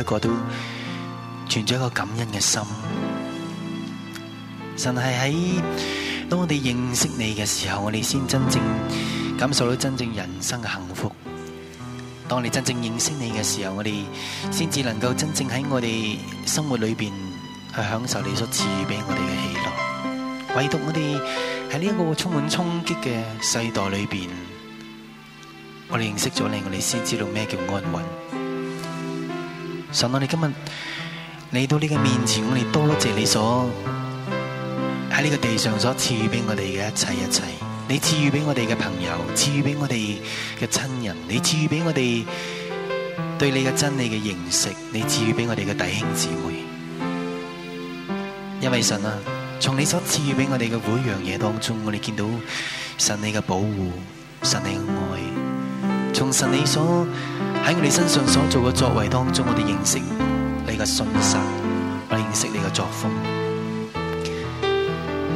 一個都存咗一個感恩嘅心，神係喺當我哋認識你嘅時候，我哋先真正感受到真正人生嘅幸福。當你真正認識你嘅時候，我哋先至能夠真正喺我哋生活裏邊去享受你所賜予俾我哋嘅喜樂。唯獨我哋喺呢一個充滿衝擊嘅世代裏邊，我哋認識咗你，我哋先知道咩叫安穩。神，我哋今日嚟到你嘅面前，我哋多謝你所喺呢個地上所賜予俾我哋嘅一切一切。你賜予俾我哋嘅朋友，賜予俾我哋嘅親人，你賜予俾我哋對你嘅真理嘅認識，你賜予俾我哋嘅弟兄姊妹。因為神啊，從你所賜予俾我哋嘅每樣嘢當中，我哋見到神你嘅保護，神你嘅愛，從神你所。喺我哋身上所做嘅作為當中，我哋認識你嘅信心，我哋認識你嘅作風。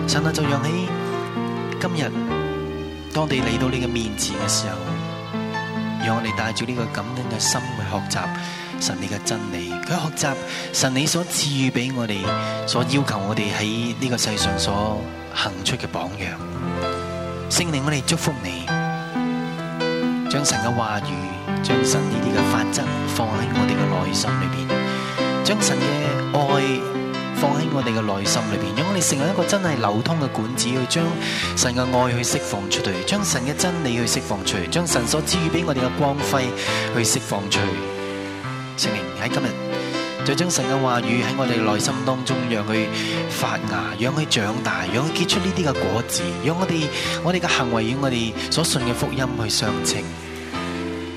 神啊，就讓你今日當我哋嚟到你嘅面前嘅時候，讓我哋帶住呢個感恩嘅心去學習神你嘅真理，去學習神你所賜予俾我哋，所要求我哋喺呢個世上所行出嘅榜樣。聖靈，我哋祝福你，將神嘅話語。將神呢啲嘅法則放喺我哋嘅內心裏邊，將神嘅愛放喺我哋嘅內心裏邊，讓我哋成為一個真係流通嘅管子，去將神嘅愛去釋放出去，將神嘅真理去釋放出去，將神所賜予俾我哋嘅光輝去釋放出嚟。聖靈喺今日就將神嘅話語喺我哋嘅內心當中，讓佢發芽，讓佢長大，讓佢結出呢啲嘅果子，讓我哋我哋嘅行為與我哋所信嘅福音去相稱。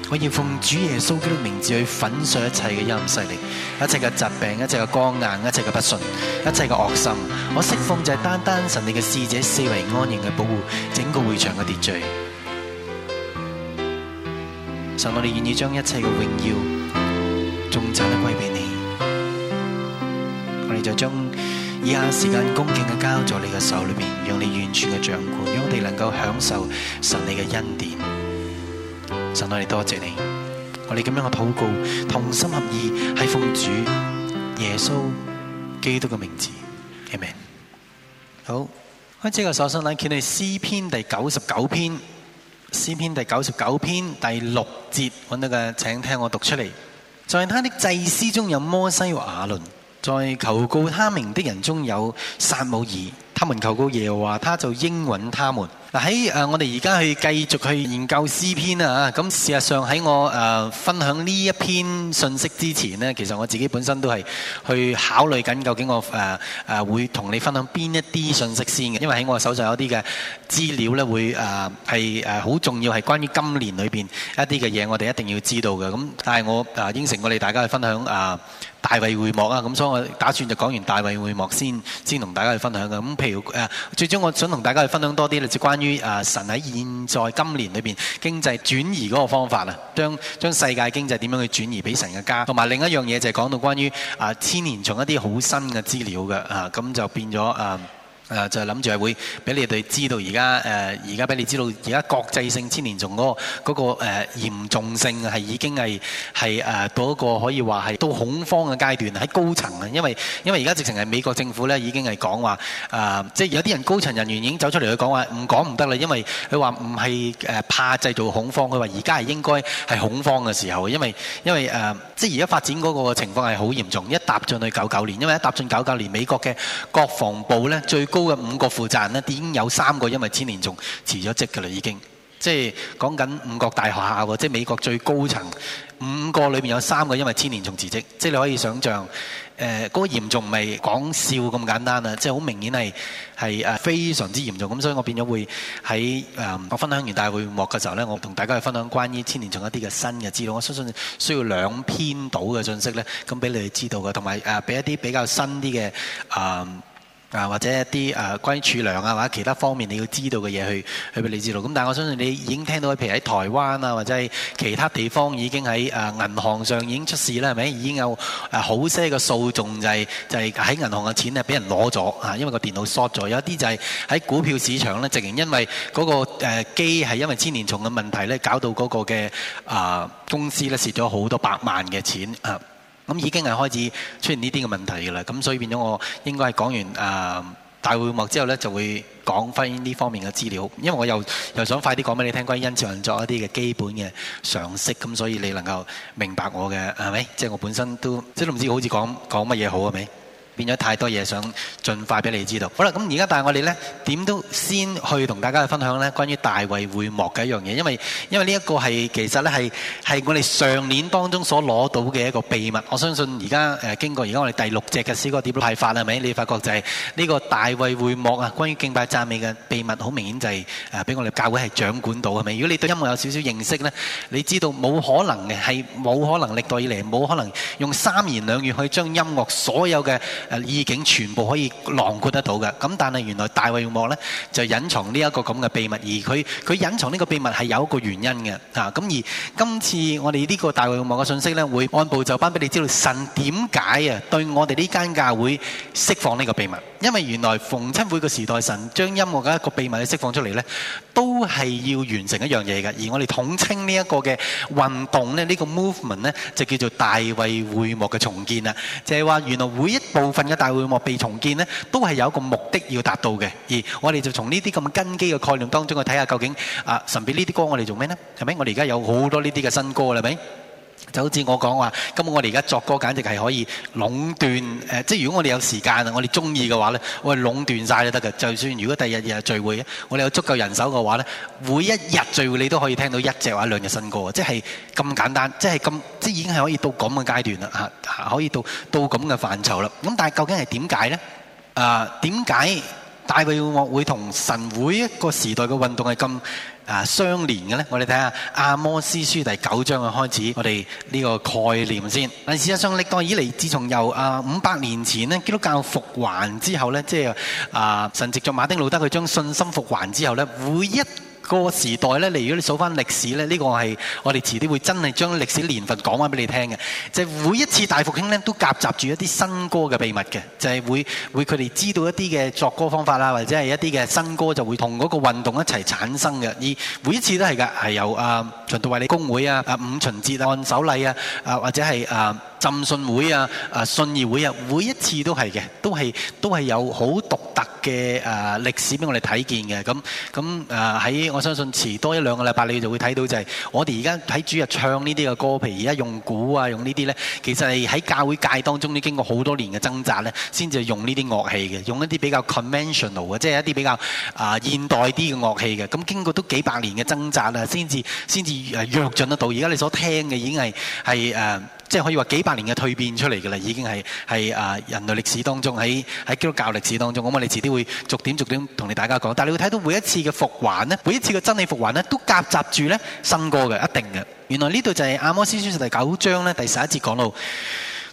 我要奉主耶穌基督的名字去粉碎一切嘅陰勢力，一切嘅疾病，一切嘅光硬，一切嘅不順，一切嘅惡心。我釋放就係單單神你嘅使者四圍安然嘅保護整個會場嘅秩序。神我哋願意將一切嘅榮耀，頌讚都歸俾你。我哋就將以下時間恭敬嘅交喺你嘅手裏邊，讓你完全嘅掌管，讓我哋能夠享受神你嘅恩典。神愛你，多謝你，我哋咁樣嘅禱告，同心合意，係奉主耶穌基督嘅名字，阿門。好，開始個手信啦，叫你詩篇第九十九篇，詩篇第九十九篇第六節，揾到嘅，請聽我讀出嚟。在他的祭司中有摩西和亞倫，在求告他名的人中有撒母耳。他們求告嘢和他就應允他們。嗱，喺誒我哋而家去繼續去研究詩篇啊，咁事實上喺我誒、呃、分享呢一篇信息之前呢，其實我自己本身都係去考慮緊究竟我誒誒、呃呃、會同你分享邊一啲信息先嘅，因為喺我手上有啲嘅資料呢，會誒係誒好重要，係關於今年裏邊一啲嘅嘢，我哋一定要知道嘅。咁但係我誒、呃、應承我哋大家去分享誒、呃、大衞會幕啊，咁所以我打算就講完大衞會幕先，先同大家去分享嘅咁。啊、最終我想同大家去分享多啲，例如關於，啊、神喺現在今年裏邊經濟轉移嗰個方法啊，將將世界經濟點樣去轉移俾神嘅家，同埋另一樣嘢就係講到關於誒、啊、千年蟲一啲好新嘅資料嘅啊，咁就變咗誒。啊誒、呃、就係諗住係會俾你哋知道而家誒，而家俾你知道而家、呃、國際性千年蟲嗰個嗰、那個、呃、嚴重性係已經係係誒到一個可以話係到恐慌嘅階段，喺高層啊，因為因為而家直情係美國政府咧已經係講話誒，即、呃、係、就是、有啲人高層人員已經走出嚟去講話，唔講唔得啦，因為佢話唔係誒怕製造恐慌，佢話而家係應該係恐慌嘅時候，因為因為誒即係而家發展嗰個情況係好嚴重，一踏進去九九年，因為一踏進九九年，美國嘅國防部咧最。高嘅五個負責人呢，已經有三個因為千年蟲辭咗職㗎喇，已經。即係講緊五國大學校，即係美國最高層五個裏面有三個因為千年蟲辭職，即係你可以想象誒，嗰、呃那個嚴重唔係講笑咁簡單啦，即係好明顯係係誒非常之嚴重。咁所以我變咗會喺誒、呃、我分享完大會幕嘅時候呢，我同大家去分享關於千年蟲一啲嘅新嘅資料。我相信需要兩篇度嘅信息呢，咁俾你哋知道嘅，同埋誒俾一啲比較新啲嘅誒。呃啊，或者一啲誒關於儲糧啊，或者其他方面你要知道嘅嘢去去俾你知道。咁但係我相信你已經聽到，譬如喺台灣啊，或者係其他地方已經喺誒銀行上已經出事啦，係咪？已經有誒好些嘅訴訟，就係，就係就係喺銀行嘅錢咧俾人攞咗啊，因為個電腦 short 咗。有一啲就係喺股票市場咧，直情因為嗰個誒機係因為千年蟲嘅問題咧，搞到嗰個嘅啊公司咧蝕咗好多百萬嘅錢啊。咁已經係開始出現呢啲嘅問題㗎喇，咁所以變咗我應該係講完大會幕之後咧，就會講返呢方面嘅資料，因為我又又想快啲講俾你聽，關於恩賜運作一啲嘅基本嘅常識，咁所以你能夠明白我嘅係咪？即係我本身都即係都唔知道好似講講乜嘢好係咪？變咗太多嘢，想盡快俾你知道。好啦，咁而家但係我哋呢，點都先去同大家去分享呢，關於大衞會幕嘅一樣嘢，因為因為呢一個係其實呢係係我哋上年當中所攞到嘅一個秘密。我相信而家誒經過而家我哋第六隻嘅詩歌碟派發係咪？你發覺就係呢個大衛會幕啊，關於敬拜讚美嘅秘密，好明顯就係誒俾我哋教會係掌管到係咪？如果你對音樂有少少認識呢，你知道冇可能嘅係冇可能歷代以嚟冇可能用三言兩語去將音樂所有嘅，意境全部可以囊括得到嘅，咁但係原來大衛會幕呢，就隱藏呢一個咁嘅秘密，而佢佢隱藏呢個秘密係有一個原因嘅，啊咁而今次我哋呢個大衛會幕嘅信息呢，會按部就班俾你知道神點解啊對我哋呢間教會釋放呢個秘密。因為原來逢親會個時代神將音樂嘅一個秘密嘅釋放出嚟咧，都係要完成一樣嘢嘅。而我哋統稱呢一個嘅運動咧，呢個 movement 咧，就叫做大衛會幕嘅重建啦。就係話原來每一部分嘅大會幕被重建咧，都係有一個目的要達到嘅。而我哋就從呢啲咁根基嘅概念當中去睇下究竟啊，神秘呢啲歌我哋做咩咧？係咪？我哋而家有好多呢啲嘅新歌啦，係咪？就好似我講話，咁我哋而家作歌，簡直係可以壟斷。誒、呃，即係如果我哋有時間啊，我哋中意嘅話咧，我哋壟斷晒都得㗎。就算如果第日日聚會，我哋有足夠人手嘅話咧，每一日聚會你都可以聽到一隻或者兩隻新歌，即係咁簡單，即係咁，即係已經係可以到咁嘅階段啦嚇，可以到到咁嘅範疇啦。咁但係究竟係點解咧？啊、呃，點解大衛樂會同神會一個時代嘅運動係咁？啊，相連嘅咧，我哋睇下《阿摩司書》第九章嘅開始，我哋呢個概念先。但事實上，歷代以嚟，自從由啊五百年前咧，基督教復還之後咧，即係啊、呃、神藉著馬丁路德佢將信心復還之後咧，每一歌時代呢，你如果你數翻歷史呢，呢、這個係我哋遲啲會真係將歷史年份講翻俾你聽嘅。就是、每一次大復興呢，都夾雜住一啲新歌嘅秘密嘅，就係、是、會會佢哋知道一啲嘅作歌方法啊，或者係一啲嘅新歌就會同嗰個運動一齊產生嘅。而每一次都係㗎，係由啊循道衛理公會啊啊、呃、五旬節啊按手禮啊啊、呃、或者係啊。呃浸信會啊，啊信義會啊，每一次都係嘅，都係都係有好獨特嘅誒、呃、歷史俾我哋睇見嘅。咁咁誒喺我相信遲多一兩個禮拜，你就會睇到就係、是、我哋而家喺主日唱呢啲嘅歌，譬如而家用鼓啊，用呢啲呢，其實係喺教會界當中都經過好多年嘅掙扎呢，先至用呢啲樂器嘅，用一啲比較 conventional 嘅，即係一啲比較啊、呃、現代啲嘅樂器嘅。咁經過都幾百年嘅掙扎啦，先至先至躍進得到。而家你所聽嘅已經係係誒。即係可以話幾百年嘅蛻變出嚟嘅啦，已經係係啊，人類歷史當中，喺喺基督教歷史當中，咁我哋遲啲會逐點逐點同你大家講。但係你會睇到每一次嘅復還呢，每一次嘅真理復還呢，都夾雜住呢新歌嘅一定嘅。原來呢度就係、是、阿摩斯書第九章呢，第十一節講到。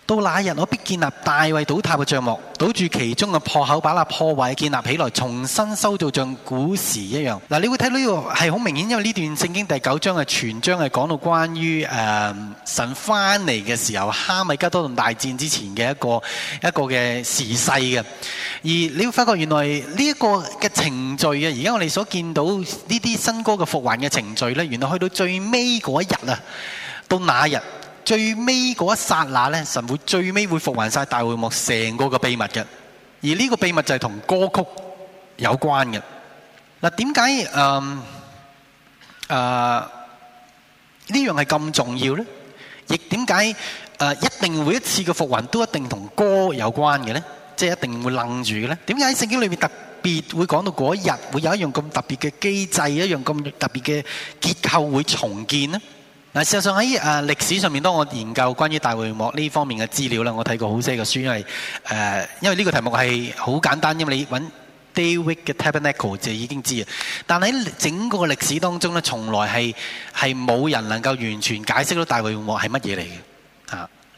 到那日，我必建立大衛倒塌嘅帳幕，堵住其中嘅破口，把那破壞建立起來，重新修造像古時一樣。嗱，你會睇到呢、這個係好明顯，因為呢段聖經第九章嘅全章係講到關於誒、呃、神翻嚟嘅時候，哈米加多頓大戰之前嘅一個一個嘅時勢嘅。而你會發覺原來呢一個嘅程序啊，而家我哋所見到呢啲新歌嘅復還嘅程序咧，原來去到最尾嗰一日啊，到那日。最尾嗰一剎那咧，神會最尾會復還晒大會幕成個個秘密嘅。而呢個秘密就係同歌曲有關嘅。嗱，點解誒誒呢樣係咁重要咧？亦點解誒一定每一次嘅復還都一定同歌有關嘅咧？即係一定會愣住嘅咧？點解喺聖經裏面特別會講到嗰一日會有一樣咁特別嘅機制，一樣咁特別嘅結構會重建咧？事實上喺歷史上面，當我研究關於大會幕呢方面嘅資料啦，我睇過好些嘅書，因為呢、呃、個題目係好簡單，因為你揾 David Tabernacle 就已經知了。但喺整個歷史當中從來係係冇人能夠完全解釋到大會幕係乜嘢嚟嘅。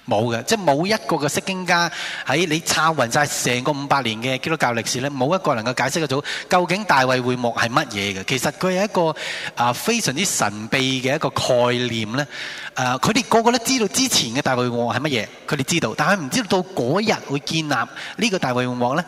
冇嘅，即係冇一個嘅釋經家喺你插勻曬成個五百年嘅基督教歷史咧，冇一個能夠解釋得到究竟大衛會幕係乜嘢嘅。其實佢係一個啊非常之神秘嘅一個概念咧。呃、佢哋個個都知道之前嘅大衛王係乜嘢，佢哋知道，但係唔知道到嗰日會建立呢個大衛會幕咧。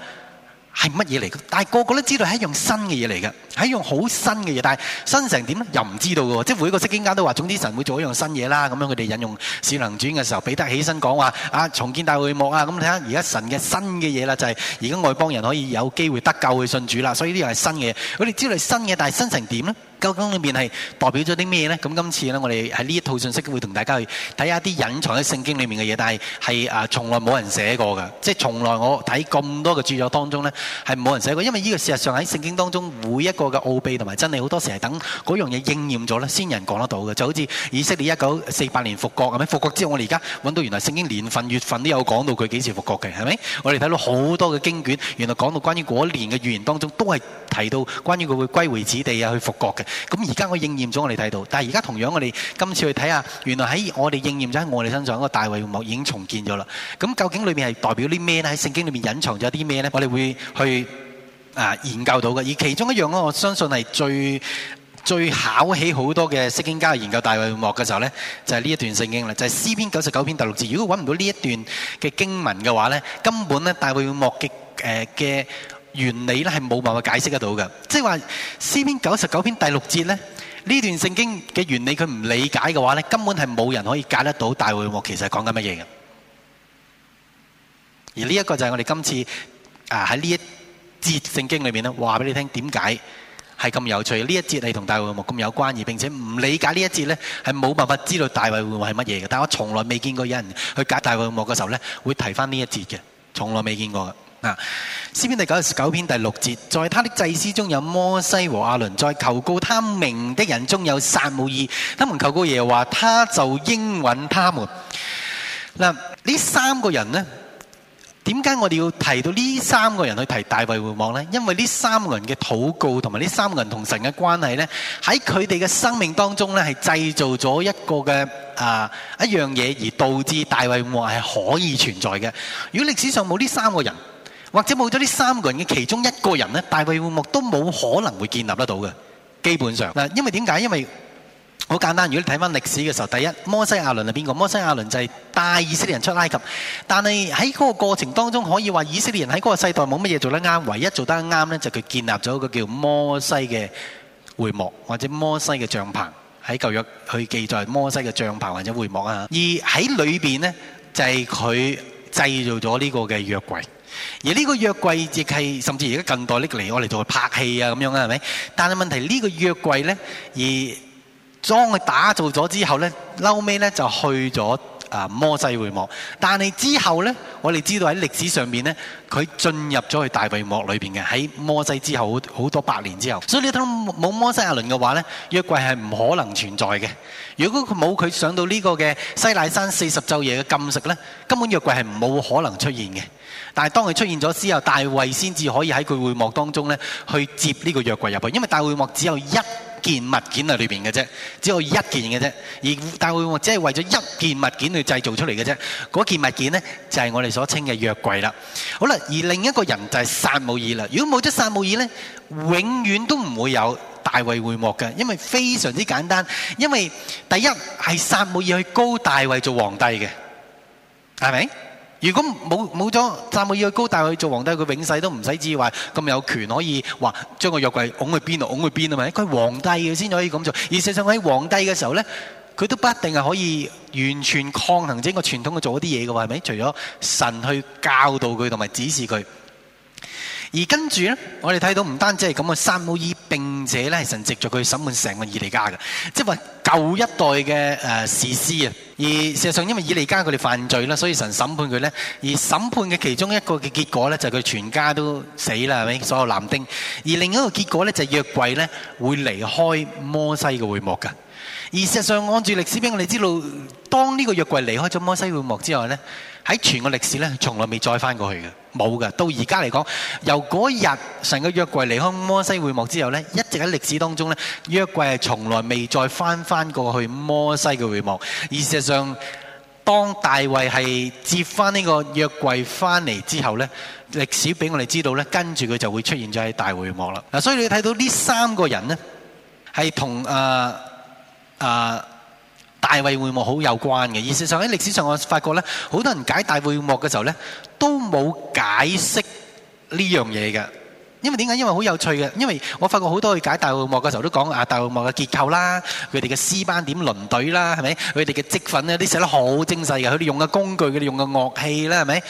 係乜嘢嚟？但係個個都知道係一樣新嘅嘢嚟噶，係一樣好新嘅嘢。但係新成點咧？又唔知道嘅喎。即係每個聖經家都話，總之神會做一樣新嘢啦。咁樣佢哋引用使能主嘅時候，彼得起身講話：啊，重建大會幕啊！咁睇下而家神嘅新嘅嘢啦，就係而家外邦人可以有機會得救去信主啦。所以呢樣係新嘅，佢哋知道係新嘅，但係新成點咧？究竟裏面係代表咗啲咩呢？咁今次呢，我哋喺呢一套信息會同大家去睇下啲隱藏喺聖經裡面嘅嘢，但係係啊，從來冇人寫過嘅，即係從來我睇咁多嘅著作當中呢，係冇人寫過。因為呢個事實上喺聖經當中，每一個嘅奧秘同埋真理，好多時係等嗰樣嘢應驗咗呢，先人講得到嘅。就好似以色列一九四八年復國咁樣，復國之後我哋而家揾到原來聖經年份月份都有講到佢幾時復國嘅，係咪？我哋睇到好多嘅經卷，原來講到關於嗰年嘅預言當中，都係提到關於佢會歸回此地啊，去復國嘅。咁而家我應驗咗，我哋睇到。但係而家同樣我哋今次去睇下，原來喺我哋應驗咗喺我哋身上，一、個大衛幕已經重建咗啦。咁究竟裏面係代表啲咩呢？喺聖經裏面隱藏咗啲咩呢？我哋會去啊研究到嘅。而其中一樣咧，我相信係最最考起好多嘅釋經家去研究大衛幕嘅時候呢，就係、是、呢一段聖經啦。就係、是、詩篇九十九篇第六節。如果揾唔到呢一段嘅經文嘅話呢，根本呢大衛幕嘅誒嘅。呃原理咧，係冇辦法解釋得到嘅，即係話詩篇九十九篇第六節咧，呢段聖經嘅原理佢唔理解嘅話咧，根本係冇人可以解得到大衛會幕，其實係講緊乜嘢嘅。而呢一個就係我哋今次啊喺呢一節聖經裏面咧，話俾你聽點解係咁有趣？呢一節係同大衛會幕咁有關，而並且唔理解呢一節咧，係冇辦法知道大衛會幕係乜嘢嘅。但我從來未見過有人去解大衛會幕嘅時候咧，會提翻呢一節嘅，從來未見過。啊，詩篇第九十九篇第六節，在他的祭司中有摩西和亞倫，在求告他名的人中有撒母耳，他們求告耶和華，他就應允他們。嗱，呢三個人呢？點解我哋要提到呢三個人去提大衛王呢？因為呢三個人嘅禱告，同埋呢三個人同神嘅關係呢，喺佢哋嘅生命當中呢，係製造咗一個嘅啊、呃，一樣嘢，而導致大衛王係可以存在嘅。如果歷史上冇呢三個人，或者冇咗呢三個人嘅其中一個人呢，大衛會幕都冇可能會建立得到嘅，基本上嗱，因為點解？因為好簡單，如果你睇翻歷史嘅時候，第一，摩西亞倫係邊個？摩西亞倫就係帶以色列人出埃及，但係喺嗰個過程當中，可以話以色列人喺嗰個世代冇乜嘢做得啱，唯一做得啱呢，就佢、是、建立咗一個叫摩西嘅會幕或者摩西嘅帳篷。喺舊約去記載摩西嘅帳篷或者會幕啊，而喺裏面呢，就係佢製造咗呢個嘅約櫃。而呢個約櫃亦係，甚至而家近代拎嚟，我哋做拍戲呀、啊、咁樣啊，係咪？但係問題呢、這個約櫃呢，而裝佢打造咗之後呢，嬲尾呢就去咗。啊，摩西會幕，但係之後呢，我哋知道喺歷史上面呢，佢進入咗去大衛幕裏面嘅，喺摩西之後好多百年之後，所以你睇冇摩西亞倫嘅話呢，約櫃係唔可能存在嘅。如果佢冇佢上到呢個嘅西奈山四十晝夜嘅禁食呢，根本約櫃係冇可能出現嘅。但係當佢出現咗之後，大衛先至可以喺佢會幕當中呢去接呢個約櫃入去，因為大會幕只有一。一件物件喺裏邊嘅啫，只有一件嘅啫，而大衛會幕只係為咗一件物件去製造出嚟嘅啫，嗰件物件呢就係我哋所稱嘅約櫃啦。好啦，而另一個人就係撒母耳啦。如果冇咗撒母耳呢，永遠都唔會有大衛會幕嘅，因為非常之簡單，因為第一係撒母耳去高大衛做皇帝嘅，係咪？如果冇冇咗撒母耳膏大衛去做皇帝，佢永世都唔使指話咁有權可以話將個約櫃㧬去邊啊，㧬去邊啊嘛！佢皇帝先可以咁做，而事實上喺皇帝嘅時候呢，佢都不一定係可以完全抗衡整個傳統去做啲嘢嘅話，係咪？除咗神去教導佢同埋指示佢。而跟住咧，我哋睇到唔單止係咁嘅，撒母耳並且咧，神藉著佢審判成個以利家嘅，即係話舊一代嘅誒士師啊。而事實上，因為以利家佢哋犯罪啦，所以神審判佢咧。而審判嘅其中一個嘅結果咧，就係佢全家都死啦，係咪？所有男丁。而另一個結果咧，就係約櫃咧會離開摩西嘅會幕嘅。而事實上，按住歷史俾我哋知道，當呢個約櫃離開咗摩西會幕之後咧，喺全個歷史咧，從來未再返過去嘅。冇噶，到而家嚟講，由嗰日成個約櫃離開摩西會幕之後呢，一直喺歷史當中呢，約櫃係從來未再翻翻過去摩西嘅會幕。而事實上，當大衛係接翻呢個約櫃翻嚟之後呢，歷史俾我哋知道呢，跟住佢就會出現咗喺大會幕啦。嗱，所以你睇到呢三個人呢，係同誒誒。大衛會幕好有關嘅。事實上喺歷史上我發覺呢，好多人解大衛會，會幕嘅時候呢，都冇解釋呢樣嘢嘅。因為點解？因為好有趣嘅，因為我發覺好多去解大衛幕嘅時候都講啊，大衛幕嘅結構啦，佢哋嘅詩班點輪隊啦，係咪？佢哋嘅職分咧，啲寫得好精細嘅，佢哋用嘅工具，佢哋用嘅樂器啦，係咪？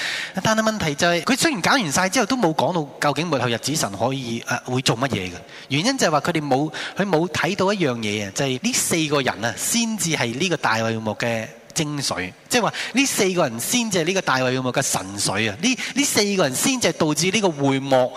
但係問題就係、是，佢雖然講完晒之後，都冇講到究竟末後日子神可以誒、啊、會做乜嘢嘅原因就係話佢哋冇佢冇睇到一樣嘢啊，就係、是、呢四個人啊，先至係呢個大衛幕嘅精髓，即係話呢四個人先至係呢個大衛幕嘅神髓。啊！呢呢四個人先至係導致呢個會幕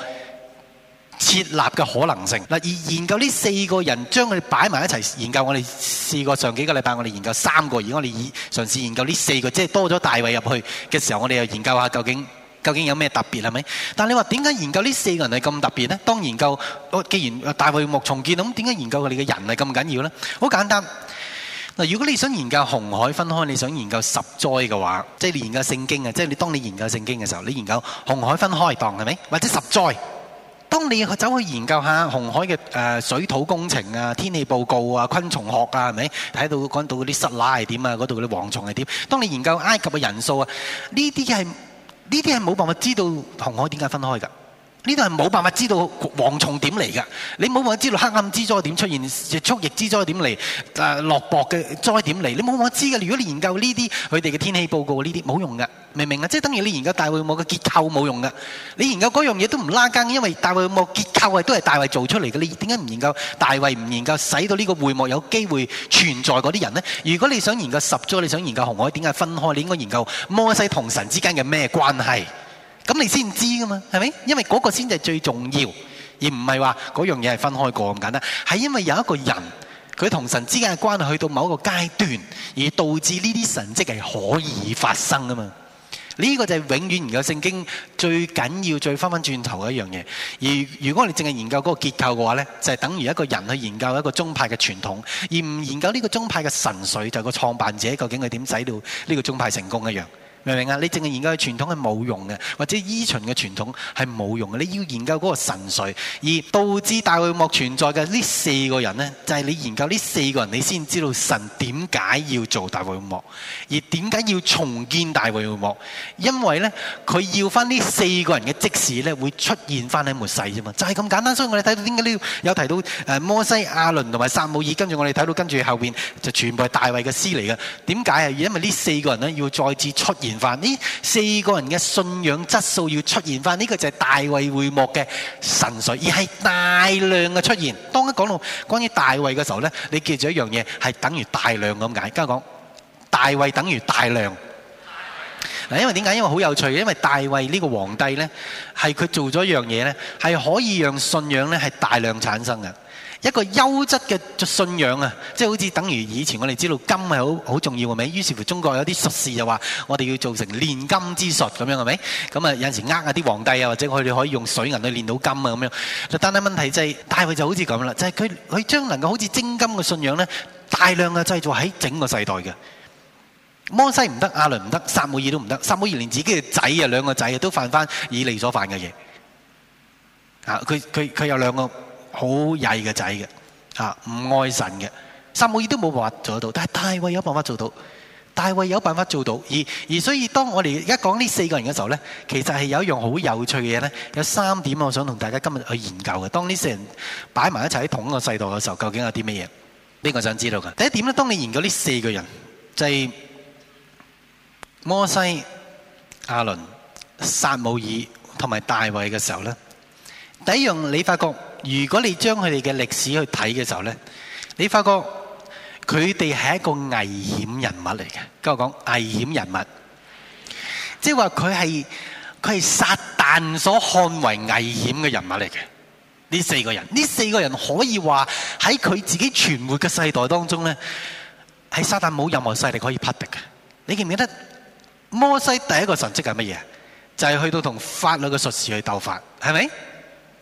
設立嘅可能性嗱，而研究呢四個人將佢哋擺埋一齊研究。我哋試過上幾個禮拜，我哋研究三個，而我哋以嘗試研究呢四個，即係多咗大衛入去嘅時候，我哋又研究下究竟究竟有咩特別，係咪？但係你話點解研究呢四個人係咁特別呢？當研究既然大衛會幕重建，咁點解研究佢哋嘅人係咁緊要呢？好簡單嗱，如果你想研究紅海分開，你想研究十災嘅話，即係你研究聖經呀，即係你當你研究聖經嘅時候，你研究紅海分開當係咪，或者十災？當你走去研究一下紅海嘅誒水土工程啊、天氣報告啊、昆蟲學啊，係咪睇到講到嗰啲虱乸係點啊？嗰度嗰啲蝗蟲係點？當你研究埃及嘅人數啊，呢啲係呢啲係冇辦法知道紅海點解分開的。㗎。呢度係冇辦法知道蝗蟲點嚟㗎？你冇辦法知道黑暗之災點出現，畜疫之災點嚟，誒、啊、落雹嘅災點嚟？你冇辦法知㗎。如果你研究呢啲佢哋嘅天氣報告，呢啲冇用㗎，明唔明啊？即係等於你研究大衛幕嘅結構冇用㗎。你研究嗰樣嘢都唔拉更，因為大衛幕結構係都係大衛做出嚟嘅。你點解唔研究大衛？唔研究使到呢個會幕有機會存在嗰啲人呢？如果你想研究十災，你想研究紅海點解分開？你應該研究摩西同神之間嘅咩關係？咁你先知噶嘛，係咪？因為嗰個先至係最重要，而唔係話嗰樣嘢係分開過咁簡單。係因為有一個人，佢同神之間嘅關係去到某一個階段，而導致呢啲神蹟係可以發生噶嘛？呢、呢個就係永遠研究聖經最緊要、最翻翻轉頭嘅一樣嘢。而如果我哋淨係研究嗰個結構嘅話呢就係、是、等於一個人去研究一個宗派嘅傳統，而唔研究呢個宗派嘅神髓，就係、個創辦者究竟佢點使到呢個宗派成功一樣。明啊？你淨係研究傳統係冇用嘅，或者依循嘅傳統係冇用嘅。你要研究嗰個神髓，而導致大衛幕存在嘅呢四個人呢，就係、是、你研究呢四個人，你先知道神點解要做大衛幕，而點解要重建大衛幕，因為呢，佢要翻呢四個人嘅即時呢，會出現翻喺末世啫嘛，就係、是、咁簡單。所以我哋睇到點解呢有提到誒摩西、亞倫同埋撒母耳，跟住我哋睇到跟住後邊就全部係大衛嘅詩嚟嘅。點解啊？因為呢四個人呢，要再次出現。化呢四個人嘅信仰質素要出現返，呢個就係大衛會幕嘅神水，而係大量嘅出現。當一講到關於大衛嘅時候咧，你記住一樣嘢，係等於大量咁解。家講大衛等於大量，嗱，因為點解？因為好有趣嘅，因為大衛呢個皇帝咧，係佢做咗一樣嘢咧，係可以讓信仰咧係大量產生嘅。一個優質嘅信仰啊，即係好似等於以前我哋知道金係好好重要嘅，咪於是乎中國有啲術士就話我哋要做成煉金之術咁樣，係咪？咁啊有陣時呃下啲皇帝啊，或者佢哋可以用水銀去煉到金啊咁樣。但係問題就係，但係佢就好似咁啦，就係佢佢將能夠好似精金嘅信仰咧，大量嘅製造喺整個世代嘅。摩西唔得，阿倫唔得，撒母耳都唔得，撒母耳連自己嘅仔啊，兩個仔啊都犯翻以利所犯嘅嘢。啊！佢佢佢有兩個。好曳嘅仔嘅，唔愛神嘅。撒母耳都冇辦法做得到，但係大衛有辦法做到。大衛有辦法做到。而而所以，當我哋而家講呢四個人嘅時候呢，其實係有一樣好有趣嘅嘢呢。有三點我想同大家今日去研究嘅。當呢四人擺埋一齊喺同一個世代嘅時候，究竟有啲乜嘢？邊個想知道嘅？第一點呢，當你研究呢四個人，就係摩西、亞倫、撒母耳同埋大衛嘅時候呢，第一樣你發覺。如果你將佢哋嘅歷史去睇嘅時候呢，你發覺佢哋係一個危險人物嚟嘅，跟我講危險人物，即係話佢係佢係撒旦所看為危險嘅人物嚟嘅。呢四個人，呢四個人可以話喺佢自己存活嘅世代當中呢，喺撒旦冇任何勢力可以匹敵嘅。你記唔記得摩西第一個神蹟係乜嘢？就係、是、去到同法律嘅術士去鬥法，係咪？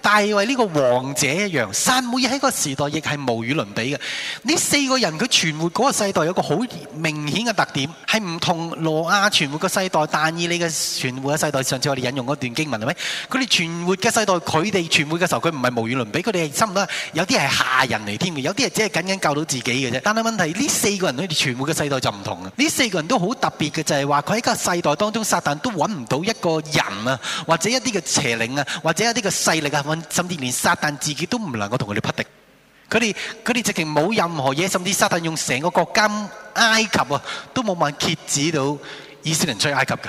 大衛呢個王者一樣，撒母耳喺個時代亦係無與倫比嘅。呢四個人佢存活嗰個世代有一個好明顯嘅特點，係唔同羅亞傳活嘅世代、但以理嘅傳活嘅世代。上次我哋引用嗰段經文係咪？佢哋存活嘅世代，佢哋傳活嘅時候，佢唔係無與倫比，佢哋係差唔多有啲係，有啲係下人嚟添嘅，有啲係只係僅僅救到自己嘅啫。但係問題呢四個人佢哋傳活嘅世代就唔同啦。呢四個人都好特別嘅就係、是、話，佢喺個世代當中，撒旦都揾唔到一個人啊，或者一啲嘅邪靈啊，或者一啲嘅勢力啊。甚至連撒但自己都唔能夠同佢哋匹敵，佢哋佢哋直情冇任何嘢，甚至撒但用成個國家埃及啊，都冇問遏止到以色列出埃及嘅，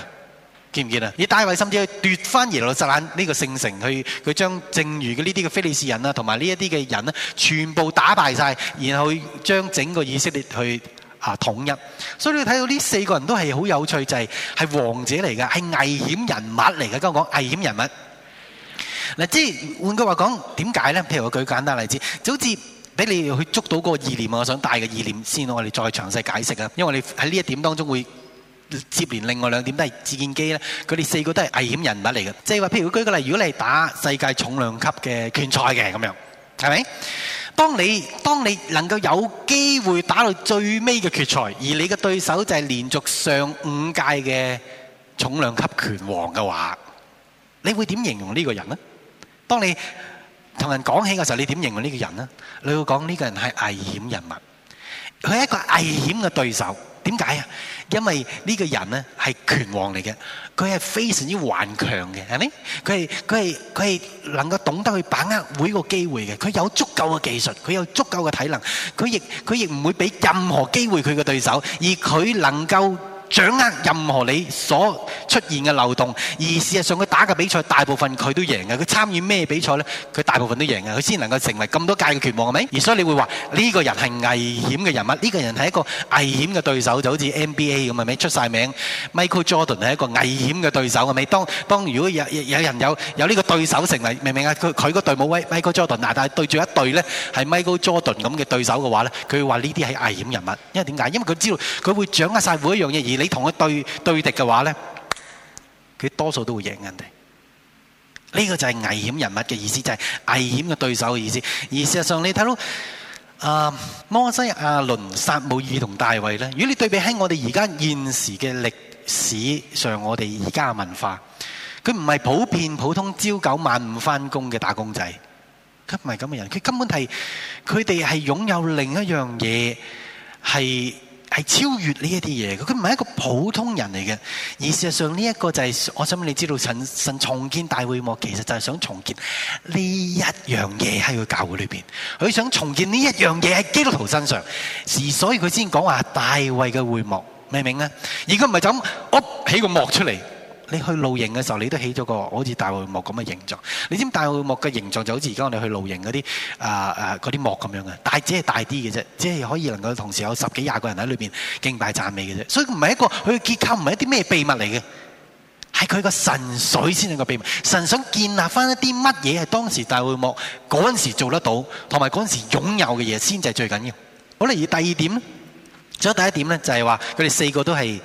見唔見啊？以大衛甚至去奪翻耶路撒冷呢個聖城去，佢將剩餘嘅呢啲嘅非利士人啊，同埋呢一啲嘅人咧，全部打敗晒，然後將整個以色列去啊統一。所以你睇到呢四個人都係好有趣，就係係王者嚟嘅，係危險人物嚟嘅。我講危險人物。嗱，即係換句話講，點解咧？譬如我舉簡單例子，就好似俾你去捉到個意念啊，我想大嘅意念先，我哋再詳細解釋啊。因為你喺呢一點當中會接連另外兩點都係自建機咧，佢哋四個都係危險人物嚟嘅。即係話，譬如舉個例，如果你係打世界重量級嘅拳賽嘅咁樣，係咪？當你當你能夠有機會打到最尾嘅決賽，而你嘅對手就係連續上五屆嘅重量級拳王嘅話，你會點形容呢個人咧？當你同人講起嘅時候，你點形容呢個人咧？你會講呢個人係危險人物，佢係一個危險嘅對手。點解啊？因為呢個人咧，係拳王嚟嘅，佢係非常之頑強嘅，係咪？佢係佢係佢係能夠懂得去把握每一個機會嘅。佢有足夠嘅技術，佢有足夠嘅體能，佢亦佢亦唔會俾任何機會佢嘅對手，而佢能夠。掌握任何你所出現嘅漏洞，而事實上佢打嘅比賽大部分佢都贏嘅。佢參與咩比賽咧？佢大部分都贏嘅。佢先能夠成為咁多屆嘅拳王，係咪？而所以你會話呢個人係危險嘅人物，呢個人係一個危險嘅對手，就好似 NBA 咁，係咪？出曬名，Michael Jordan 係一個危險嘅對手，係咪？當當如果有有人有有呢個對手成為明唔明啊？佢佢個隊冇威，Michael Jordan 嗱，但係對住一隊咧係 Michael Jordan 咁嘅對手嘅話咧，佢會話呢啲係危險人物，因為點解？因為佢知道佢會掌握曬每一樣嘢而。你同佢對對敵嘅話呢，佢多數都會贏人哋。呢個就係危險人物嘅意思，就係危險嘅對手嘅意思。而事實上，你睇到啊摩西、亞倫、撒母耳同大衛呢，如果你對比喺我哋而家現時嘅歷史上，我哋而家嘅文化，佢唔係普遍普通朝九晚五翻工嘅打工仔，佢唔係咁嘅人，佢根本係佢哋係擁有另一樣嘢係。係超越呢一啲嘢，佢唔係一個普通人嚟嘅。而事實上呢一個就係我想你知道神神重建大會幕，其實就係想重建呢一樣嘢喺佢教會裏邊，佢想重建呢一樣嘢喺基督徒身上，而所以佢先講話大衛嘅會幕，明唔明啊？而家唔係就咁，起個幕出嚟。你去露營嘅時候，你都起咗個好似大會幕咁嘅形狀。你知唔知大會幕嘅形狀就好似而家我哋去露營嗰啲啊啊啲幕咁樣嘅，大只係大啲嘅啫，只係可以能夠同時有十幾廿個人喺裏邊敬拜讚美嘅啫。所以唔係一個佢嘅結構唔係一啲咩秘密嚟嘅，係佢個神水先係個秘密。神想建立翻一啲乜嘢係當時大會幕嗰陣時做得到，同埋嗰陣時擁有嘅嘢，先至係最緊要。好啦，而第二點，仲有第一點咧，就係話佢哋四個都係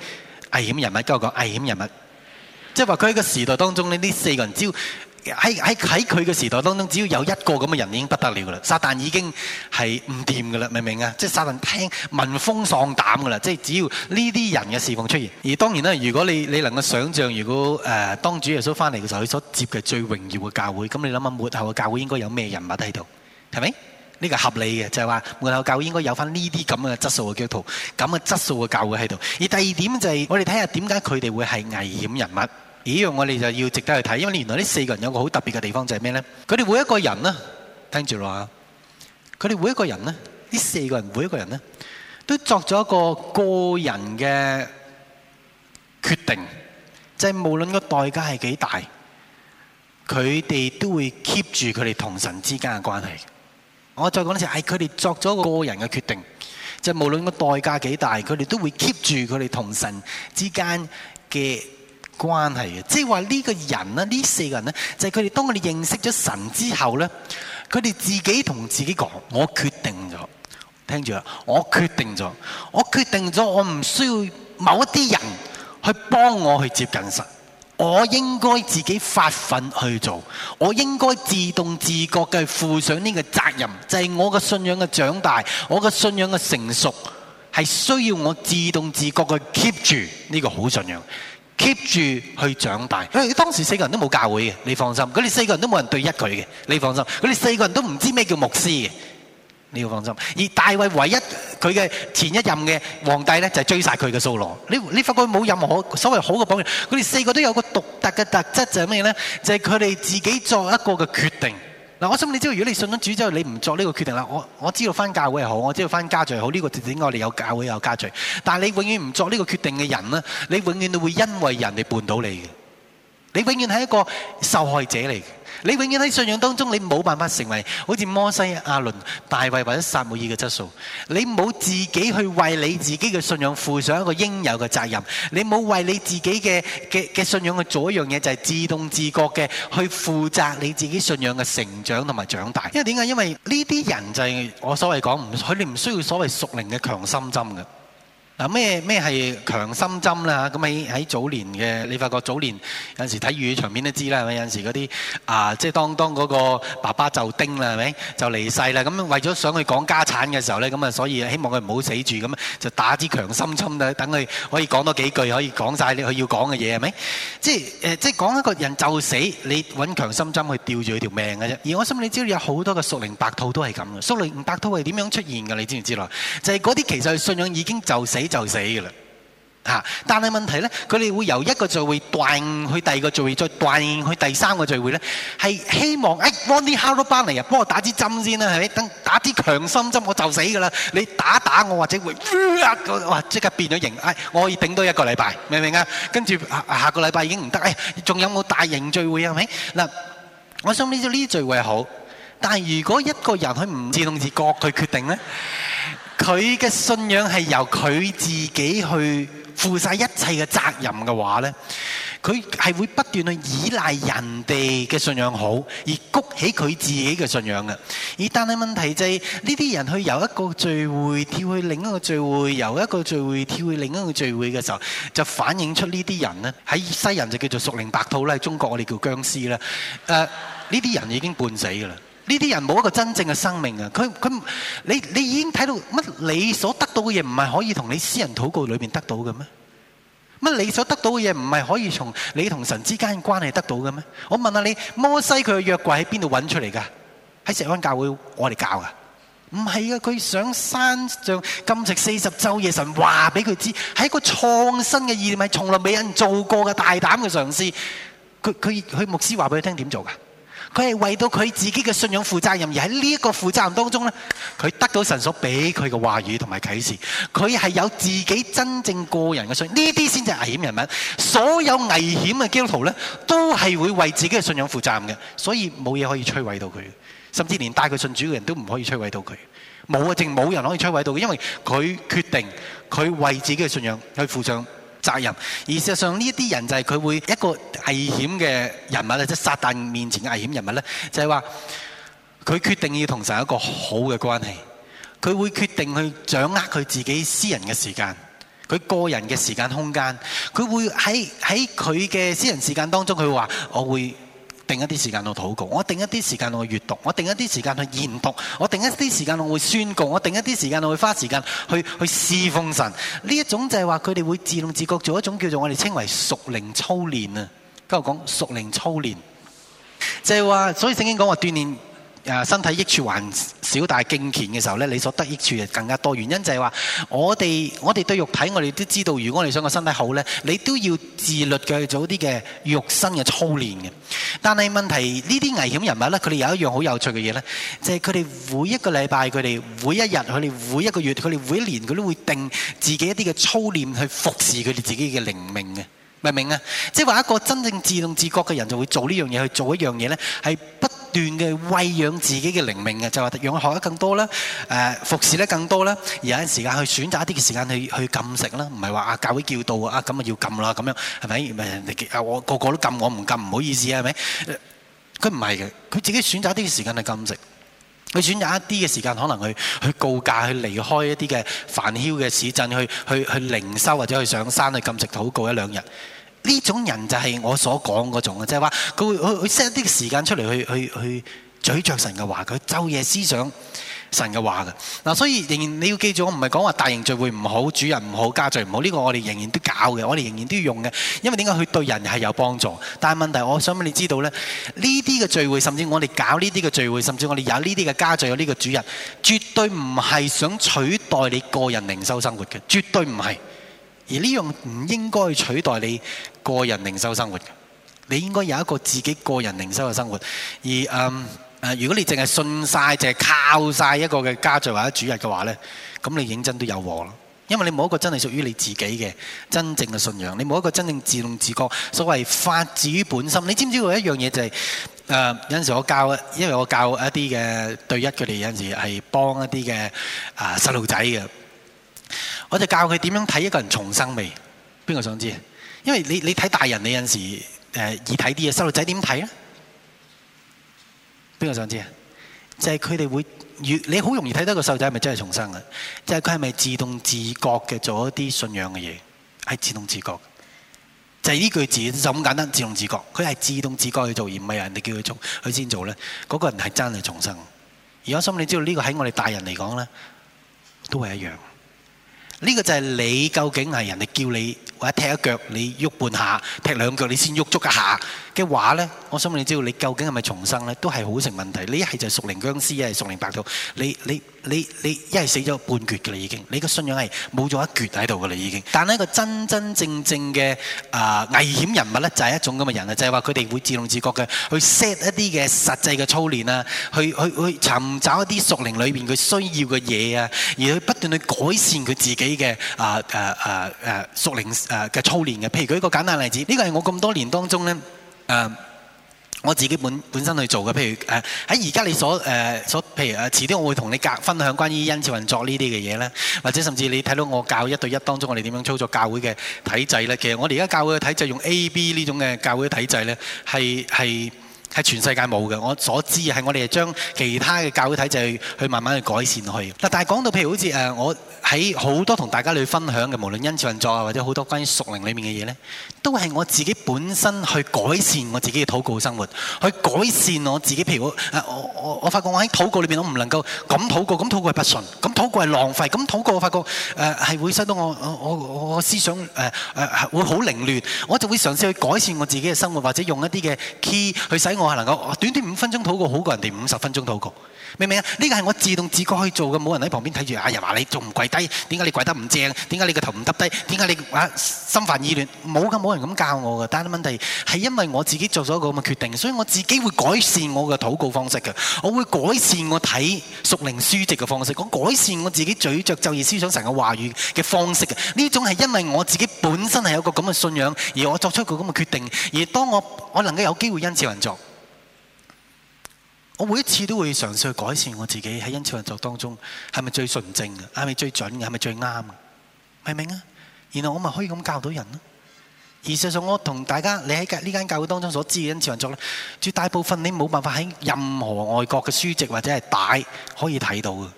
危險人物，跟我講危險人物。即係話佢喺個時代當中咧，呢四個人只要喺喺佢嘅時代當中，只要有一個咁嘅人已經不得了啦！撒旦已經係唔掂嘅啦，明唔明啊？即係撒旦聽聞風喪膽嘅啦！即係只要呢啲人嘅侍奉出現，而當然啦，如果你你能夠想像，如果誒、呃、當主耶穌翻嚟嘅時候，佢所接嘅最榮耀嘅教會，咁你諗下末後嘅教會應該有咩人物喺度？係咪？呢、這個合理嘅就係、是、話末後教會應該有翻呢啲咁嘅質素嘅基督徒，咁嘅質素嘅教會喺度。而第二點就係、是、我哋睇下點解佢哋會係危險人物。呢樣我哋就要值得去睇，因為原來呢四個人有個好特別嘅地方，就係咩呢？佢哋每一個人咧，聽住啦，佢哋每一個人咧，呢四個人每一個人咧，都作咗一個個人嘅決定，就係無論個代價係幾大，佢哋都會 keep 住佢哋同神之間嘅關係。我再講一次，係佢哋作咗個個人嘅決定，就係無論個代價幾大，佢哋都會 keep 住佢哋同神之間嘅關係嘅，即係話呢個人呢，呢四個人呢，就係佢哋當佢哋認識咗神之後呢，佢哋自己同自己講：我決定咗，聽住啦，我決定咗，我決定咗，我唔需要某一啲人去幫我去接近神，我應該自己發奮去做，我應該自動自覺嘅負上呢個責任，就係、是、我嘅信仰嘅長大，我嘅信仰嘅成熟係需要我自動自覺去 keep 住呢、這個好信仰。keep 住去長大，當時四個人都冇教會嘅，你放心；佢哋四個人都冇人對一佢嘅，你放心；佢哋四個人都唔知咩叫牧師嘅，你要放心。而大衛唯一佢嘅前一任嘅皇帝咧，就係追晒佢嘅掃羅。你你發覺佢冇任何所謂好嘅榜樣。佢哋四個都有個獨特嘅特質，就係咩咧？就係佢哋自己作一個嘅決定。我想你知道，如果你信咗主之後你唔作呢個決定啦，我，我知道翻教會好，我知道翻家聚好，呢、這個整整我哋有教會有家聚，但係你永遠唔作呢個決定嘅人咧，你永遠都會因為人哋絆倒你嘅，你永遠係一個受害者嚟嘅你永遠喺信仰當中，你冇辦法成為好似摩西、亞倫、大衛或者撒母耳嘅質素。你冇自己去為你自己嘅信仰負上一個應有嘅責任。你冇為你自己嘅嘅信仰做左一樣嘢，就係、是、自動自覺嘅去負責你自己信仰嘅成長同埋長大。因為點解？因為呢啲人就係、是、我所謂講唔佢哋唔需要所謂屬靈嘅強心針嘅。嗱，咩咩係強心針啦？咁喺喺早年嘅，你發覺早年有陣時睇粵語場面都知啦係咪？有陣時嗰啲啊，即係當當嗰個爸爸就丁啦，係咪？就離世啦咁，為咗想去講家產嘅時候咧，咁啊所以希望佢唔好死住咁啊，就打支強心針啦，等佢可以講多幾句，可以講晒佢要講嘅嘢，係咪？即係誒、呃，即係講一個人就死，你揾強心針去吊住佢條命嘅啫。而我心裏知道有好多嘅蘇寧白兔都係咁嘅。蘇寧白兔係點樣出現㗎？你知唔知道？就係嗰啲其實信仰已經就死。就死噶啦，吓、啊！但係問題咧，佢哋會由一個聚會斷去第二個聚會，再斷去第三個聚會咧，係希望誒，幫啲哈囉巴嚟啊，ny, hello, ney, 幫我打支針先啦、啊，係咪？等打支強心針，我就死噶啦！你打打我或者會嘩、呃、即刻變咗形，誒、哎，我可以頂多一個禮拜，明唔明啊？跟住下下個禮拜已經唔得，誒、哎，仲有冇大型聚會啊？係咪？嗱，我想呢啲呢啲聚會係好，但係如果一個人佢唔自動自覺佢決定咧？佢嘅信仰係由佢自己去負晒一切嘅責任嘅話咧，佢係會不斷去依賴人哋嘅信仰好，而谷起佢自己嘅信仰嘅。而但係問題就係呢啲人去由一個聚會跳去另一個聚會，由一個聚會跳去另一個聚會嘅時候，就反映出呢啲人咧，喺西人就叫做熟靈白兔啦，喺中國我哋叫殭屍啦。誒，呢啲人已經半死嘅啦。呢啲人冇一個真正嘅生命啊！佢佢，你你已經睇到乜？你所得到嘅嘢唔係可以同你私人禱告裏面得到嘅咩？乜你所得到嘅嘢唔係可以從你同神之間嘅關係得到嘅咩？我問下你，摩西佢嘅約櫃喺邊度揾出嚟噶？喺石安教會我哋教噶？唔係啊！佢想山上禁食四十晝夜，神話俾佢知，係一個創新嘅意念，係從來未人做過嘅大膽嘅嘗試。佢佢佢牧師話俾佢聽點做噶？佢係為到佢自己嘅信仰負責任，而喺呢一個負責任當中呢，佢得到神所俾佢嘅話語同埋啟示。佢係有自己真正個人嘅信，呢啲先至危險人物。所有危險嘅基督徒呢，都係會為自己嘅信仰負責嘅，所以冇嘢可以摧毀到佢，甚至連帶佢信主嘅人都唔可以摧毀到佢。冇啊，淨冇人可以摧毀到佢，因為佢決定佢為自己嘅信仰去負上責任，而事實上呢一啲人就係佢會一個危險嘅人物，即係撒旦面前嘅危險人物咧，就係話佢決定要同神有一個好嘅關係，佢會決定去掌握佢自己私人嘅時間，佢個人嘅時間空間，佢會喺喺佢嘅私人時間當中他會說，佢話我會。定一啲時間去禱告，我定一啲時間去閱讀，我定一啲時間去研讀，我定一啲時間去宣告，我定一啲時間去花時間去去侍奉神。呢一種就係話佢哋會自動自覺做一種叫做我哋稱為屬靈操練啊。跟住講屬靈操練，就係、是、話，所以聖經講話鍛鍊。身體益處還少，大係敬虔嘅時候咧，你所得益處更加多。原因就係話，我哋我哋對肉體，我哋都知道，如果我哋想個身體好咧，你都要自律嘅去做啲嘅肉身嘅操練嘅。但係問題呢啲危險人物咧，佢哋有一樣好有趣嘅嘢咧，就係佢哋每一個禮拜，佢哋每一日，佢哋每一個月，佢哋每一年，佢都會定自己一啲嘅操練去服侍佢哋自己嘅靈命嘅，明唔明啊？即係話一個真正自動自覺嘅人，就會做呢樣嘢去做一樣嘢咧，係不？斷嘅餵養自己嘅靈命嘅，就係話讓佢學得更多啦，誒服侍得更多啦，而有陣時間去選擇一啲嘅時間去去禁食啦，唔係話啊教會叫到啊咁啊要禁啦咁樣，係咪？唔係人哋啊，我個個都禁我唔禁唔好意思，係咪？佢唔係嘅，佢自己選擇一啲嘅時間去禁食，佢選擇一啲嘅時間可能去去告假去離開一啲嘅煩囂嘅市鎮去去去靈修或者去上山去禁食，都好過一兩日。呢種人就係我所講嗰種，即係話佢會佢佢 set 啲時間出嚟去去去咀嚼神嘅話，佢晝夜思想神嘅話嘅嗱，所以仍然你要記住，我唔係講話大型聚會唔好，主人唔好，家聚唔好，呢、這個我哋仍然都搞嘅，我哋仍然都要用嘅，因為點解佢對人係有幫助，但係問題我想俾你知道呢，呢啲嘅聚會，甚至我哋搞呢啲嘅聚會，甚至我哋有呢啲嘅家聚有呢個主人，絕對唔係想取代你個人靈修生活嘅，絕對唔係。而呢樣唔應該取代你個人靈修生活嘅，你應該有一個自己個人靈修嘅生活而。而嗯誒，如果你淨係信晒，淨係靠晒一個嘅家聚或者主日嘅話呢，咁你認真都有禍咯。因為你冇一個真係屬於你自己嘅真正嘅信仰，你冇一個真正自動自覺，所謂發自於本心。你知唔知道有一樣嘢就係、是呃、有陣時我教，因為我教一啲嘅對一佢哋有陣時係幫一啲嘅啊細路仔嘅。我就教佢點樣睇一個人重生未？邊個想知？因為你你睇大人，你有陣時誒易睇啲嘢，細路仔點睇咧？邊個想知？就係佢哋會越，你好容易睇得個細路仔係咪真係重生嘅？就係佢係咪自動自覺嘅做一啲信仰嘅嘢？係自動自覺。就係呢句字就咁簡單，自動自覺。佢係自動自覺去做，而唔係人哋叫佢做，佢先做咧。嗰個人係真係重生。而我心，你知道呢個喺我哋大人嚟講咧，都係一樣。呢個就係你究竟係人哋叫你。或者踢一腳，你喐半下，踢兩腳你先喐足一下嘅話呢，我想問你知道你究竟係咪重生呢？都係好成問題。你一係就係屬靈僵屍，一係屬靈白兔。你你你你一係死咗半橛嘅啦已經。你個信仰係冇咗一橛喺度嘅啦已經。但係一個真真正正嘅啊危險人物呢，就係一種咁嘅人啊，就係話佢哋會自動自覺嘅去 set 一啲嘅實際嘅操練啊，去去去尋找一啲屬靈裏邊佢需要嘅嘢啊，而去不斷去改善佢自己嘅啊啊啊啊屬靈。誒嘅操練嘅，譬如舉一個簡單例子，呢個係我咁多年當中咧誒，我自己本本身去做嘅，譬如誒喺而家你所誒所，譬如誒遲啲我會同你隔分享關於恩賜運作呢啲嘅嘢咧，或者甚至你睇到我教一對一當中我哋點樣操作教會嘅體制咧，其實我哋而家教會嘅體制用 A、B 呢種嘅教會嘅體制咧係係。係全世界冇嘅，我所知係我哋將其他嘅教育體制去慢慢去改善去。但係講到譬如好似誒我喺好多同大家去分享嘅，無論恩賜運作啊，或者好多關於屬靈裏面嘅嘢咧，都係我自己本身去改善我自己嘅禱告生活，去改善我自己。譬如我誒，我我我發覺我喺禱告裏面，我唔能夠咁禱告，咁禱告係不順，咁禱告係浪費，咁禱告我發覺誒係、呃、會使到我我我思想誒誒、呃、會好凌亂，我就會嘗試去改善我自己嘅生活，或者用一啲嘅 key 去使我。我係能夠短短五分鐘禱告，好過人哋五十分鐘禱告，明唔明啊？呢個係我自動自覺去做嘅，冇人喺旁邊睇住。阿人話你仲唔跪低，點解你跪得唔正？點解你個頭唔耷低？點解你啊心煩意亂？冇嘅，冇人咁教我嘅。但係問題係因為我自己做咗一個咁嘅決定，所以我自己會改善我嘅禱告方式嘅。我會改善我睇屬靈書籍嘅方式，我改善我自己咀嚼就義思想神嘅話語嘅方式嘅。呢種係因為我自己本身係有個咁嘅信仰，而我作出一個咁嘅決定。而當我我能夠有機會因此運作。我每一次都會嘗試去改善我自己喺恩賜運作當中，係咪最純正嘅？係咪最準嘅？係咪最啱嘅？明唔明啊？然後我咪可以咁教到人咯。而事實上，我同大家你喺呢間教會當中所知嘅恩賜運作咧，絕大部分你冇辦法喺任何外國嘅書籍或者係帶可以睇到嘅。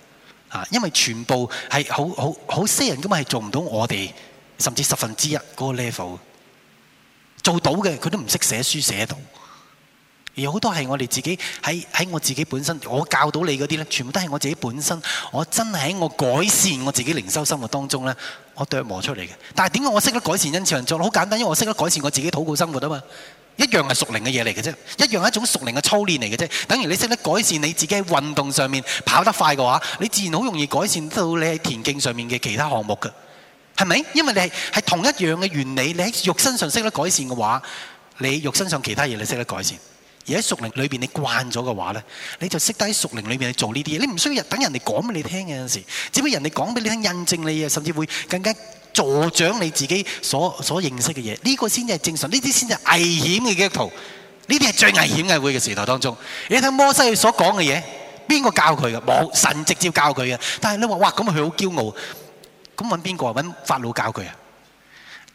啊，因為全部係好好好些人根本係做唔到我哋甚至十分之一嗰個 level。做到嘅，佢都唔識寫書寫到。而好多係我哋自己喺喺我自己本身，我教到你嗰啲呢，全部都係我自己本身。我真係喺我改善我自己靈修生活當中呢，我琢磨出嚟嘅。但係點解我識得改善恩慈運作？好簡單，因為我識得改善我自己禱告生活啊嘛，一樣係屬靈嘅嘢嚟嘅啫，一樣係一種屬靈嘅操練嚟嘅啫。等於你識得改善你自己喺運動上面跑得快嘅話，你自然好容易改善到你喺田徑上面嘅其他項目嘅，係咪？因為你係係同一樣嘅原理，你喺肉身上識得改善嘅話，你肉身上其他嘢你識得改善。而喺熟靈裏邊，你慣咗嘅話咧，你就識得喺熟靈裏邊去做呢啲嘢。你唔需要日等人哋講俾你聽嘅，有陣時只不過人哋講俾你聽，印證你嘢，甚至會更加助長你自己所所認識嘅嘢。呢個先至係正常，呢啲先至危險嘅基督徒。呢啲係最危險嘅會嘅時代當中，你睇摩西佢所講嘅嘢，邊個教佢嘅？冇神直接教佢嘅。但係你話哇咁，佢好驕傲，咁揾邊個啊？揾法老教佢啊？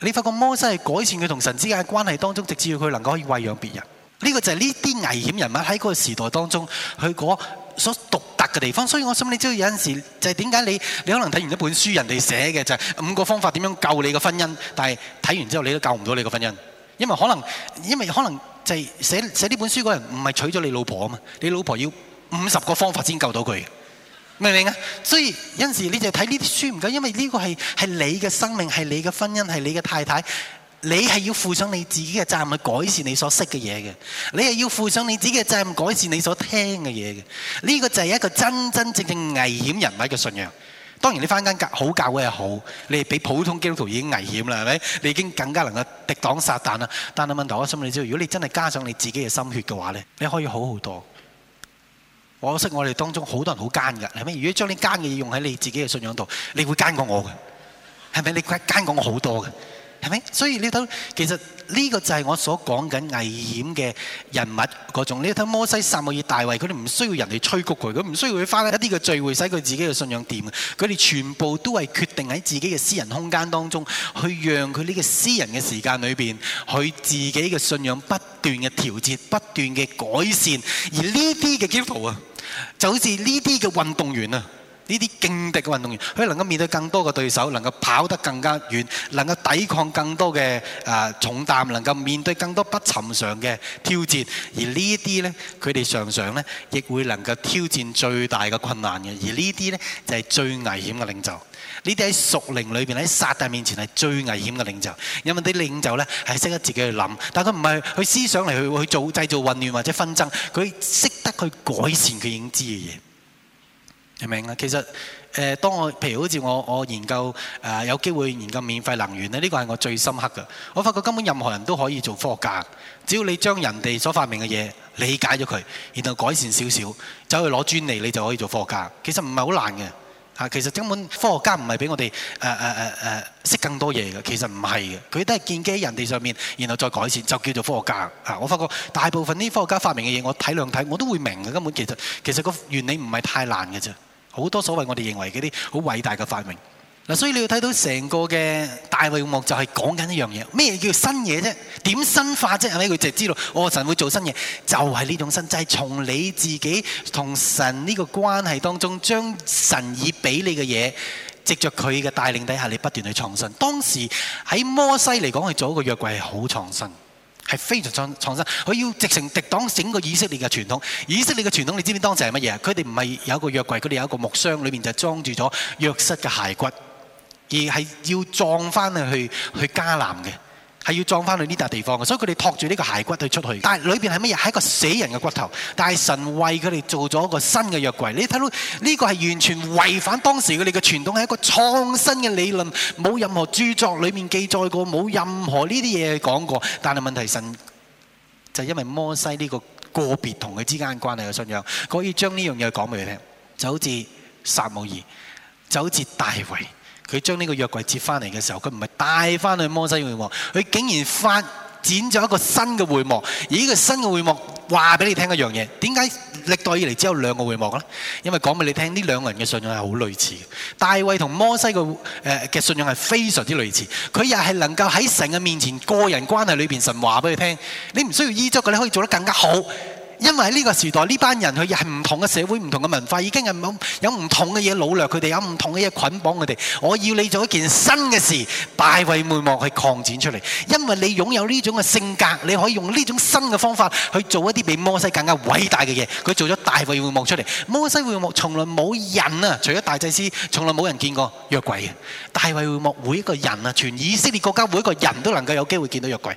你發覺摩西係改善佢同神之間嘅關係當中，直至佢能夠可以餵養別人。呢個就係呢啲危險人物喺嗰個時代當中，佢嗰所獨特嘅地方。所以我想你知道，有陣時就係點解你你可能睇完一本書，人哋寫嘅就係五個方法點樣救你嘅婚姻，但係睇完之後你都救唔到你嘅婚姻，因為可能，因為可能，因為可能就係寫寫呢本書嗰人唔係娶咗你老婆啊嘛，你老婆要五十個方法先救到佢，明唔明啊？所以有陣時你就睇呢啲書唔緊，因為呢個係係你嘅生命，係你嘅婚姻，係你嘅太太。你係要負上你自己嘅責任去改善你所識嘅嘢嘅，你係要負上你自己嘅責任改善你所聽嘅嘢嘅。呢個就係一個真真正正危險人物嘅信仰。當然你翻間教好教會係好，你係比普通基督徒已經危險啦，係咪？你已經更加能夠敵擋撒但啦。但係問題，我想問你知道，如果你真係加上你自己嘅心血嘅話咧，你可以好好多。我識我哋當中好多人好奸嘅，係咪？如果將啲奸嘅嘢用喺你自己嘅信仰度，你會奸過我嘅，係咪？你會奸過我好多嘅。係咪？所以你睇，其實呢個就係我所講緊危險嘅人物嗰種。你睇摩西、撒母耳、大衛，佢哋唔需要人嚟催谷佢，佢唔需要去花一啲嘅聚會使佢自己嘅信仰掂。佢哋全部都係決定喺自己嘅私人空間當中，去讓佢呢個私人嘅時間裏面，佢自己嘅信仰不斷嘅調節、不斷嘅改善。而呢啲嘅基督徒啊，就好似呢啲嘅運動員啊。呢啲勁敵嘅運動員，佢能夠面對更多嘅對手，能夠跑得更加遠，能夠抵抗更多嘅誒、呃、重擔，能夠面對更多不尋常嘅挑戰。而呢啲呢，佢哋常常呢，亦會能夠挑戰最大嘅困難嘅。而呢啲呢，就係、是、最危險嘅領袖。呢啲喺屬靈裏邊，喺撒旦面前係最危險嘅領袖，因為啲領袖呢，係識得自己去諗，但佢唔係去思想嚟去去做製造混亂或者紛爭，佢識得去改善佢認知嘅嘢。明啊！其實誒、呃，當我譬如好似我我研究誒、呃、有機會研究免費能源咧，呢、這個係我最深刻嘅。我發覺根本任何人都可以做科學家，只要你將人哋所發明嘅嘢理解咗佢，然後改善少少，走去攞專利，你就可以做科學家。其實唔係好難嘅嚇、啊。其實根本科學家唔係俾我哋誒誒誒誒識更多嘢嘅，其實唔係嘅。佢都係建基喺人哋上面，然後再改善，就叫做科學家嚇、啊。我發覺大部分啲科學家發明嘅嘢，我睇兩睇我都會明嘅。根本其實其實個原理唔係太難嘅啫。好多所謂我哋認為嗰啲好偉大嘅發明，嗱，所以你要睇到成個嘅大衛會幕就係講緊一樣嘢，咩叫新嘢啫？點新化啫？係咪？佢就係知道，哦，神會做新嘢，就係、是、呢種新，就係、是、從你自己同神呢個關係當中，將神已俾你嘅嘢，藉著佢嘅帶領底下，你不斷去創新。當時喺摩西嚟講去做一個約櫃係好創新。係非常創創新，佢要直情敵擋整個以色列嘅傳統。以色列嘅傳統，你知唔知當時係乜嘢啊？佢哋唔係有一個約櫃，佢哋有一個木箱，裏面就裝住咗約瑟嘅骸骨，而係要撞返去去迦南嘅。係要撞翻去呢笪地方嘅，所以佢哋托住呢個骸骨去出去。但係裏邊係乜嘢？係一個死人嘅骨頭。但係神為佢哋做咗一個新嘅約櫃。你睇到呢個係完全違反當時佢哋嘅傳統，係一個創新嘅理論，冇任何著作裏面記載過，冇任何呢啲嘢講過。但係問題神就係因為摩西呢個個別同佢之間關係嘅信仰，可以將呢樣嘢講俾佢聽，就好似撒母耳，就好似大衛。佢將呢個約櫃接翻嚟嘅時候，佢唔係帶翻去摩西會幕，佢竟然發展咗一個新嘅會幕。而呢個新嘅會幕話俾你聽一樣嘢，點解歷代以嚟只有兩個會幕咧？因為講俾你聽，呢兩個人嘅信仰係好類似。大衛同摩西嘅誒嘅信仰係非常之類似，佢又係能夠喺神嘅面前個人關係裏邊，神話俾你聽，你唔需要依足嘅，你可以做得更加好。因為喺呢個時代，呢班人佢係唔同嘅社會、唔同嘅文化，已經係冇有唔同嘅嘢擄掠佢哋，有唔同嘅嘢捆綁佢哋。我要你做一件新嘅事，大衛會幕去擴展出嚟。因為你擁有呢種嘅性格，你可以用呢種新嘅方法去做一啲比摩西更加偉大嘅嘢。佢做咗大衛會幕出嚟，摩西會幕從來冇人啊，除咗大祭司，從來冇人見過約櫃嘅。大衛會幕每一個人啊，全以色列國家每一個人都能夠有機會見到約櫃。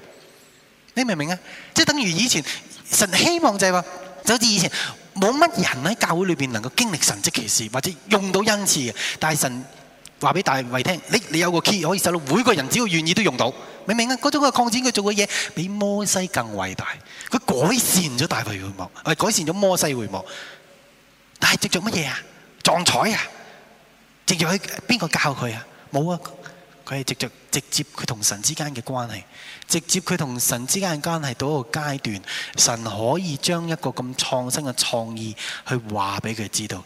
你明唔明啊？即係等於以前。神希望就係話，就好似以前冇乜人喺教會裏邊能夠經歷神蹟奇事或者用到恩賜嘅，但係神話俾大衛聽，你你有個 key 可以使到每個人只要願意都用到，明唔明啊？嗰種嘅擴展佢做嘅嘢，比摩西更偉大，佢改善咗大衛會幕，改善咗摩西會幕，但係直做乜嘢啊？撞彩啊？直續去邊個教佢啊？冇啊？佢係直接直接佢同神之間嘅關係，直接佢同神之間嘅關係到一個階段，神可以將一個咁創新嘅創意去話俾佢知道。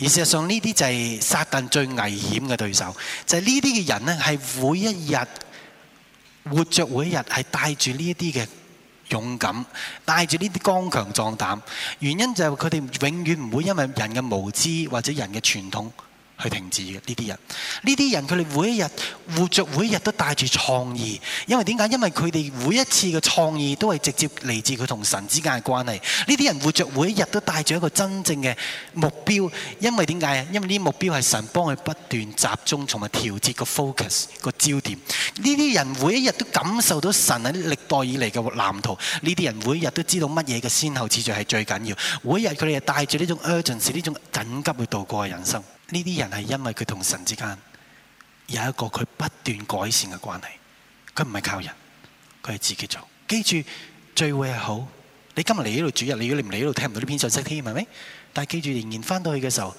而事實上呢啲就係撒但最危險嘅對手，就係呢啲嘅人呢，係每一日活著，每一日係帶住呢一啲嘅勇敢，帶住呢啲剛強壯膽。原因就係佢哋永遠唔會因為人嘅無知或者人嘅傳統，佢停止嘅呢啲人，呢啲人佢哋每一日活着，每一日都帶住創意。因為點解？因為佢哋每一次嘅創意都係直接嚟自佢同神之間嘅關係。呢啲人活着，每一日都帶住一個真正嘅目標。因為點解啊？因為呢啲目標係神幫佢不斷集中同埋調節個 focus 個焦點。呢啲人每一日都感受到神喺歷代以嚟嘅藍圖。呢啲人每一日都知道乜嘢嘅先後次序係最緊要。每一日佢哋係帶住呢種 urgency 呢種緊急去度過嘅人生。呢啲人係因為佢同神之間有一個佢不斷改善嘅關係，佢唔係靠人，佢係自己做。記住聚會係好，你今天來這裡，你今日嚟呢度主日，如果你唔嚟呢度，聽唔到呢篇信息添，係咪？但係記住仍然翻到去嘅時候，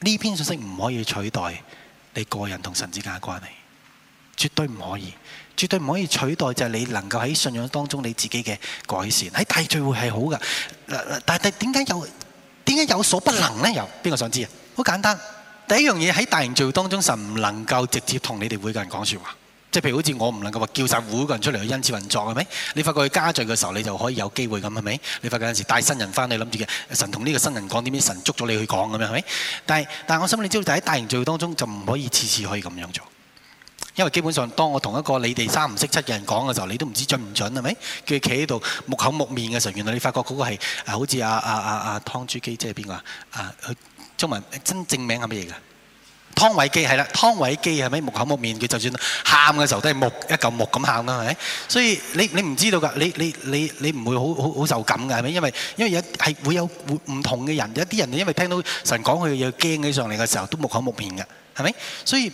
呢篇信息唔可以取代你個人同神之間嘅關係，絕對唔可以，絕對唔可以取代就係你能夠喺信仰當中你自己嘅改善。喺大聚會係好噶，但係點解有？點解有所不能呢？有邊個想知啊？好簡單，第一樣嘢喺大型聚會當中，神唔能夠直接同你哋每個人講説話，即係譬如好似我唔能夠話叫晒每個人出嚟去因此運作，係咪？你發覺佢加聚嘅時候，你就可以有機會咁，係咪？你發覺有時帶新人翻，你諗住嘅神同呢個新人講點樣，神捉咗你去講咁樣，係咪？但係但係我心裏知道，喺大型聚會當中就唔可以次次可以咁樣做。因為基本上，當我同一個你哋三唔識七嘅人講嘅時候，你都唔知準唔準係咪？佢企喺度木口木面嘅時候，原來你發覺嗰個係誒，好似阿阿阿阿湯珠基，即係邊個啊？誒，中文真正名係乜嘢㗎？湯偉基係啦，湯偉基係咪木口木面？佢就算喊嘅時候都係木一嚿木咁喊㗎係咪？所以你你唔知道㗎，你你你你唔會好好好受感㗎係咪？因為因為有係會有唔同嘅人，有啲人因為聽到神講佢嘅嘢驚起上嚟嘅時候，都木口木面㗎係咪？所以。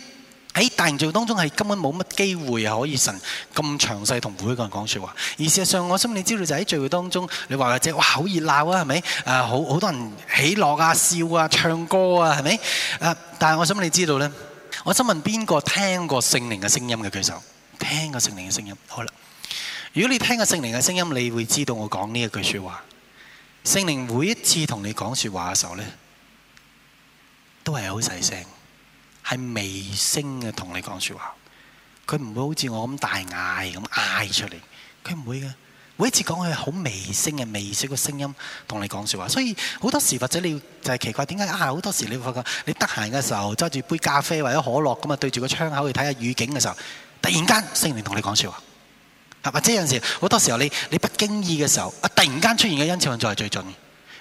喺大型聚會當中係根本冇乜機會可以神咁詳細同每一個人講說話，而事實上我想你知道就喺聚會當中，你話或者說哇好熱鬧啊，係咪？誒，好好多人喜樂啊、笑啊、唱歌啊，係咪？誒，但係我想你知道呢，我想問邊個聽過聖靈嘅聲音嘅舉手？聽過聖靈嘅聲音？好啦，如果你聽過聖靈嘅聲音，你會知道我講呢一句説話。聖靈每一次同你講説話嘅時候呢，都係好細聲。係微聲嘅同你講説話，佢唔會好似我咁大嗌咁嗌出嚟，佢唔會嘅，每一次講佢好微聲嘅，微小嘅聲音同你講説話，所以好多時或者你要就係奇怪點解啊，好多時你會發覺你得閒嘅時候揸住杯咖啡或者可樂咁啊，對住個窗口去睇下雨景嘅時候，突然間聲嚟同你講説話，係嘛？即係有陣時好多時候你你不經意嘅時候，啊突然間出現嘅音調就係最就。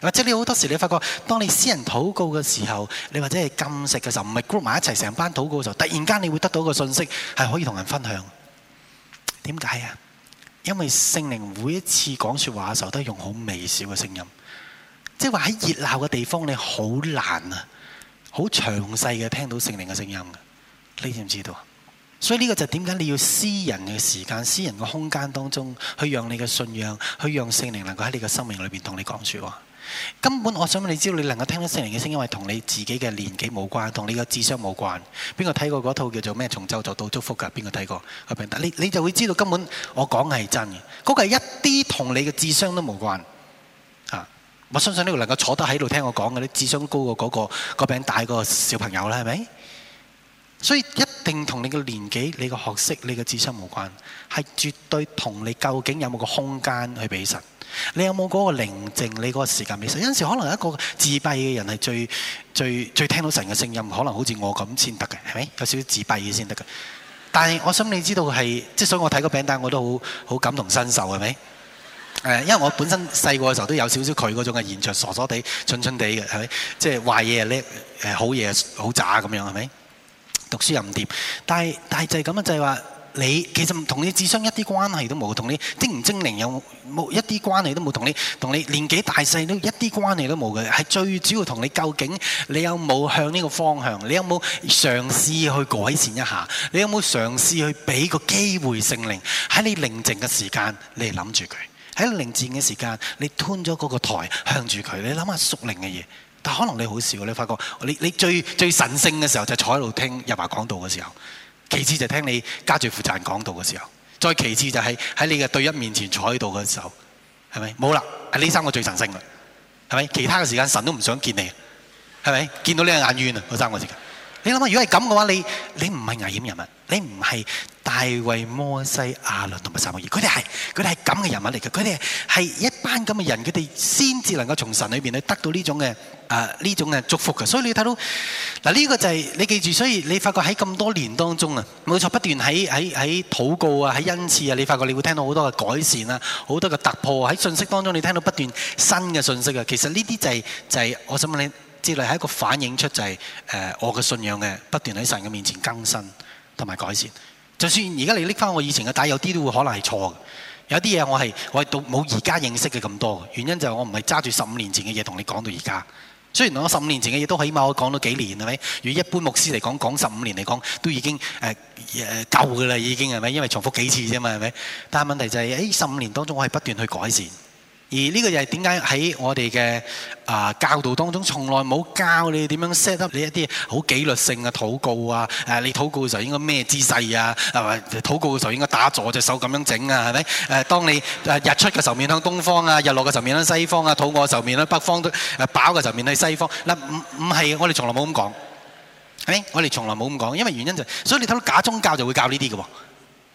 或者你好多時你發覺，當你私人禱告嘅時候，你或者係禁食嘅時候，唔係 group 埋一齊成班禱告嘅時候，突然間你會得到一個信息，係可以同人分享。點解啊？因為聖靈每一次講説話嘅時候，都係用好微小嘅聲音。即係話喺熱鬧嘅地方，你好難啊，好詳細嘅聽到聖靈嘅聲音的。你知唔知道？所以呢個就點解你要私人嘅時間、私人嘅空間當中，去讓你嘅信仰，去讓聖靈能夠喺你嘅生命裏邊同你講説話。根本我想問你，知道你能夠聽到聖靈嘅聲音，係同你自己嘅年紀冇關，同你嘅智商冇關。邊個睇過嗰套叫做咩《從咒詛到祝福》噶？邊個睇過？個你你就會知道，根本我講嘅係真嘅。嗰、那個係一啲同你嘅智商都冇關啊！我相信呢個能夠坐得喺度聽我講嘅，啲智商高過嗰、那個個餅大個小朋友啦，係咪？所以一定同你嘅年紀、你嘅學識、你嘅智商冇關，係絕對同你究竟有冇個空間去俾神。你有冇嗰個寧靜？你嗰個時間意識？有陣時可能一個自閉嘅人係最最最聽到神嘅聲音，可能好似我咁先得嘅，係咪？有少少自閉嘅先得嘅。但係我想你知道係，即係所以我睇個餅單我也很，我都好好感同身受，係咪？誒，因為我本身細個嘅時候都有少少佢嗰種嘅現象，傻傻地、蠢蠢地嘅，係咪？即係壞嘢又叻，誒，好嘢好渣咁樣，係咪？讀書又唔掂，但係但係就係咁啊，就係、是、話。你其實同你智商一啲關係都冇，同你精唔精靈有冇一啲關係都冇，同你同你年紀大細都一啲關係都冇嘅，係最主要同你究竟你有冇向呢個方向，你有冇嘗試去改善一下，你有冇嘗試去俾個機會聖靈喺你寧靜嘅時間，你係諗住佢喺寧靜嘅時間，你吞咗嗰個台向住佢，你諗下屬靈嘅嘢，但可能你好少，你發覺你你最最神聖嘅時候就坐喺度聽日華講道嘅時候。就是其次就聽你家住負責人講道嘅時候，再其次就係喺你嘅對一面前坐喺度嘅時候，係咪？冇啦，係呢三個最神聖啦，係咪？其他嘅時間神都唔想見你，係咪？見到你係眼冤啊！嗰三個時間。你諗下，如果係咁嘅話，你你唔係危險人物，你唔係大衛、摩西、亞倫同埋撒母耳，佢哋係佢哋係咁嘅人物嚟嘅，佢哋係一班咁嘅人，佢哋先至能夠從神裏邊去得到呢種嘅啊呢種嘅祝福嘅。所以你要睇到嗱呢個就係你記住，所以你發覺喺咁多年當中啊，冇錯不斷喺、喺、喺禱告啊、喺恩賜啊，你發覺你會聽到好多嘅改善啊，好多嘅突破喺信息當中，你聽到不斷新嘅信息啊。其實呢啲就係就係我想問你，接嚟係一個反映出就係，是、誒、呃、我嘅信仰嘅不斷喺神嘅面前更新同埋改善。就算而家你拎翻我以前嘅底，有啲都會可能係錯嘅。有啲嘢我係我係冇而家認識嘅咁多，原因就係我唔係揸住十五年前嘅嘢同你講到而家。雖然我十五年前嘅嘢都起碼我講咗幾年係咪？如果一般牧師嚟講來講十五年嚟講都已經誒誒夠㗎啦，已經係咪？因為重複幾次啫嘛，係咪？但係問題就係誒十五年當中我係不斷去改善。而呢個又係點解喺我哋嘅啊教導當中，從來冇教你點樣 set up 你一啲好紀律性嘅禱告啊！誒，你禱告嘅時候應該咩姿勢啊？係咪禱告嘅時候應該打坐隻手咁樣整啊？係咪誒？當你誒日出嘅時候面向東方啊，日落嘅時候面向西方啊，肚餓嘅時候面向北方都誒飽嘅時候面向西方嗱，唔唔係我哋從來冇咁講，誒我哋從來冇咁講，因為原因就係、是，所以你睇到假宗教就會教呢啲嘅喎。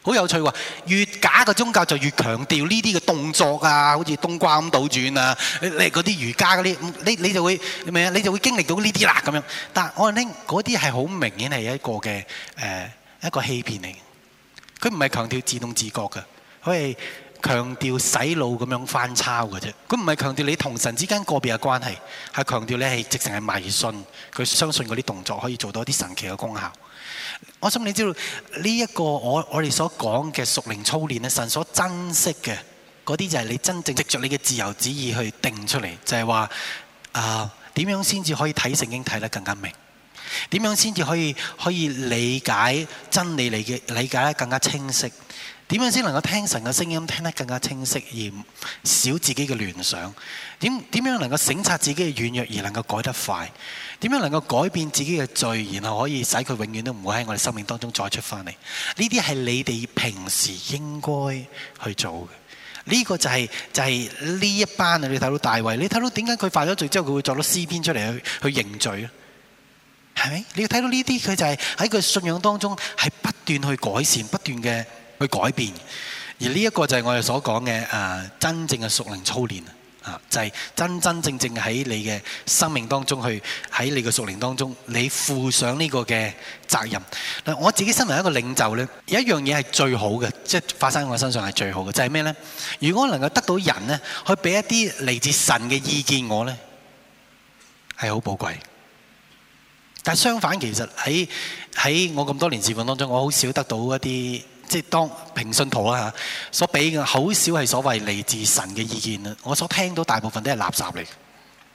好有趣喎！越假嘅宗教就越強調呢啲嘅動作啊，好似冬瓜咁倒轉啊，嚟嗰啲瑜伽嗰啲，你你就會咩啊？你就會經歷到呢啲啦咁樣。但係我認為嗰啲係好明顯係一個嘅誒、呃、一個欺騙嚟。佢唔係強調自動自覺嘅，佢係強調洗腦咁樣翻抄嘅啫。佢唔係強調你同神之間個別嘅關係，係強調你係直情係迷信。佢相信嗰啲動作可以做到一啲神奇嘅功效。我想你知道呢一個這個我我哋所講嘅屬靈操練咧，神所珍惜嘅嗰啲就係你真正藉着你嘅自由旨意去定出嚟，就係話啊點樣先至可以睇聖經睇得更加明，點樣先至可以可以理解真理嚟嘅理解得更加清晰。點樣先能夠聽神嘅聲音聽得更加清晰，而少自己嘅聯想？點點樣能夠省察自己嘅軟弱，而能夠改得快？點樣能夠改變自己嘅罪，然後可以使佢永遠都唔會喺我哋生命當中再出翻嚟？呢啲係你哋平時應該去做嘅。呢個就係就係呢一班啊！你睇到大衛，你睇到點解佢犯咗罪之後佢會作咗詩篇出嚟去去認罪咧？係咪？你要睇到呢啲佢就係喺佢信仰當中係不斷去改善、不斷嘅。去改變，而呢一個就係我哋所講嘅誒真正嘅屬靈操練啊，就係真真正正喺你嘅生命當中去，喺你嘅屬靈當中，你負上呢個嘅責任。嗱，我自己身為一個領袖呢，有一樣嘢係最好嘅，即係發生喺我身上係最好嘅，就係咩呢？如果能夠得到人呢，去俾一啲嚟自神嘅意見我呢，係好寶貴。但相反，其實喺喺我咁多年事奉當中，我好少得到一啲。即係當平信徒啦，嚇，所俾嘅好少係所謂嚟自神嘅意見啦。我所聽到大部分都係垃圾嚟，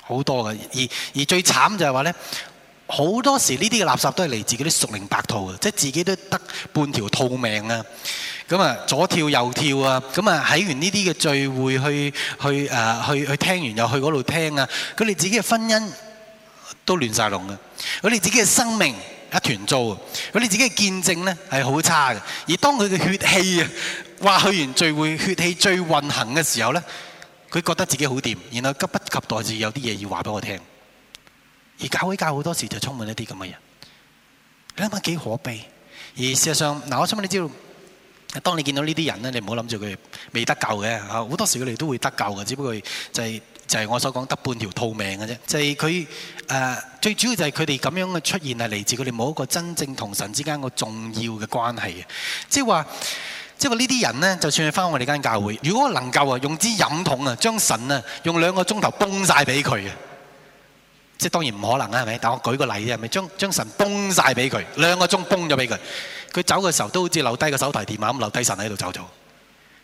好多嘅而而最慘就係話咧，好多時呢啲嘅垃圾都係嚟自嗰啲熟靈白兔啊，即係自己都得半條兔命啊。咁啊左跳右跳啊，咁啊喺完呢啲嘅聚會去去誒、啊、去、啊、去聽完又去嗰度聽啊。佢哋自己嘅婚姻都亂晒龍啊，佢哋自己嘅生命。一團糟，噉你自己嘅見證咧係好差嘅。而當佢嘅血氣啊，話去完聚會血氣最運行嘅時候咧，佢覺得自己好掂，然後急不及待住有啲嘢要話俾我聽。而教會教好多時就充滿一啲咁嘅人，你諗下幾可悲。而事實上，嗱，我想問你知道，當你見到呢啲人咧，你唔好諗住佢未得救嘅嚇，好多時佢哋都會得救嘅，只不過就係、是。就係我所講得半條套命嘅啫，就係佢誒最主要就係佢哋咁樣嘅出現係嚟自佢哋冇一個真正同神之間個重要嘅關係嘅，即係話即係話呢啲人呢，就算返我哋間教會，如果能夠啊用支飲筒啊將神啊用兩個鐘頭崩晒俾佢嘅，即係當然唔可能啦，係咪？但我舉個例啫，係咪將將神崩晒俾佢兩個鐘崩咗俾佢，佢走嘅時候都好似留低個手提電話咁留低神喺度走咗。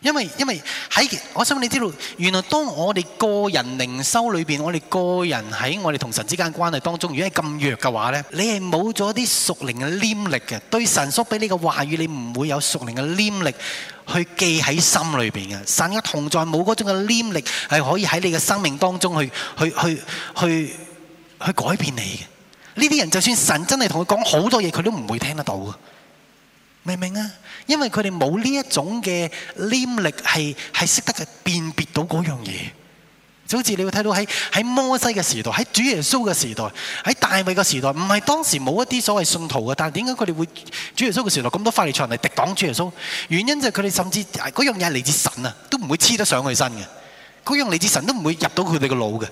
因為因為喺我想你知道，原來當我哋個人靈修裏邊，我哋個人喺我哋同神之間關係當中，如果係咁弱嘅話咧，你係冇咗啲屬靈嘅黏力嘅，對神所俾你嘅話語，你唔會有屬靈嘅黏力去記喺心裏邊嘅，神嘅同在冇嗰種嘅黏力係可以喺你嘅生命當中去去去去去改變你嘅。呢啲人就算神真係同佢講好多嘢，佢都唔會聽得到嘅。明唔明啊？因為佢哋冇呢一種嘅黏力，係係識得去辨別到嗰樣嘢。就好似你會睇到喺喺摩西嘅時代，喺主耶穌嘅時代，喺大衛嘅時代，唔係當時冇一啲所謂信徒嘅，但係點解佢哋會主耶穌嘅時代咁多法利賽人嚟敵擋主耶穌？原因就係佢哋甚至嗰樣嘢嚟自神啊，都唔會黐得上佢身嘅。嗰樣嚟自神都唔會入到佢哋嘅腦嘅。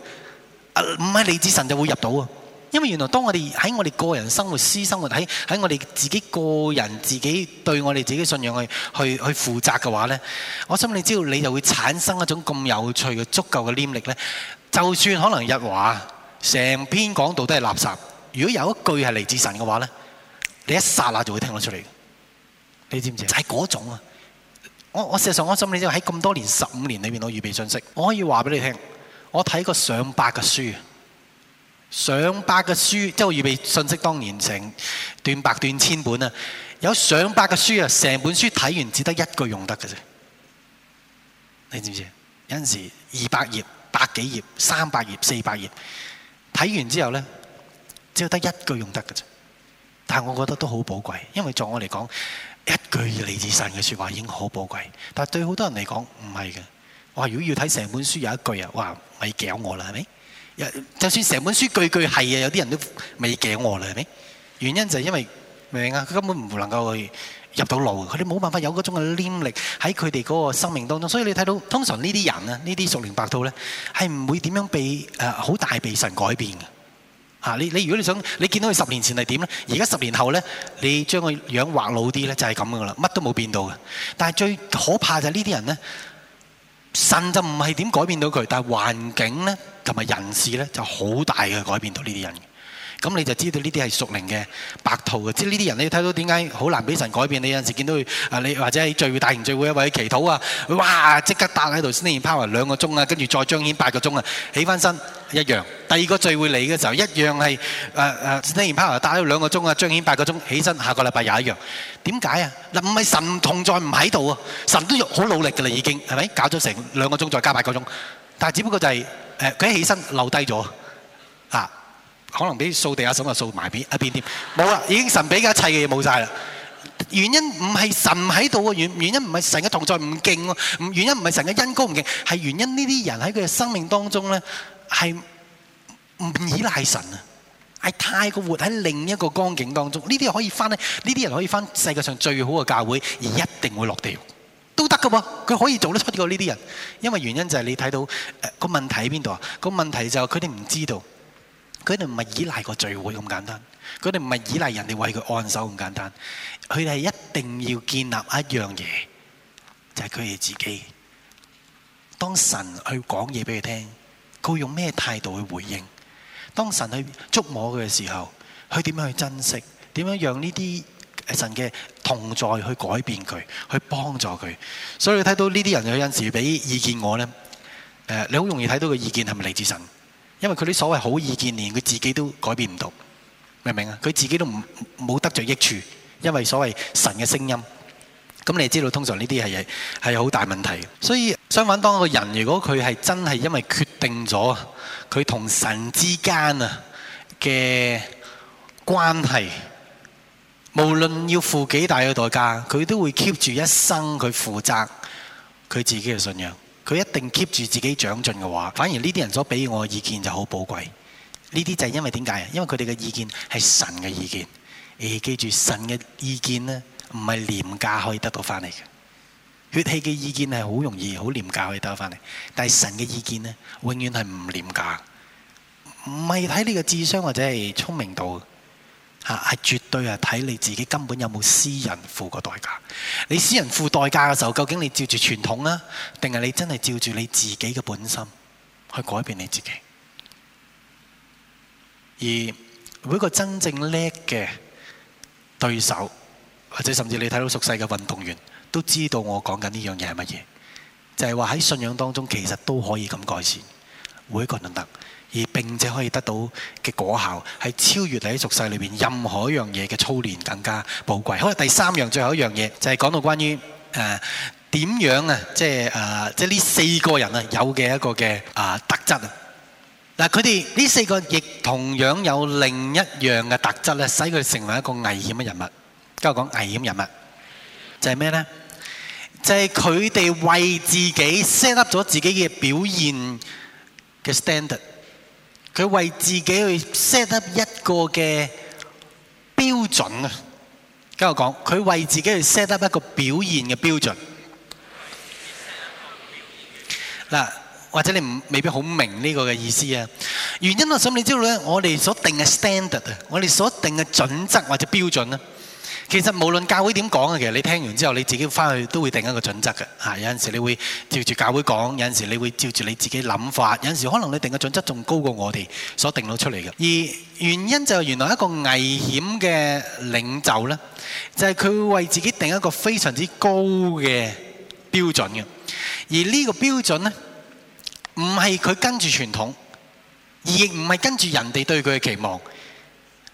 唔係嚟自神就會入到啊。因為原來當我哋喺我哋個人生活、私生活，喺喺我哋自己個人、自己對我哋自己信仰去去去負責嘅話呢，我想你知道，你就會產生一種咁有趣嘅足夠嘅黏力呢，就算可能日華成篇講到都係垃圾，如果有一句係嚟自神嘅話呢，你一剎那就會聽得出嚟。你知唔知？就係嗰種啊！我我事實上我想你知道，喺咁多年、十五年裏面我預備信息，我可以話俾你聽，我睇過上百個書。上百嘅書，即係我預備信息當年成段百段千本啊！有上百嘅書啊，成本書睇完只得一句用得嘅啫。你知唔知？有陣時二百頁、百幾頁、三百頁、四百頁睇完之後呢，只有得一句用得嘅啫。但係我覺得都好寶貴，因為在我嚟講，一句嚟自神嘅説話已經好寶貴。但係對好多人嚟講唔係嘅。我係如果要睇成本書有一句啊，哇！咪搞我啦，係咪？就算成本書句句係啊，有啲人都未 reject 我啦，係咪？原因就係因為明啊，佢根本唔能夠入到腦，佢哋冇辦法有嗰種嘅黏力喺佢哋嗰個生命當中，所以你睇到通常呢啲人啊，呢啲熟練白兔咧，係唔會點樣被誒好大被神改變嘅嚇。你，你如果你想你見到佢十年前係點咧，而家十年後咧，你將佢個樣畫老啲咧，就係咁噶啦，乜都冇變到嘅。但係最可怕就係呢啲人咧。神就唔係點改變到佢，但係環境呢同埋人事呢就好大嘅改變到呢啲人嘅，咁你就知道呢啲係屬靈嘅白兔嘅，即係呢啲人你睇到點解好難俾神改變？你有陣時見到佢啊，你或者喺聚會大型聚會啊，或者祈禱啊，哇！即刻打喺度，先至拋埋兩個鐘啊，跟住再彰顯八個鐘啊，起翻身。一樣，第二個聚會嚟嘅時候一樣係誒誒，雖然跑又打咗兩個鐘啊，張顯八個鐘起身，下個禮拜又一樣。點解啊？嗱，唔係神同在唔喺度啊，神都好努力㗎啦，已經係咪？搞咗成兩個鐘，再加八個鐘，但係只不過就係誒，佢一起身留低咗啊，可能俾掃地阿嫂又掃埋邊一邊添，冇啦，已經神俾嘅一切嘅嘢冇曬啦。原因唔係神喺度啊，原原因唔係神嘅同在唔勁咯，唔原因唔係神嘅恩膏唔勁，係原因呢啲人喺佢嘅生命當中咧。係唔依賴神啊，係太過活喺另一個光景當中，呢啲可以翻呢啲人可以翻世界上最好嘅教會，而一定會落地獄，都得噶。佢可以做得出呢啲人，因為原因就係你睇到個、呃、問題喺邊度啊？個問題就係佢哋唔知道，佢哋唔係依賴個聚會咁簡單，佢哋唔係依賴人哋為佢按手咁簡單，佢哋係一定要建立一樣嘢，就係佢哋自己，當神去講嘢俾佢聽。佢用咩態度去回應？當神去捉摸佢嘅時候，佢點樣去珍惜？點樣讓呢啲神嘅同在去改變佢，去幫助佢？所以你睇到呢啲人有陣時俾意見我呢，誒你好容易睇到個意見係咪嚟自神？因為佢啲所謂好意見，連佢自己都改變唔到，明唔明啊？佢自己都唔冇得著益處，因為所謂神嘅聲音。咁你知道，通常呢啲係係好大問題的。所以相反，當一個人如果佢係真係因為決定咗佢同神之間啊嘅關係，無論要付幾大嘅代價，佢都會 keep 住一生佢負責佢自己嘅信仰。佢一定 keep 住自己長進嘅話，反而呢啲人所俾我嘅意見就好寶貴。呢啲就係因為點解啊？因為佢哋嘅意見係神嘅意見。誒記住，神嘅意見呢。唔係廉價可以得到翻嚟嘅，血氣嘅意見係好容易、好廉價可以得到翻嚟。但係神嘅意見呢，永遠係唔廉價。唔係睇你嘅智商或者係聰明度，嚇係絕對係睇你自己根本有冇私人付過代價。你私人付代價嘅時候，究竟你照住傳統啊，定係你真係照住你自己嘅本心去改變你自己？而每一個真正叻嘅對手。或者甚至你睇到俗世嘅運動員都知道我講緊呢樣嘢係乜嘢，就係話喺信仰當中其實都可以咁改善，每一個人都得，而並且可以得到嘅果效係超越你喺俗世裏邊任何一樣嘢嘅操練更加寶貴。好啦，第三樣最後一樣嘢就係講到關於誒點樣啊，即係誒即係呢四個人啊有嘅一個嘅啊特質啊嗱，佢哋呢四個亦同樣有另一樣嘅特質咧，使佢哋成為一個危險嘅人物。跟講危險人物就係咩呢？就係佢哋為自己 set up 咗自己嘅表現嘅 standard。佢為自己去 set up 一個嘅標準啊。跟我講，佢為自己去 set up 一個表現嘅標準嗱，或者你唔未必好明呢個嘅意思啊。原因我想你知道呢，我哋所定嘅 standard 啊，我哋所定嘅準則或者標準呢。其實無論教會點講啊，其實你聽完之後，你自己翻去都會定一個準則嘅吓。有陣時你會照住教會講，有陣時你會照住你自己諗法。有陣時可能你定嘅準則仲高過我哋所定到出嚟嘅。而原因就係原來一個危險嘅領袖呢，就係佢會為自己定一個非常之高嘅標準嘅。而呢個標準呢，唔係佢跟住傳統，而亦唔係跟住人哋對佢嘅期望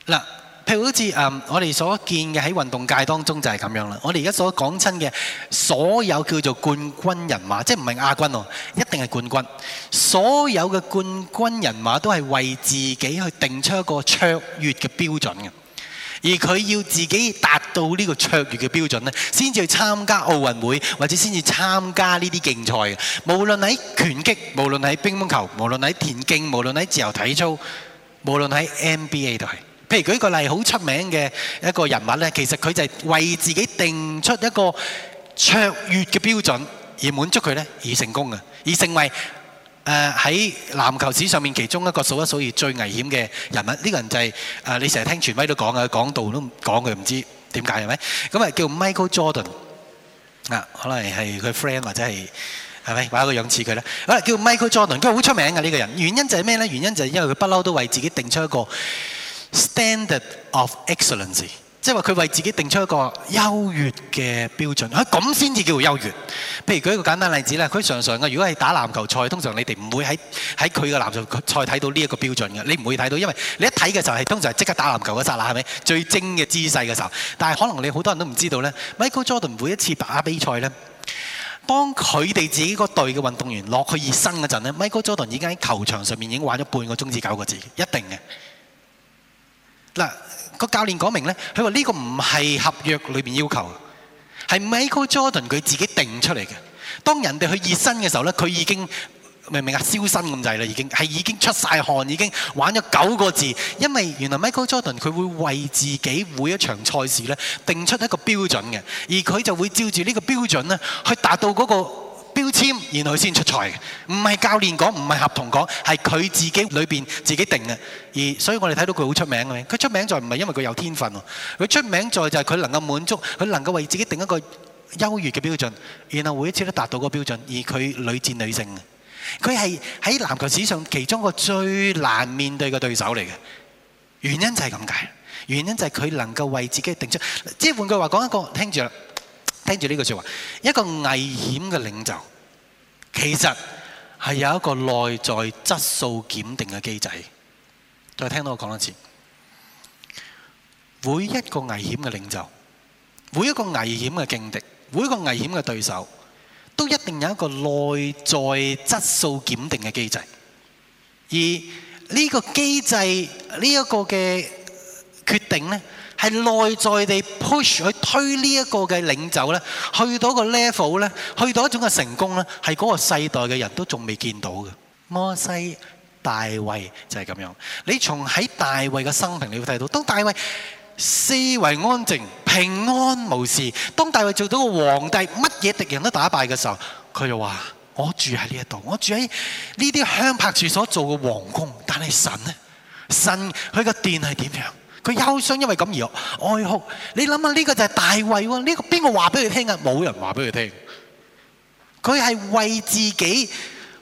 嗱。係好似誒，我哋所見嘅喺運動界當中就係咁樣啦。我哋而家所講親嘅所有叫做冠軍人馬，即係唔係亞軍喎，一定係冠軍。所有嘅冠軍人馬都係為自己去定出一個卓越嘅標準嘅，而佢要自己達到呢個卓越嘅標準咧，先至去參加奧運會，或者先至參加呢啲競賽嘅。無論喺拳擊，無論喺乒乓球，無論喺田徑，無論喺自由體操，無論喺 NBA 都係。譬如舉個例，好出名嘅一個人物咧，其實佢就係為自己定出一個卓越嘅標準而滿足佢咧，而成功嘅，而成為誒喺籃球史上面其中一個數一數二最危險嘅人物。呢個人就係誒，你成日聽傳聞都講嘅，講到都講佢唔知點解係咪？咁啊，叫 Michael Jordan 啊，可能係佢 friend 或者係係咪，畫個樣似佢啦。好啦，叫 Michael Jordan，佢好出名嘅呢個人，原因就係咩咧？原因就係因為佢不嬲都為自己定出一個。Standard of excellence，即係話佢為自己定出一個優越嘅標準，啊咁先至叫做優越。譬如舉一個簡單例子咧，佢常常嘅，如果係打籃球賽，通常你哋唔會喺喺佢嘅籃球賽睇到呢一個標準嘅，你唔會睇到，因為你一睇嘅時候係通常係即刻打籃球嗰陣啦，係咪？最精嘅姿勢嘅時候，但係可能你好多人都唔知道咧，Michael Jordan 每一次打比賽咧，當佢哋自己個隊嘅運動員落去熱身嗰陣咧，Michael Jordan 已經喺球場上面已經玩咗半個鐘至九個字，一定嘅。嗱，個教練講明呢，佢話呢個唔係合約裏面要求，係 Michael Jordan 佢自己定出嚟嘅。當人哋去熱身嘅時候呢，佢已經明唔明啊？燒身咁滯啦，已經係已經出晒汗，已經玩咗九個字。因為原來 Michael Jordan 佢會為自己每一場賽事呢，定出一個標準嘅，而佢就會照住呢個標準呢，去達到嗰個。標籤，然後佢先出賽嘅，唔係教練講，唔係合同講，係佢自己裏邊自己定嘅。而所以我哋睇到佢好出名嘅，佢出名在唔係因為佢有天分喎，佢出名在就係佢能夠滿足，佢能夠為自己定一個優越嘅標準，然後每一次都達到嗰個標準。而佢屢戰屢勝嘅，佢係喺籃球史上其中個最難面對嘅對手嚟嘅，原因就係咁解，原因就係佢能夠為自己定出，即係換句話講一個，聽住啦。聽住呢個說話，一個危險嘅領袖，其實係有一個內在質素檢定嘅機制。再聽到我講多次，每一個危險嘅領袖，每一個危險嘅勁敵，每一個危險嘅對手，都一定有一個內在質素檢定嘅機制。而呢個機制呢一個嘅決定呢，係內在地 push 去推呢一個嘅領袖咧，去到個 level 咧，去到一，level，去到一種嘅成功咧，係嗰個世代嘅人都仲未見到嘅。摩西、大衛就係咁樣。你從喺大衛嘅生平，你會睇到，當大衛四圍安靜、平安無事，當大衛做到個皇帝，乜嘢敵人都打敗嘅時候，佢就話：我住喺呢一度，我住喺呢啲香柏樹所做嘅皇宮。但係神呢，神佢個殿係點樣？佢憂傷，因為咁而哀哭。你諗下，呢個就係大衞喎，呢個邊個話俾佢聽啊？冇人話俾佢聽。佢係為自己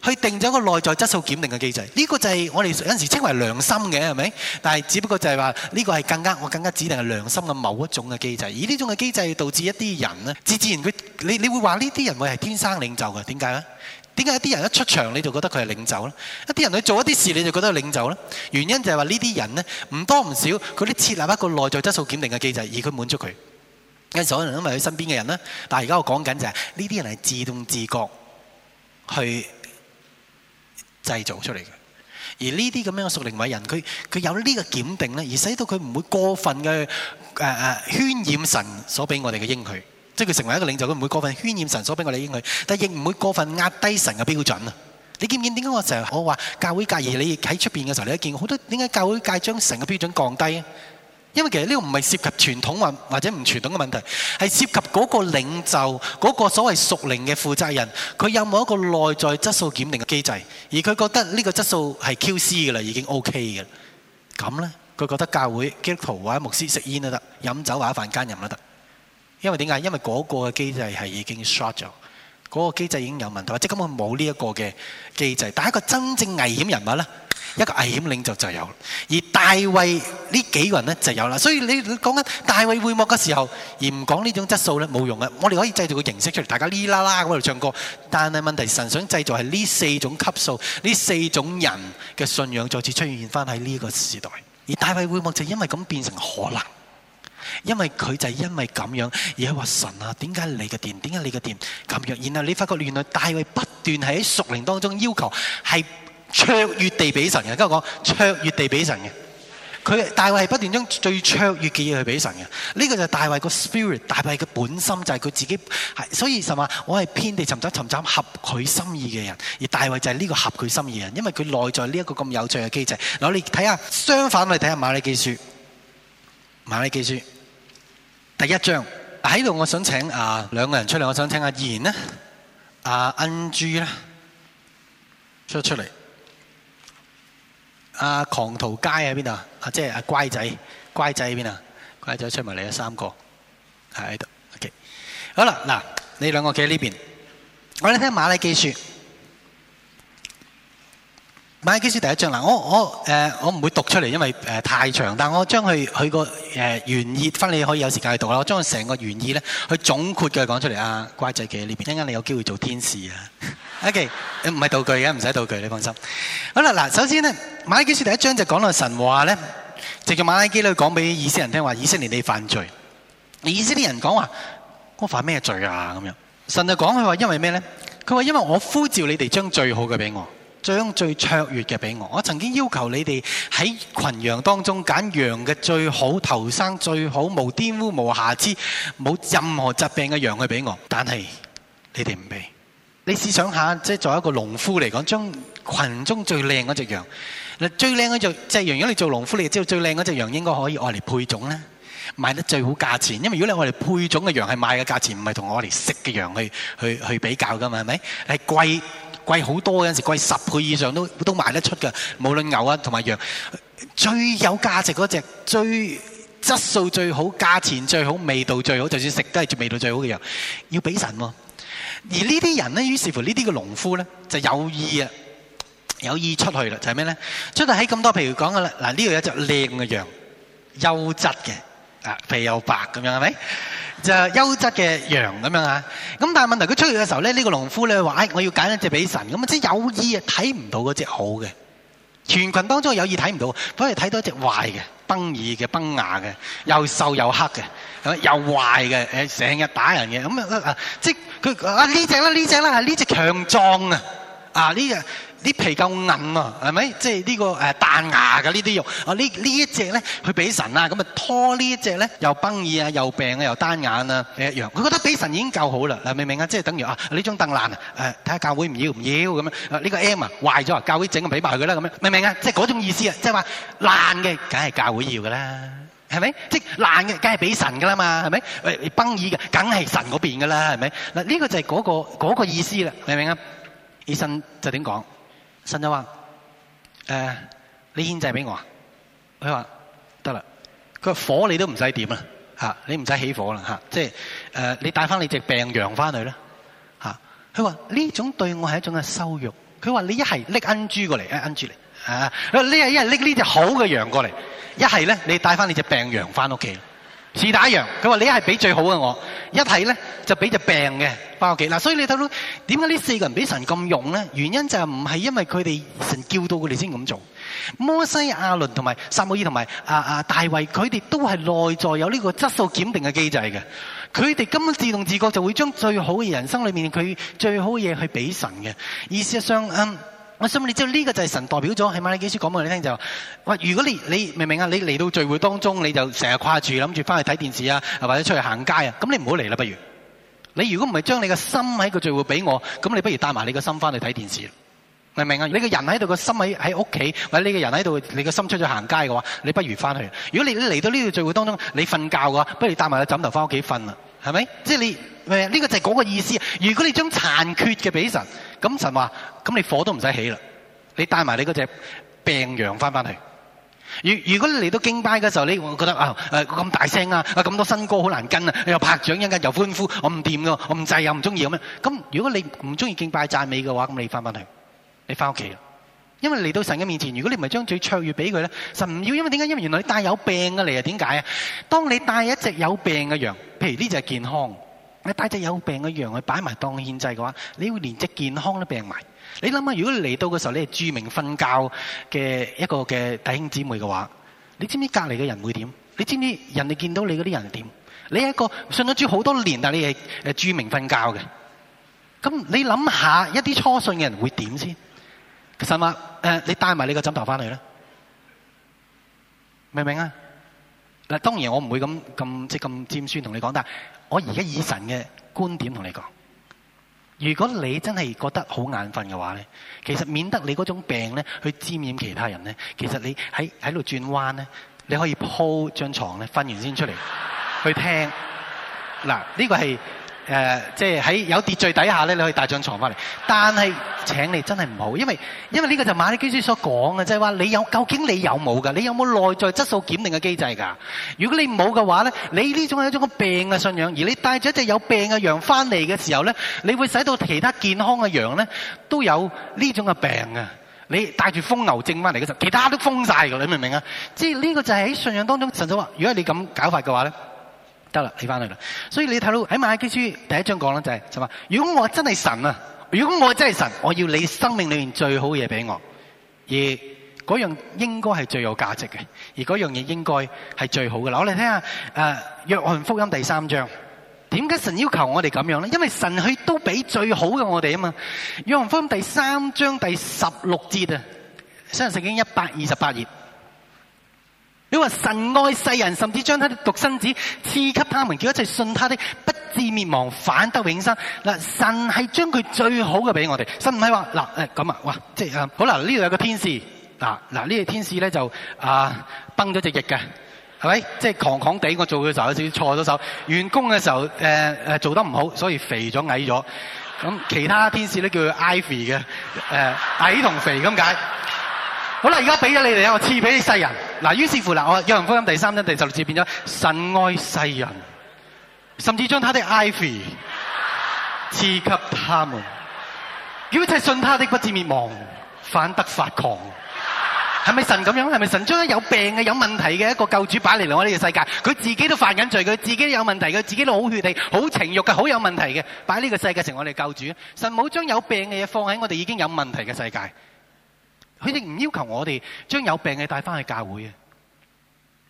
去定咗一個內在質素檢定嘅機制。呢個就係我哋有陣時稱為良心嘅，係咪？但係只不過就係話呢個係更加我更加指定係良心嘅某一種嘅機制。而呢種嘅機制導致一啲人咧，自自然佢你你會話呢啲人會係天生領袖嘅？點解呢？點解一啲人一出場你就覺得佢係領袖呢？一啲人去做一啲事你就覺得佢領袖呢？原因就係話呢啲人呢，唔多唔少，佢都設立一個內在質素檢定嘅機制，而佢滿足佢。有時可能因為佢身邊嘅人呢，但係而家我講緊就係呢啲人係自動自覺去製造出嚟嘅。而呢啲咁樣嘅屬靈偉人，佢佢有呢個檢定呢，而使到佢唔會過分嘅誒誒渲染神所俾我哋嘅應許。即係佢成為一個領袖，佢唔會過分渲染神所俾我哋應許，但亦唔會過分壓低神嘅標準啊！你見唔見點解我成日我話教會界而你喺出邊嘅時候你都見好多點解教會界將神嘅標準降低？因為其實呢個唔係涉及傳統或或者唔傳統嘅問題，係涉及嗰個領袖嗰個所謂屬靈嘅負責人，佢有冇一個內在質素檢定嘅機制？而佢覺得呢個質素係 QC 嘅啦，已經 OK 嘅。咁咧，佢覺得教會基督徒或者牧師食煙都得，飲酒或者犯奸淫都得。因為點解？因為嗰個嘅機制係已經 short 咗，嗰個機制已經有問題，即係根本冇呢一個嘅機制。但係一個真正危險人物咧，一個危險領袖就有，而大衛呢幾個人咧就有啦。所以你你講緊大衛會幕嘅時候，而唔講呢種質素咧冇用嘅。我哋可以製造個形式出嚟，大家呢啦啦咁喺度唱歌。但係問題，神想製造係呢四種級數，呢四種人嘅信仰再次出現返喺呢個時代，而大衛會幕就因為咁變成可能。因為佢就係因為咁樣而係話神啊，點解你嘅殿，點解你嘅殿咁樣？然後你發覺原來大衛不斷喺屬靈當中要求係卓越地俾神嘅，跟我講卓越地俾神嘅。佢大衛係不斷將最卓越嘅嘢去俾神嘅。呢個就係大衛個 spirit，大衛嘅本心就係佢自己。所以神話我係偏地尋找尋找合佢心意嘅人，而大衛就係呢個合佢心意嘅人，因為佢內在呢一個咁有趣嘅機制。嗱，我哋睇下相反，我哋睇下瑪拉基書。.馬利基書第一章喺度、啊，我想請啊兩個人出嚟，我想請阿言啦，阿 Ng 啦，出出嚟，阿狂徒街喺邊度啊？即係阿乖仔，乖仔喺邊啊？乖仔出埋嚟，三個喺喺度。OK，好啦，嗱、啊，你兩個企喺呢邊，我哋聽馬利基書。馬拉基書第一章，嗱，我我誒、呃、我唔會讀出嚟，因為誒、呃、太長，但我將佢佢個誒原意翻，你可以有時間去讀啦。我將成個原意咧，去總括嘅講出嚟。啊，乖仔企喺呢邊，一陣間你有機會做天使啊。 OK，唔、呃、係道具嘅，唔使道具，你放心。好啦，嗱、呃，首先咧，馬拉基書第一章就講到神話咧，就用馬拉基咧講俾以色列人聽話，以色列你犯罪，以色列啲人講話我犯咩罪啊咁樣。神就講佢話，因為咩咧？佢話因為我呼召你哋將最好嘅俾我。將最卓越嘅俾我。我曾經要求你哋喺羣羊當中揀羊嘅最好、頭生最好、無玷污、無瑕疵、冇任何疾病嘅羊去俾我。但係你哋唔俾。你試想下，即係作為一個農夫嚟講，將羣中最靚嗰隻羊，嗱，最靚嗰隻嗰隻羊。如果你做農夫，你知道最靚嗰隻羊應該可以愛嚟配種咧，賣得最好價錢。因為如果你愛嚟配種嘅羊係賣嘅價錢，唔係同我嚟食嘅羊去去去比較㗎嘛，係咪？係貴。貴好多，有陣時貴十倍以上都都賣得出㗎。無論牛啊同埋羊，最有價值嗰隻、最質素最好、價錢最好、味道最好，就算食都係味道最好嘅羊，要俾神啊。而呢啲人呢，於是乎呢啲嘅農夫呢，就有意啊，有意出去啦，就係咩呢？出到喺咁多，譬如講嘅啦，嗱呢度有一隻靚嘅羊，優質嘅。肥又白咁樣係咪？就係優質嘅羊咁樣啊！咁但係問題佢出嚟嘅時候咧，呢、呢個農夫咧話：，誒、哎，我要揀一隻俾神。咁即係有意啊，睇唔到嗰隻好嘅，全群當中有意睇唔到，反而睇到一隻壞嘅，崩耳嘅，崩牙嘅，又瘦又黑嘅，又壞嘅，誒，成日打人嘅。咁樣啊，即係佢啊呢隻啦，呢隻啦，呢隻強壯啊！呢啊呢隻。呢啲皮夠韌啊，係咪？即係呢、這個誒彈、呃、牙嘅呢啲肉啊！隻呢一隻呢一隻咧，佢俾神啊，咁啊拖呢一隻咧，又崩耳啊，又病啊，又單眼啊，誒一樣。佢覺得俾神已經夠好啦，明唔明啊？即係等於啊，呢張凳爛啊，誒睇下教會唔要唔要咁樣。呢、啊這個 M 啊壞咗，啊，教會整啊俾埋佢啦咁樣，明唔明啊？即係嗰種意思啊，即係話爛嘅梗係教會要嘅啦，係咪？即係爛嘅梗係俾神嘅啦嘛，係咪？誒、哎、崩耳嘅梗係神嗰邊嘅啦，係咪？嗱、這、呢個就係嗰、那個那個意思啦，明唔明啊？醫生就點講？神就話：誒、呃，你獻祭俾我啊？佢話得啦。佢話火你都唔使點啊，吓，你唔使起火啦吓。即係誒，你帶翻你隻病羊翻去啦，吓、啊。佢話呢種對我係一種嘅羞辱。佢話你一係拎恩豬過嚟，誒恩豬嚟，吓、嗯。佢話呢係一係拎呢隻好嘅羊過嚟，一係咧你帶翻你隻病羊翻屋企。似打羊，佢話你係俾最好嘅我，一睇咧就俾隻病嘅翻屋企。嗱，所以你睇到點解呢四個人俾神咁用咧？原因就係唔係因為佢哋神叫到佢哋先咁做。摩西、亞倫同埋撒母耳同埋啊啊大衛，佢哋都係內在有呢個質素檢定嘅機制嘅，佢哋根本自動自覺就會將最好嘅人生裏面佢最好嘅嘢去俾神嘅。而事實上，嗯我想你，你知道呢，這個就係神代表咗，喺瑪拉基書講過，你聽就話，喂，如果你你，你明唔明啊？你嚟到聚會當中，你就成日掛住諗住翻去睇電視啊，或者出去行街啊，咁你唔好嚟啦，不如，你如果唔係將你嘅心喺個聚會俾我，咁你不如帶埋你嘅心翻去睇電視，明唔明啊？你個人喺度，個心喺喺屋企，或者你個人喺度，你個心出咗行街嘅話，你不如翻去。如果你嚟到呢個聚會當中，你瞓覺嘅話，不如帶埋個枕頭翻屋企瞓係咪？即係你誒呢個就係嗰個意思。如果你將殘缺嘅俾神，咁神話咁你火都唔使起啦。你帶埋你嗰隻病羊翻翻去。如如果你嚟到敬拜嘅時候，你會覺得啊誒咁大聲啊，咁多新歌好難跟啊，又拍掌一陣間又歡呼，我唔掂㗎，我唔制又唔中意咁樣。咁如果你唔中意敬拜讚美嘅話，咁你翻翻去，你翻屋企啦。因為嚟到神嘅面前，如果你唔係將最卓越俾佢咧，神唔要。因為點解？因為原來你帶有病嘅嚟啊？點解啊？當你帶一隻有病嘅羊，譬如呢隻係健康，你帶一隻有病嘅羊去擺埋當獻祭嘅話，你會連隻健康都病埋。你諗下，如果你嚟到嘅時候你係著名瞓覺嘅一個嘅弟兄姊妹嘅話，你知唔知隔籬嘅人會點？你知唔知人哋見到你嗰啲人點？你係一個信咗主好多年，但係你係著名瞓覺嘅，咁你諗下一啲初信嘅人會點先？神話，誒、呃、你帶埋你個枕頭翻去啦，明唔明啊？嗱，當然我唔會咁咁即係咁尖酸同你講，但係我而家以神嘅觀點同你講，如果你真係覺得好眼瞓嘅話咧，其實免得你嗰種病咧去沾染其他人咧，其實你喺喺度轉彎咧，你可以鋪張床咧瞓完先出嚟去聽。嗱，呢個係。誒、呃，即係喺有秩序底下咧，你可以帶張床翻嚟。但係請你真係唔好，因為因為呢個就瑪拉基書所講嘅，就係話你有究竟你有冇㗎？你有冇內在質素檢定嘅機制㗎？如果你冇嘅話咧，你呢種係一種病嘅信仰。而你帶住一隻有病嘅羊翻嚟嘅時候咧，你會使到其他健康嘅羊咧都有呢種嘅病㗎。你帶住瘋牛症翻嚟嘅時候，其他都瘋曬㗎，你明唔明啊？即係呢個就係喺信仰當中，神就話：如果你咁搞法嘅話咧。得啦，起翻去啦。所以你睇到喺瑪拉基書第一章講啦，就係就話，如果我真係神啊，如果我真係神，我要你生命裏面最好嘅嘢俾我，而嗰樣應該係最有價值嘅，而嗰樣嘢應該係最好嘅。嗱，我哋聽下誒，約翰福音第三章，點解神要求我哋咁樣咧？因為神佢都俾最好嘅我哋啊嘛。約翰福音第三章第十六節啊，雖然聖經一百二十八頁。你話，神愛世人，甚至將他的獨生子賜給他們，叫一切信他的不至滅亡，反得永生。嗱，神係將佢最好嘅俾我哋。唔係話嗱誒咁啊，哇！即係啊、嗯，好啦，呢度有個天使。嗱嗱，呢個天使咧就啊、呃、崩咗隻翼嘅，係咪？即係狂狂地。我做嘅時候有少少錯咗手，完工嘅時候誒誒做得唔好，所以肥咗矮咗。咁其他天使咧叫佢 Ivy 嘅誒、呃、矮同肥咁解。好啦，而家俾咗你哋啊，我賜俾你世人。嗱，於是乎嗱，我約翰福音第三章第十六節變咗神愛世人，甚至將他的愛子賜給他們。如果一切信他的，不至滅亡，反得發狂。係咪神咁樣？係咪神將一有病嘅、有問題嘅一個救主擺嚟我呢個世界？佢自己都犯緊罪，佢自己都有問題，佢自己都好血地、好情欲嘅、好有問題嘅，擺呢個世界成我哋救主。神冇將有病嘅嘢放喺我哋已經有問題嘅世界。佢哋唔要求我哋將有病嘅帶翻去教會嘅，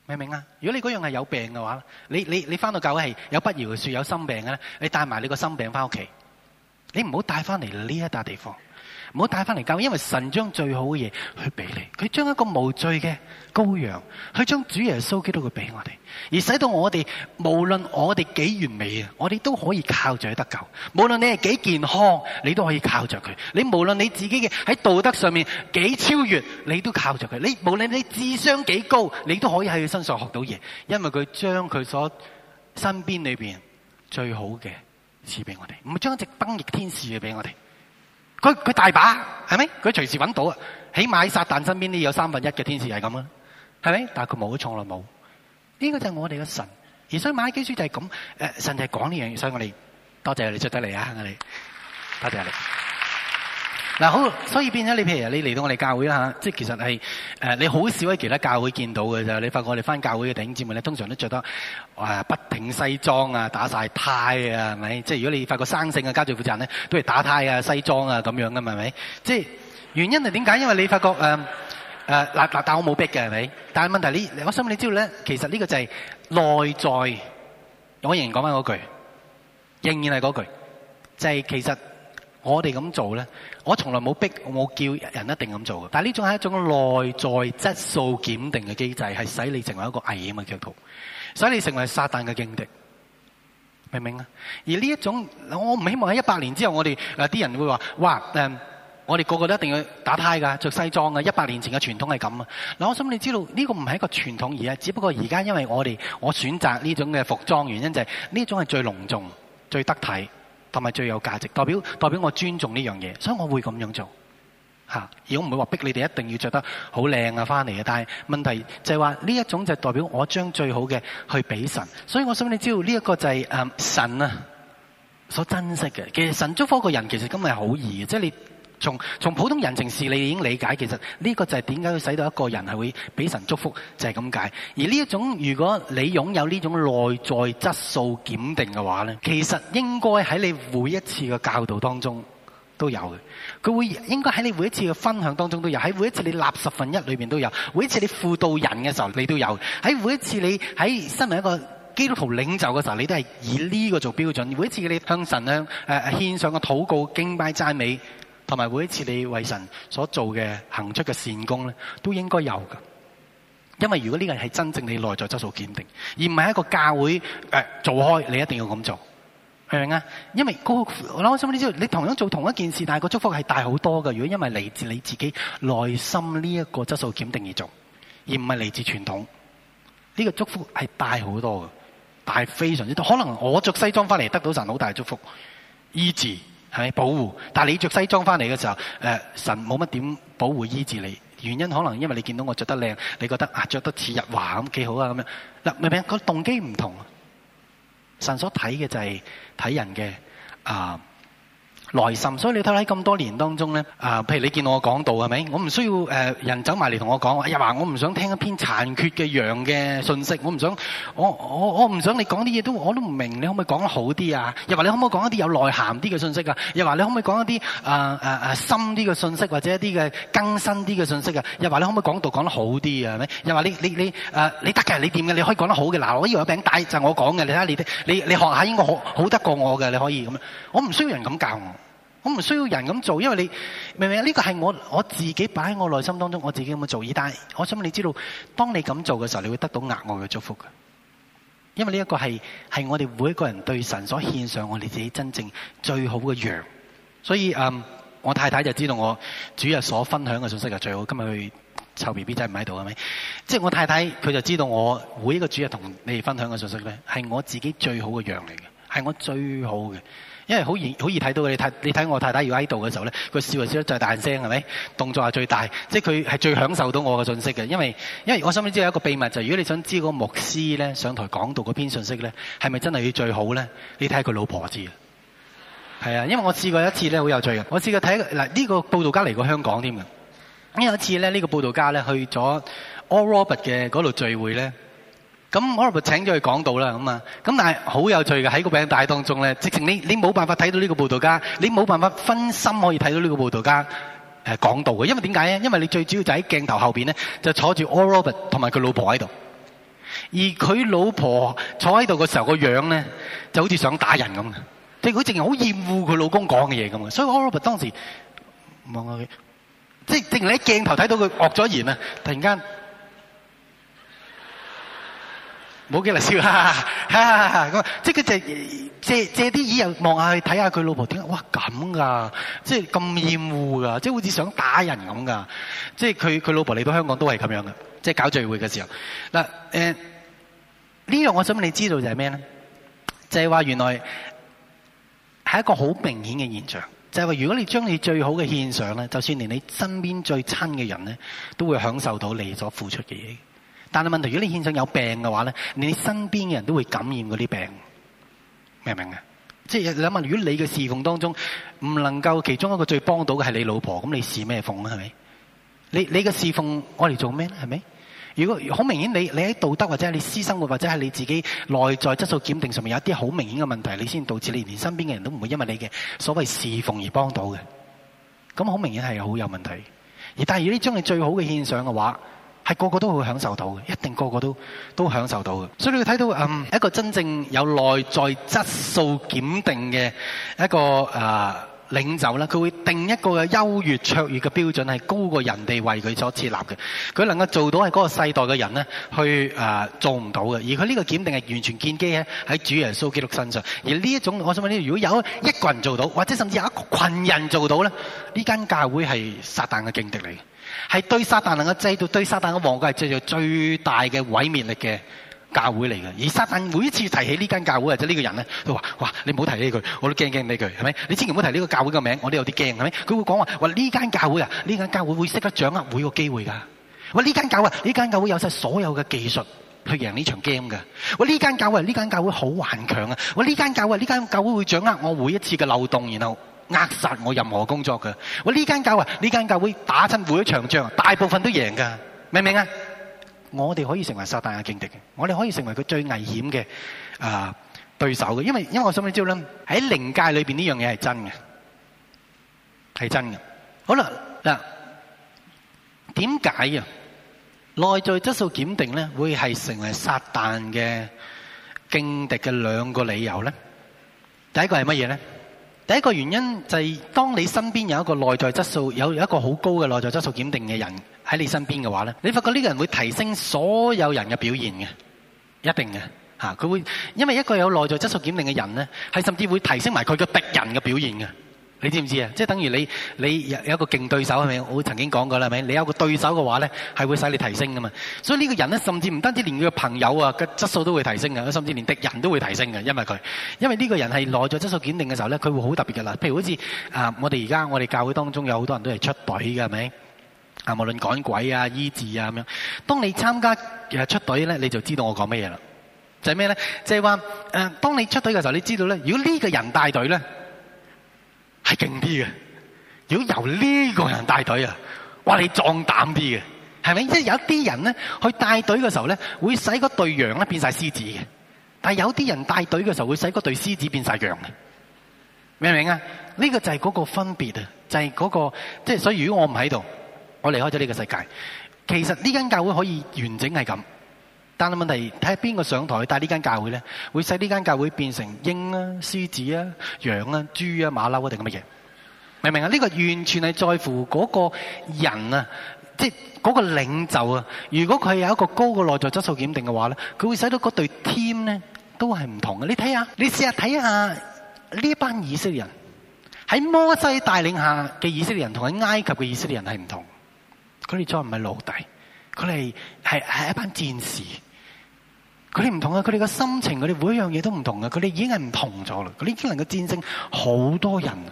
明唔明啊？如果你嗰樣係有病嘅話，你你你翻到教會係有不如嘅事，有心病嘅咧，你帶埋你個心病翻屋企，你唔好帶翻嚟呢一笪地方。唔好帶翻嚟救，因為神將最好嘅嘢去俾你，佢將一個無罪嘅羔羊，去將主耶穌基督佢俾我哋，而使到我哋無論我哋幾完美，啊，我哋都可以靠着佢得救；無論你係幾健康，你都可以靠着佢；你無論你自己嘅喺道德上面幾超越，你都靠着佢；你無論你智商幾高，你都可以喺佢身上學到嘢，因為佢將佢所身邊裏邊最好嘅賜俾我哋，唔係將一隻瘟疫天使嘅俾我哋。佢佢大把，係咪？佢隨時揾到啊！起碼喺撒旦身邊呢有三分一嘅天使係咁啊，係咪？但係佢冇，錯啦冇。呢個就係我哋嘅神。而所以瑪拉基書就係咁，誒神就係講呢樣嘢，所以我哋多，多謝你出得嚟啊！我哋多謝你。嗱好，所以變咗你，譬如你嚟到我哋教會啦，即係其實係誒你好少喺其他教會見到嘅就你發覺我哋翻教會嘅弟兄姊妹咧，通常都着得誒筆挺西裝啊，打晒呔啊，係咪？即係如果你發覺生性嘅家族負責人咧，都係打呔啊、西裝啊咁樣嘅，係咪？即係原因係點解？因為你發覺誒誒嗱嗱，但我冇逼嘅，係咪？但係問題你，我想你知道咧，其實呢個就係內在。我仍然講翻嗰句，仍然係嗰句，就係其實。我哋咁做呢，我從來冇逼我冇叫人一定咁做嘅。但係呢種係一種內在質素檢定嘅機制，係使你成為一個危險嘅信徒，使你成為撒旦嘅勁敵，明唔明啊？而呢一種，我唔希望喺一百年之後我們，我哋啲人會話，哇！誒，我哋個個都一定要打呔噶，着西裝嘅，一百年前嘅傳統係咁啊！嗱，我想你知道呢個唔係一個傳統而係，只不過而家因為我哋我選擇呢種嘅服裝，原因就係呢種係最隆重、最得體。同埋最有價值，代表代表我尊重呢樣嘢，所以我會咁樣做吓。如果唔會話逼你哋一定要着得好靚啊，翻嚟啊，但係問題就係話呢一種就代表我將最好嘅去俾神，所以我想你知道呢一個就係，誒、神啊所珍惜嘅。其實神祝福個人其實今日係好易嘅，即係你。從從普通人情事，你已經理解，其實呢個就係點解要使到一個人係會俾神祝福，就係咁解。而呢一種，如果你擁有呢種內在質素檢定嘅話呢，其實應該喺你每一次嘅教導當中都有嘅。佢會應該喺你每一次嘅分享當中都有，喺每一次你納十分一裏面都有，每一次你輔導人嘅時候你都有，喺每一次你喺身為一個基督徒領袖嘅時候，你都係以呢個做標準。每一次你向神咧呃、獻上嘅禱告、敬拜、讚美。同埋每一次你為神所做嘅行出嘅善功咧，都應該有噶。因為如果呢個係真正你內在質素鑒定，而唔係一個教會誒、呃、做開，你一定要咁做，係咪啊？因為我諗心你知，你同樣做同一件事，但係個祝福係大好多噶。如果因為嚟自你自己內心呢一個質素鑒定而做，而唔係嚟自傳統，呢、這個祝福係大好多的，但係非常之多。可能我着西裝翻嚟得到神好大嘅祝福醫治。係保護，但係你着西裝返嚟嘅時候，呃、神冇乜點保護醫治你，原因可能因為你見到我着得靚，你覺得、啊、着得似日華咁，幾好啊咁樣，嗱，明唔明？個動機唔同啊，神所睇嘅就係睇人嘅啊。呃內心，所以你睇喺咁多年當中咧，啊，譬如你見到我講道係咪？我唔需要誒、呃、人走埋嚟同我講。又、啊、話、呃、我唔想聽一篇殘缺嘅羊嘅信息，我唔想，我我我唔想你講啲嘢都我都唔明白，你可唔可以講得好啲啊？又、啊、話你可唔可以講一啲有內涵啲嘅信息啊？又、啊、話你可唔可以講一啲誒誒誒深啲嘅信息，或者一啲嘅更新啲嘅信息啊？又、啊、話你可唔可以講道講得好啲啊？係咪？又話你你你你得嘅，你掂嘅、呃，你可以講得好嘅。嗱，我以為有餅帶就係我講嘅，你睇下你啲你你學下應該好好得過我嘅，你可以咁樣。我唔需要人咁教我。我唔需要人咁做，因為你明唔明啊？呢個係我我自己擺喺我內心當中，我自己咁做已。但係我想問你知道，當你咁做嘅時候，你會得到額外嘅祝福嘅。因為呢一個係係我哋每一個人對神所獻上我哋自己真正最好嘅羊。所以嗯，我太太就知道我主日所分享嘅信息係最好。今日佢湊 B B 仔唔喺度係咪？即係、就是、我太太佢就知道我每一個主日同你哋分享嘅信息咧，係我自己最好嘅羊嚟嘅，係我最好嘅。因為好易好易睇到嘅，你睇你睇我太太要喺度嘅時候咧，佢笑，笑得最多、最大聲係咪？動作係最大，即係佢係最享受到我嘅信息嘅。因為因為我身邊知有一個秘密就係，如果你想知嗰個牧師咧上台講道嗰篇信息咧係咪真係要最好咧，你睇下佢老婆知啊。係啊，因為我試過一次咧好有趣嘅，我試過睇嗱呢個佈道家嚟過香港添嘅。咁有一次咧，呢個佈道家咧去咗 Oral Roberts 嘅嗰度聚會咧。咁 Allan 伯請咗佢講道啦，咁啊，咁但係好有趣嘅喺個餅帶當中咧，直情你你冇辦法睇到呢個報道家，你冇辦法分心可以睇到呢個報道家誒講道嘅，因為點解咧？因為你最主要就喺鏡頭後邊咧，就坐住 Allan 伯同埋佢老婆喺度，而佢老婆坐喺度嘅時候個樣咧，就好似想打人咁嘅，即係佢直情好厭惡佢老公講嘅嘢咁嘅，所以 Allan 伯當時望下佢，即係直情你喺鏡頭睇到佢惡咗言啊，突然間。唔好叫嚟笑哈哈咁即係佢借借借啲耳又望下去睇下佢老婆點解？哇咁噶、啊！即係咁厭惡噶！即係好似想打人咁噶！即係佢佢老婆嚟到香港都係咁樣嘅，即係搞聚會嘅時候嗱呢樣我想問你知道就係咩咧？就係話原來係一個好明顯嘅現象，就係話如果你將你最好嘅獻上咧，就算連你身邊最親嘅人咧，都會享受到你所付出嘅嘢。但係問題，如果你獻上有病嘅話咧，你身邊嘅人都會感染嗰啲病，明唔明啊？即係你諗下，如果你嘅侍奉當中唔能夠其中一個最幫到嘅係你老婆，咁你侍咩奉啊？係咪？你你嘅侍奉我嚟做咩咧？係咪？如果好明顯，你你喺道德或者係你私生活或者係你自己內在質素檢定上面有一啲好明顯嘅問題，你先導致你連身邊嘅人都唔會因為你嘅所謂侍奉而幫到嘅。咁好明顯係好有問題。而但係如果你將你最好嘅獻上嘅話，係個個都會享受到嘅，一定個個都都享受到嘅。所以你會睇到嗯，一個真正有內在質素檢定嘅一個誒，領袖咧，佢會定一個優越卓越嘅標準，係高過人哋為佢所設立嘅。佢能夠做到係嗰個世代嘅人咧，去誒做唔到嘅。而佢呢個檢定係完全建基喺主耶穌基督身上。而呢一種，我想問：呢如果有一個人做到，或者甚至有一羣人做到咧，呢間教會係撒但嘅勁敵嚟嘅。係對撒但能夠製造對撒但嘅王國係藉著最大嘅毀滅力嘅教會嚟嘅，而撒但每一次提起呢間教會或者呢個人咧，都話：哇！你唔好提呢句，我都驚驚呢句，係咪？你千祈唔好提呢個教會嘅名，我都有啲驚，係咪？佢會講話：哇！呢間教會啊，呢間教會會識得掌握每個機會㗎。哇！呢間教啊，呢間教會有晒所有嘅技術去贏呢場 game 㗎。哇！呢間教啊，呢間教會好頑強啊。哇！呢間教啊，呢間教會會掌握我每一次嘅漏洞，然後，扼殺我任何工作嘅。我呢間教啊，呢間教會打親每一場仗，大部分都贏噶，明唔明啊？我哋可以成為撒但嘅勁敵嘅，我哋可以成為佢最危險嘅啊對手嘅，因為因為我想知道咧喺靈界裏邊呢樣嘢，係真嘅，係真嘅。好啦嗱，點解啊，內在質素檢定咧會係成為撒但嘅勁敵嘅兩個理由咧？第一個係乜嘢咧？第一個原因就係，當你身邊有一個內在質素，有一個好高嘅內在質素檢定嘅人喺你身邊嘅話，你發覺呢個人會提升所有人嘅表現嘅，一定嘅。佢會，因為一個有內在質素檢定嘅人呢，係甚至會提升埋佢嘅敵人嘅表現嘅。你知唔知啊？即係等於你你有一個勁對手係咪？我曾經講過啦，係咪？你有個對手嘅話咧，係會使你提升噶嘛。所以呢個人咧，甚至唔單止連佢嘅朋友啊嘅質素都會提升㗎，甚至連敵人都會提升嘅，因為佢，因為呢個人係內在質素檢定嘅時候咧，佢會好特別㗎啦。譬如好似啊，我哋而家我哋教會當中有好多人都係出隊嘅，係咪？啊，無論趕鬼啊、醫治啊咁樣。當你參加出隊咧，你就知道我講咩嘢啦。就係咩咧？就係話，當你出隊嘅時候，你知道咧，如果呢個人帶隊咧。係勁啲嘅，如果由呢個人帶隊啊，哇，你壯膽啲嘅，係咪？即係有啲人咧去帶隊嘅時候咧，會使嗰隊羊咧變晒獅子嘅，但係有啲人帶隊嘅時候會使嗰隊獅子變晒羊嘅，明唔明啊？呢、這個就係嗰個分別啊，就係、是、嗰、那個，即係所以如果我唔喺度，我離開咗呢個世界，其實呢間教會可以完整係咁。但係問題是，睇下邊個上台帶呢間教會咧，會使呢間教會變成鷹啊、獅子啊、羊啊、豬啊、馬騮啊定咁乜嘢？明唔明啊？呢個完全係在乎嗰個人啊，即係嗰個領袖啊。如果佢有一個高嘅內在質素檢定嘅話咧，佢會使到嗰隊 team 咧都係唔同嘅。你睇下，你試下睇下呢班以色列人喺摩西帶領下嘅以色列人，同喺埃及嘅以色列人係唔同。佢哋再唔係奴隸，佢哋係係一班戰士。佢哋唔同啊！佢哋嘅心情，佢哋每一樣嘢都唔同啊！佢哋已經係唔同咗啦，佢哋已經能夠戰勝好多人啊。呢、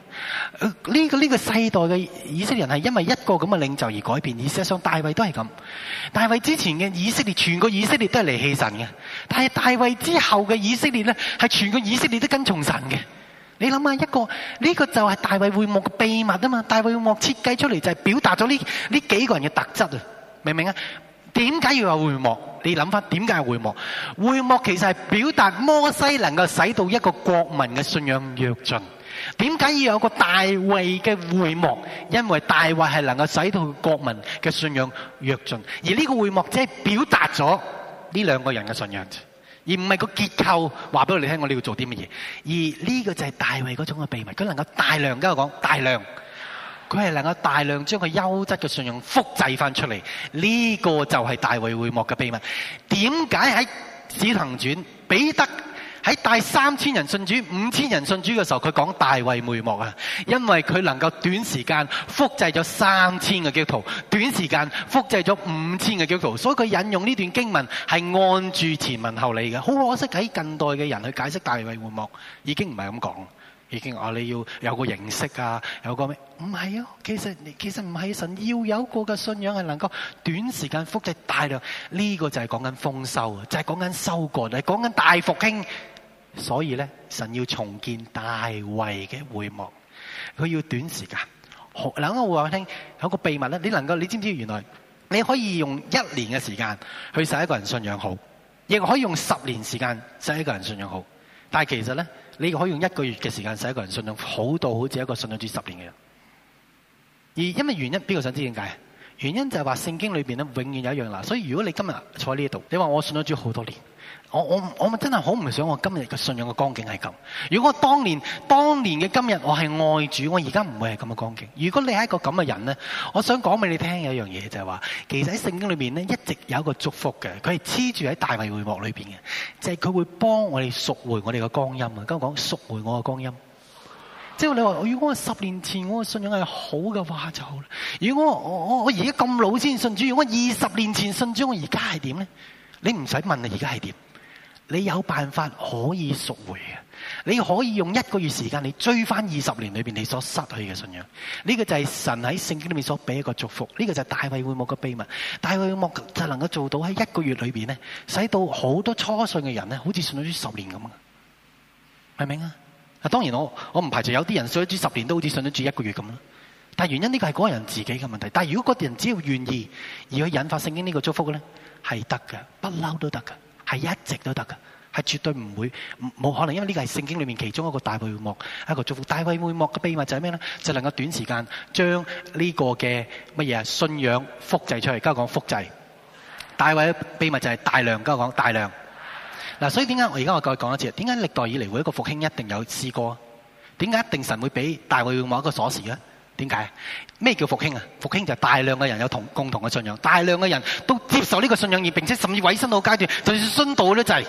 呃這個呢、這個世代嘅以色列人係因為一個咁嘅領袖而改變，事實上大衛都係咁。大衛之前嘅以色列，全個以色列都係離棄神嘅，但係大衛之後嘅以色列咧，係全個以色列都跟從神嘅。你諗下，一個呢、這個就係大衛會幕嘅秘密啊嘛！大衛會幕設計出嚟就係表達咗呢呢幾個人嘅特質啊，明唔明啊？點解要有會幕？你諗翻點解係會幕？會幕其實係表達摩西能夠使到一個國民嘅信仰躍進。點解要有個大衛嘅會幕？因為大衛係能夠使到國民嘅信仰躍進。而呢個會幕即係表達咗呢兩個人嘅信仰，而唔係個結構。話俾我哋聽，我哋要做啲乜嘢？而呢個就係大衛嗰種嘅秘密，佢能夠大量咁講大量。佢係能夠大量將佢優質嘅信用複製翻出嚟，呢個就係大衛會幕嘅秘密。點解喺使徒行傳彼得喺帶三千人信主、五千人信主嘅時候，佢講大衛會幕啊？因為佢能夠短時間複製咗三千個基督徒，短時間複製咗五千個基督徒，所以佢引用呢段經文係按住前文後理嘅。好可惜喺近代嘅人去解釋大衛會幕已經唔係咁講。已經話、啊、你要有個認識啊，有個咩？唔係啊，其實其實唔係神要有個嘅信仰係能夠短時間複製大量，呢、這個就係講緊豐收，就係講緊收割，你講緊大復興。所以咧，神要重建大衛嘅會幕，佢要短時間。兩個話你聽有個個秘密咧，你能夠你知唔知？原來你可以用一年嘅時間去使一個人信仰好，亦可以用十年時間使一個人信仰好，但係其實咧。你可以用一個月嘅時間使一個人信咗好到好似一個信咗主十年嘅人，而因為原因，邊個想知點解？原因就係話聖經裏面永遠有一樣啦，所以如果你今日坐喺呢度，你話我信咗主好多年。我我我真係好唔想我今日嘅信仰嘅光景係咁。如果我當年當年嘅今日我係愛主，我而家唔會係咁嘅光景。如果你係一個咁嘅人咧，我想講俾你聽有一樣嘢就係、是、話，其實喺聖經裏面咧一直有一個祝福嘅，佢係黐住喺大衛會幕裏邊嘅，就係、是、佢會幫我哋贖回我哋嘅光陰啊！今日講贖回我嘅光陰，即係你話，如果我十年前我嘅信仰係好嘅話就好啦。如果我我我而家咁老先信主，如果二十年前信主，我而家係點咧？你唔使問啊，而家係點？你有辦法可以贖回嘅，你可以用一個月時間，你追翻二十年裏面你所失去嘅信仰。呢個就係神喺聖經裏面所俾一個祝福。呢個就係大衛會幕嘅秘密。大衛會幕就能夠做到喺一個月裏面咧，使到好多初信嘅人咧，好似信咗住十年咁啊！明唔明啊？啊，當然我我唔排除有啲人信咗住十年都好似信咗住一個月咁啦。但係原因呢個係嗰個人自己嘅問題。但係如果嗰個人只要願意而去引發聖經呢個祝福咧，係得嘅，不嬲都得嘅。係一直都得嘅，係絕對唔會，冇可能，因為呢個係聖經裡面其中一個大衛會幕，一個祝福。大衛會幕嘅秘密就係咩咧？就能夠短時間將呢個嘅乜嘢啊信仰複製出嚟。咁我講複製，大衛秘密就係大量。咁我講大量。嗱，所以點解我而家我再講一次？點解歷代以嚟每一個復興一定有試過？點解一定神會俾大衛會幕一個鎖匙咧？點解咩叫復興啊？復興就係大量嘅人有同共同嘅信仰，大量嘅人都接受呢個信仰而並且甚至委身到階段，就算殉道嗰啲就係、是。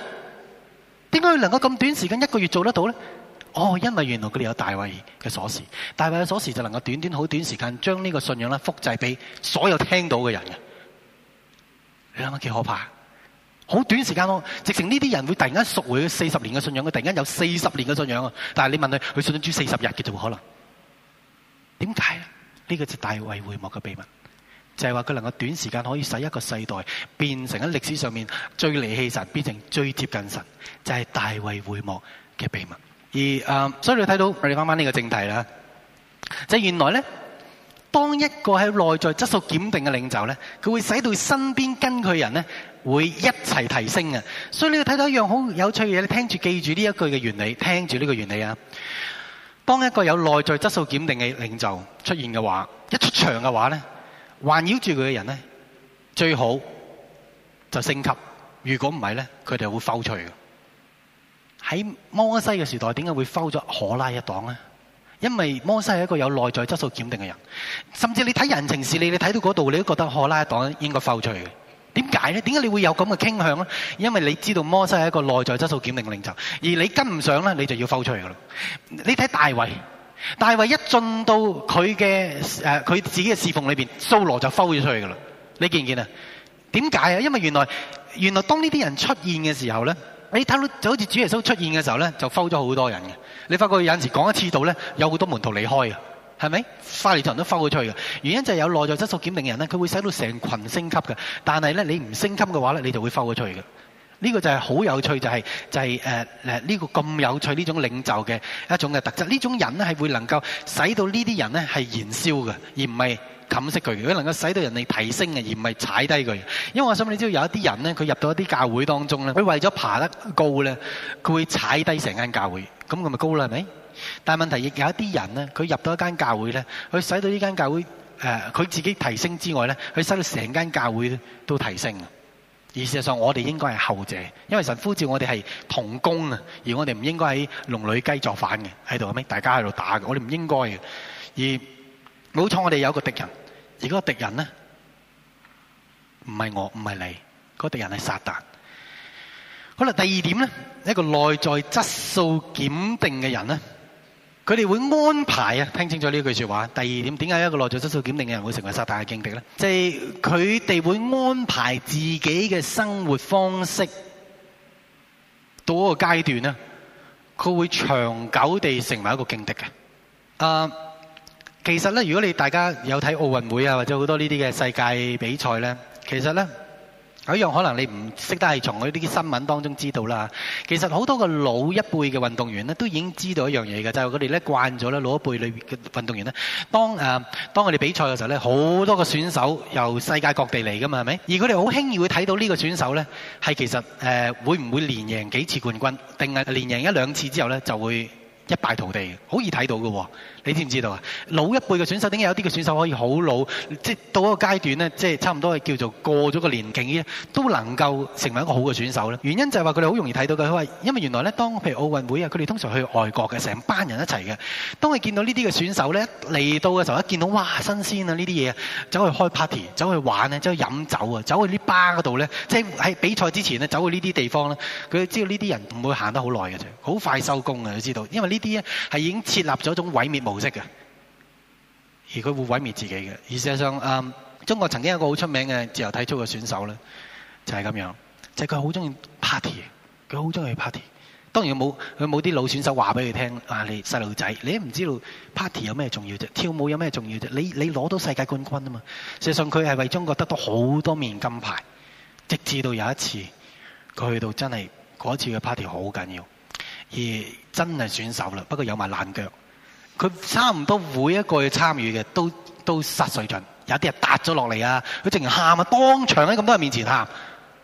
點解佢能夠咁短時間一個月做得到咧？哦，因為原來佢哋有大衛嘅鎖匙，大衛嘅鎖匙就能夠短短好短時間將呢個信仰咧複製俾所有聽到嘅人嘅。你諗下幾可怕？好短時間咯，直情呢啲人會突然間贖回四十年嘅信仰，佢突然間有四十年嘅信仰啊！但係你問佢，佢信咗豬四十日嘅就可能。點解呢、呢、這個就大衛會幕嘅秘密，就係話佢能夠短時間可以使一個世代變成喺歷史上面最離棄神，變成最接近神，就係、是、大衛會幕嘅秘密。而誒、呃，所以你睇到我哋翻翻呢個正題啦。即、就、係、是、原來呢，當一個喺內在質素檢定嘅領袖呢，佢會使到身邊跟佢人呢會一齊提升嘅。所以你睇到一樣好有趣嘅嘢，你聽住記住呢一句嘅原理，聽住呢個原理啊。當一個有內在質素檢定嘅領袖出現嘅話，一出場嘅話咧，環繞住佢嘅人咧，最好就升級。如果唔係咧，佢哋會否除嘅。喺摩西嘅時代，點解會否咗可拉一黨咧？因為摩西係一個有內在質素檢定嘅人，甚至你睇人情事理，你睇到嗰度，你都覺得可拉一黨應該否除嘅。點解咧？點解你會有咁嘅傾向咧？因為你知道摩西係一個內在質素檢定嘅領袖，而你跟唔上咧，你就要踴出去噶啦。你睇大衛，大衛一進到佢嘅誒，佢自己嘅侍奉裏邊，掃羅就踴咗出去噶啦。你見唔見啊？點解啊？因為原來原來當呢啲人出現嘅時候咧，你睇到就好似主耶穌出現嘅時候咧，就踴咗好多人嘅。你發覺有陣時講一次道咧，有好多門徒離開嘅。係咪？化療人都浮過出去嘅原因就係有內在質素檢定嘅人咧，佢會使到成群升級嘅。但係咧，你唔升級嘅話咧，你就會浮過出去嘅。呢個就係好有趣，就係就係誒誒呢個咁有趣呢種領袖嘅一種嘅特質。呢種人咧係會能夠使到呢啲人咧係燃燒嘅，而唔係冚熄佢。如果能夠使到人哋提升嘅，而唔係踩低佢。因為我想你知道有一啲人咧，佢入到一啲教會當中咧，佢為咗爬得高咧，佢會踩低成間教會。咁咁咪高啦，係咪？但係問題亦有些一啲人咧，佢入到一間教會咧，佢使到呢間教會誒，佢、呃、自己提升之外咧，佢使到成間教會都提升。而事實上，我哋應該係後者，因為神呼召我哋係同工啊，而我哋唔應該喺龍女雞作反嘅喺度咩，大家喺度打嘅，我哋唔應該嘅。而冇錯，好，我哋有個敵人，而嗰個敵人呢，唔係我，唔係你，嗰、那個敵人係撒旦。好啦，第二點咧，一個內在質素檢定嘅人咧。佢哋會安排啊，聽清楚呢句說話。第二點，點解一個內在質素檢定嘅人會成為撒但嘅勁敵咧？即係佢哋會安排自己嘅生活方式到一個階段咧，佢會長久地成為一個勁敵嘅。啊、呃，其實咧，如果你大家有睇奧運會啊，或者好多呢啲嘅世界比賽咧，其實咧。有一樣可能你唔識得係從佢呢啲新聞當中知道啦。其實好多個老一輩嘅運動員呢都已經知道一樣嘢嘅，就係佢哋呢慣咗呢老一輩裏邊嘅運動員呢，當誒當我哋比賽嘅時候呢，好多個選手由世界各地嚟噶嘛，係咪？而佢哋好輕易會睇到呢個選手呢係其實誒會唔會連贏幾次冠軍，定係連贏一兩次之後呢就會一敗塗地，好易睇到嘅喎。你知唔知道啊？老一輩嘅選手點解有啲嘅選手可以好老，即係到一個階段呢，即係差唔多係叫做過咗個年紀咧，都能夠成為一個好嘅選手呢。原因就係話佢哋好容易睇到嘅。佢話因為原來呢，當譬如奧運會啊，佢哋通常去外國嘅，成班人一齊嘅。當佢見到呢啲嘅選手呢，嚟到嘅時候，一見到哇，新鮮啊呢啲嘢啊，走去開 party，走去玩咧，走去飲酒啊，走去啲 bar 嗰度呢。即係喺比賽之前呢，走去呢啲地方呢，佢知道呢啲人唔會行得好耐嘅，好快收工啊，佢知道。因為呢啲呢係已經設立咗一種毀滅模式。模式嘅，而佢會毀滅自己嘅。而事實上，嗯，中國曾經有一個好出名嘅自由體操嘅選手咧，就係咁樣，就係佢好中意 party，佢好中意 party。當然佢冇佢冇啲老選手話俾佢聽，話你細路仔，你唔知道 party 有咩重要啫，跳舞有咩重要啫。你你攞到世界冠軍啊嘛。事實上佢係為中國得到好多面金牌，直至到有一次，佢去到真係嗰次嘅 party 好緊要，而真係選手啦，不過有埋爛腳。佢差唔多每一個去參與嘅，都都失水準，有啲人跌咗落嚟啊！佢淨係喊啊，當場喺咁多人面前喊。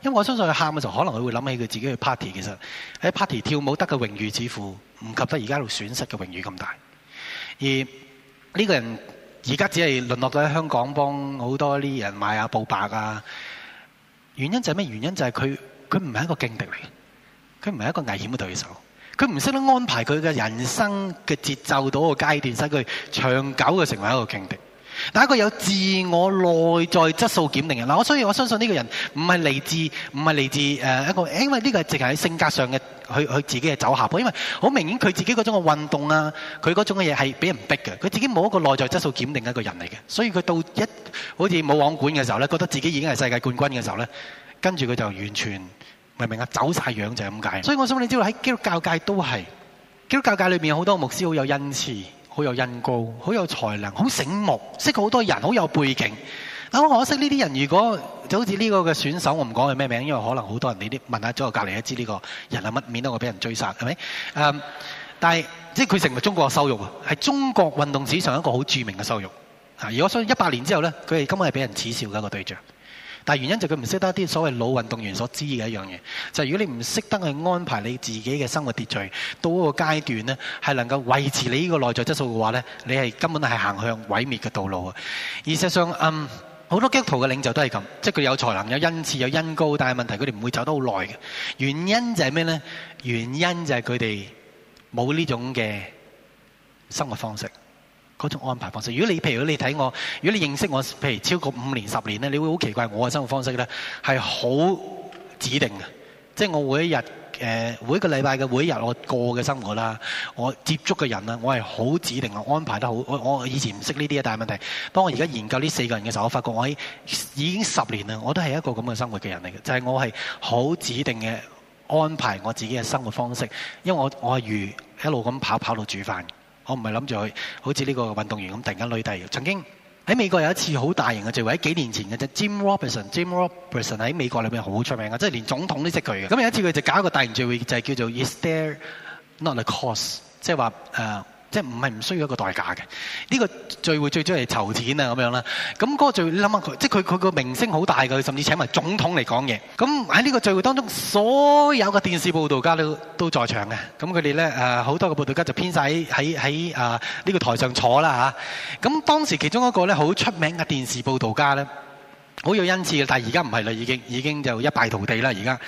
因為我相信佢喊嘅時候，可能佢會諗起佢自己嘅 party。其實喺 party 跳舞得嘅榮譽，似乎唔及得而家度損失嘅榮譽咁大。而呢個人而家只係淪落到喺香港幫好多啲人買下布白啊。原因就係咩？原因就係佢佢唔係一個勁敵嚟嘅，佢唔係一個危險嘅對手。佢唔識得安排佢嘅人生嘅節奏，到個階段，使佢長久嘅成為一個勁敵。但係一個有自我內在質素檢定嘅，嗱，我所以我相信呢個人唔係嚟自，唔係嚟自誒一個，因為呢個係淨係喺性格上嘅，佢佢自己嘅走下坡。因為好明顯佢自己嗰種嘅運動啊，佢嗰種嘅嘢係俾人逼嘅，佢自己冇一個內在質素檢定嘅一個人嚟嘅，所以佢到一好似冇網管嘅時候咧，覺得自己已經係世界冠軍嘅時候咧，跟住佢就完全。明唔明啊？走晒樣就係咁解。所以我想你知道喺基督教界都係，基督教界裏面好多牧師好有恩慈，好有恩膏，好有才能，好醒目，識好多人，好有背景。咁可惜呢啲人如果就好似呢個嘅選手，我唔講佢咩名，因為可能好多人你啲問下左個隔離一知呢個人係乜，免得都會俾人追殺，係咪？Um, 但係即係佢成為中國嘅羞辱，係中國運動史上一個好著名嘅羞辱。啊，而我相信一百年之後咧，佢哋根本係俾人恥笑嘅一個對象。但原因就佢唔識得一啲所謂老運動員所知嘅一樣嘢，就係如果你唔識得去安排你自己嘅生活秩序，到嗰個階段咧，係能夠維持你呢個內在質素嘅話咧，你係根本係行向毀滅嘅道路啊！而事實上，嗯，好多基督徒嘅領袖都係咁，即係佢有才能、有恩賜、有恩膏，但係問題佢哋唔會走得好耐嘅原因就係咩咧？原因就係佢哋冇呢種嘅生活方式。嗰種安排方式，如果你譬如你睇我，如果你認識我，譬如超過五年、十年咧，你會好奇怪我嘅生活方式咧，係好指定嘅。即係我每一日，誒、呃、每一個禮拜嘅每一日，我過嘅生活啦，我接觸嘅人啦，我係好指定我安排得好。我我以前唔識呢啲一但問題，當我而家研究呢四個人嘅時候，我發覺我喺已經十年啦，我都係一個咁嘅生活嘅人嚟嘅，就係、是、我係好指定嘅安排我自己嘅生活方式，因為我我係如一路咁跑跑到煮飯。我唔係諗住去好似呢個運動員咁突然間累低。曾經喺美國有一次好大型嘅聚會，喺幾年前嘅啫。Jim Robertson，Jim Robertson 喺美國裏面好出名嘅，即係連總統都識佢嘅。咁有一次佢就搞一個大型聚會，就係、是、叫做 Is there not a cause？即係話誒即係唔係唔需要一個代價嘅？呢、這個聚會最主要係籌錢啊，咁樣啦。咁、那、嗰個聚會，你諗下佢，即係佢佢個名聲好大嘅，甚至請埋總統嚟講嘢。咁喺呢個聚會當中，所有嘅電視報導家都都在場嘅。咁佢哋咧誒好多嘅報導家就編晒喺喺喺呢個台上坐啦咁、啊、當時其中一個咧好出名嘅電視報導家咧，好有恩賜嘅，但係而家唔係啦，已經已經就一敗塗地啦。而家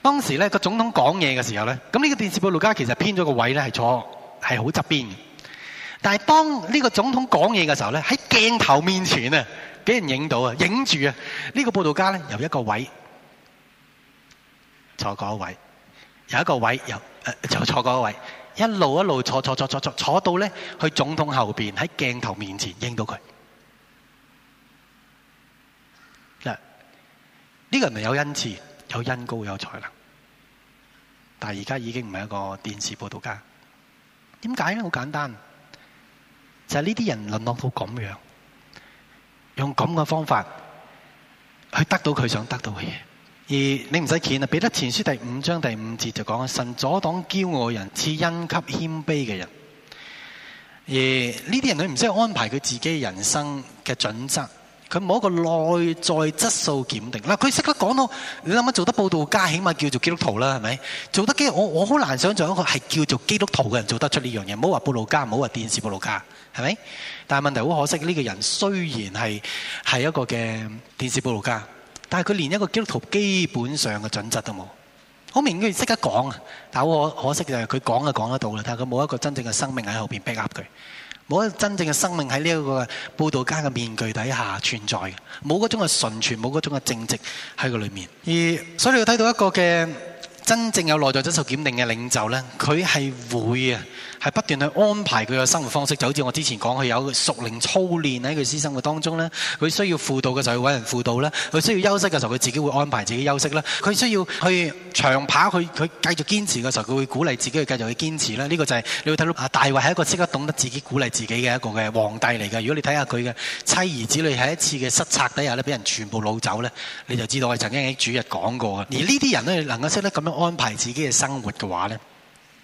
當時咧個總統講嘢嘅時候咧，咁呢個電視報導家其實編咗個位咧係坐係好側邊。但係當呢個總統講嘢嘅時候咧，喺鏡頭面前啊，俾人影到啊，影住啊，呢、這個報道家咧由一個位坐嗰個位，有、呃、一個位由誒就坐嗰個位，一路一路坐坐坐坐坐，坐到咧去總統後面喺鏡頭面前影到佢嗱，呢、這個人係有恩賜、有恩高、有才能，但係而家已經唔係一個電視報道家，點解咧？好簡單。就是呢啲人淪落到這樣，用這樣的方法去得到佢想得到嘅嘢，而你唔使錢啊！彼得前書第五章第五節就講了神阻擋驕傲嘅人，賜恩給謙卑嘅人。而呢啲人佢唔需要安排佢自己人生嘅準則。佢冇一個內在質素檢定嗱，佢識得講到，你諗下做得報道家，起碼叫做基督徒啦，係咪？做得基，我我好難想像一個係叫做基督徒嘅人做得出呢樣嘢，唔好話報道家，唔好話電視報道家，係咪？但係問題好可惜，呢個人雖然係係一個嘅電視報道家，但係佢連一個基督徒基本上嘅準則都冇，好明顯佢識得講，但係好可惜就係佢講就講得到啦，但係佢冇一個真正嘅生命喺後邊逼壓佢。冇真正嘅生命喺呢一個報道家嘅面具底下存在嘅，冇嗰種嘅純全，冇嗰種嘅正直喺佢裏面。而所以你要睇到一個嘅真正有內在質素檢定嘅領袖咧，佢係會啊。係不斷去安排佢嘅生活方式，就好似我之前講，佢有屬靈操練喺佢私生活當中咧，佢需要輔導嘅時候，要揾人輔導啦，佢需要休息嘅時候佢自己會安排自己休息啦，佢需要去長跑，佢佢繼續堅持嘅時候，佢會鼓勵自己去繼續去堅持啦。呢、呢個就係、是、你會睇到大衛係一個識得懂得自己鼓勵自己嘅一個嘅皇帝嚟嘅。如果你睇下佢嘅妻兒子女喺一次嘅失策底下咧，俾人全部擄走咧，你就知道佢曾經喺主日講過嘅。而呢啲人咧能夠識得咁樣安排自己嘅生活嘅話咧，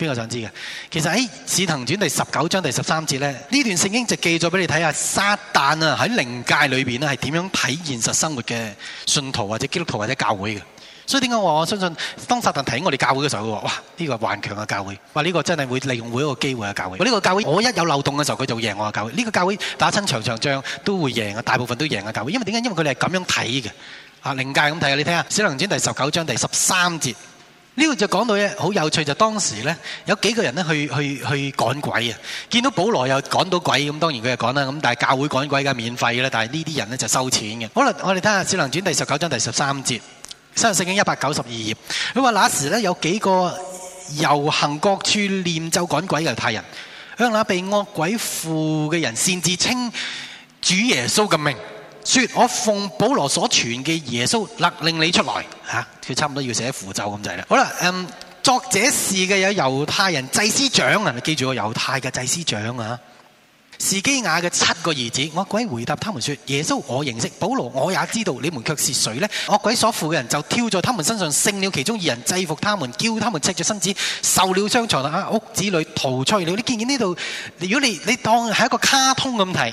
邊個想知嘅？其實喺《使徒行傳》第十九章第十三節咧，呢段聖經就記咗俾你睇下，撒旦啊喺靈界裏邊咧係點樣睇現實生活嘅信徒或者基督徒或者教會嘅。所以點解我話我相信，當撒旦睇我哋教會嘅時候，佢話：哇，呢、這個頑強嘅教會，話、這、呢個真係會利用每一個機會嘅教會。我、這、呢個教會，我一有漏洞嘅時候，佢就會贏我嘅教會。呢、這個教會打親場場仗都會贏嘅，大部分都贏嘅教會。因為點解？因為佢哋係咁樣睇嘅。啊，靈界咁睇你睇下，《使徒行傳》第十九章第十三節。呢度就講到好有趣，就是、當時呢，有幾個人咧去去去趕鬼啊！見到保羅又趕到鬼，咁當然佢又趕啦。咁但係教會趕鬼梗係免費嘅啦，但係呢啲人呢，就收錢嘅。好啦，我哋睇下《使徒行傳》第十九章第十三節，新聖經一百九十二頁，佢話，那時呢，有幾個遊行各處念咒趕鬼嘅猶太人，向那被惡鬼附嘅人擅自稱主耶穌嘅名。」說我奉保羅所傳嘅耶穌勒令你出來吓，佢、啊、差唔多要寫符咒咁滯啦。好啦，嗯，作者是嘅有猶太人祭司長，嗱記住我猶太嘅祭司長啊，士基亞嘅七個兒子，惡鬼回答他們說：耶穌我認識，保羅我也知道，你們卻是誰呢？惡鬼所附嘅人就跳在他們身上，勝了其中二人，制服他們，叫他們赤着身子，受了傷，藏、啊、屋子裏逃出去了。你見見呢度，如果你你當係一個卡通咁睇。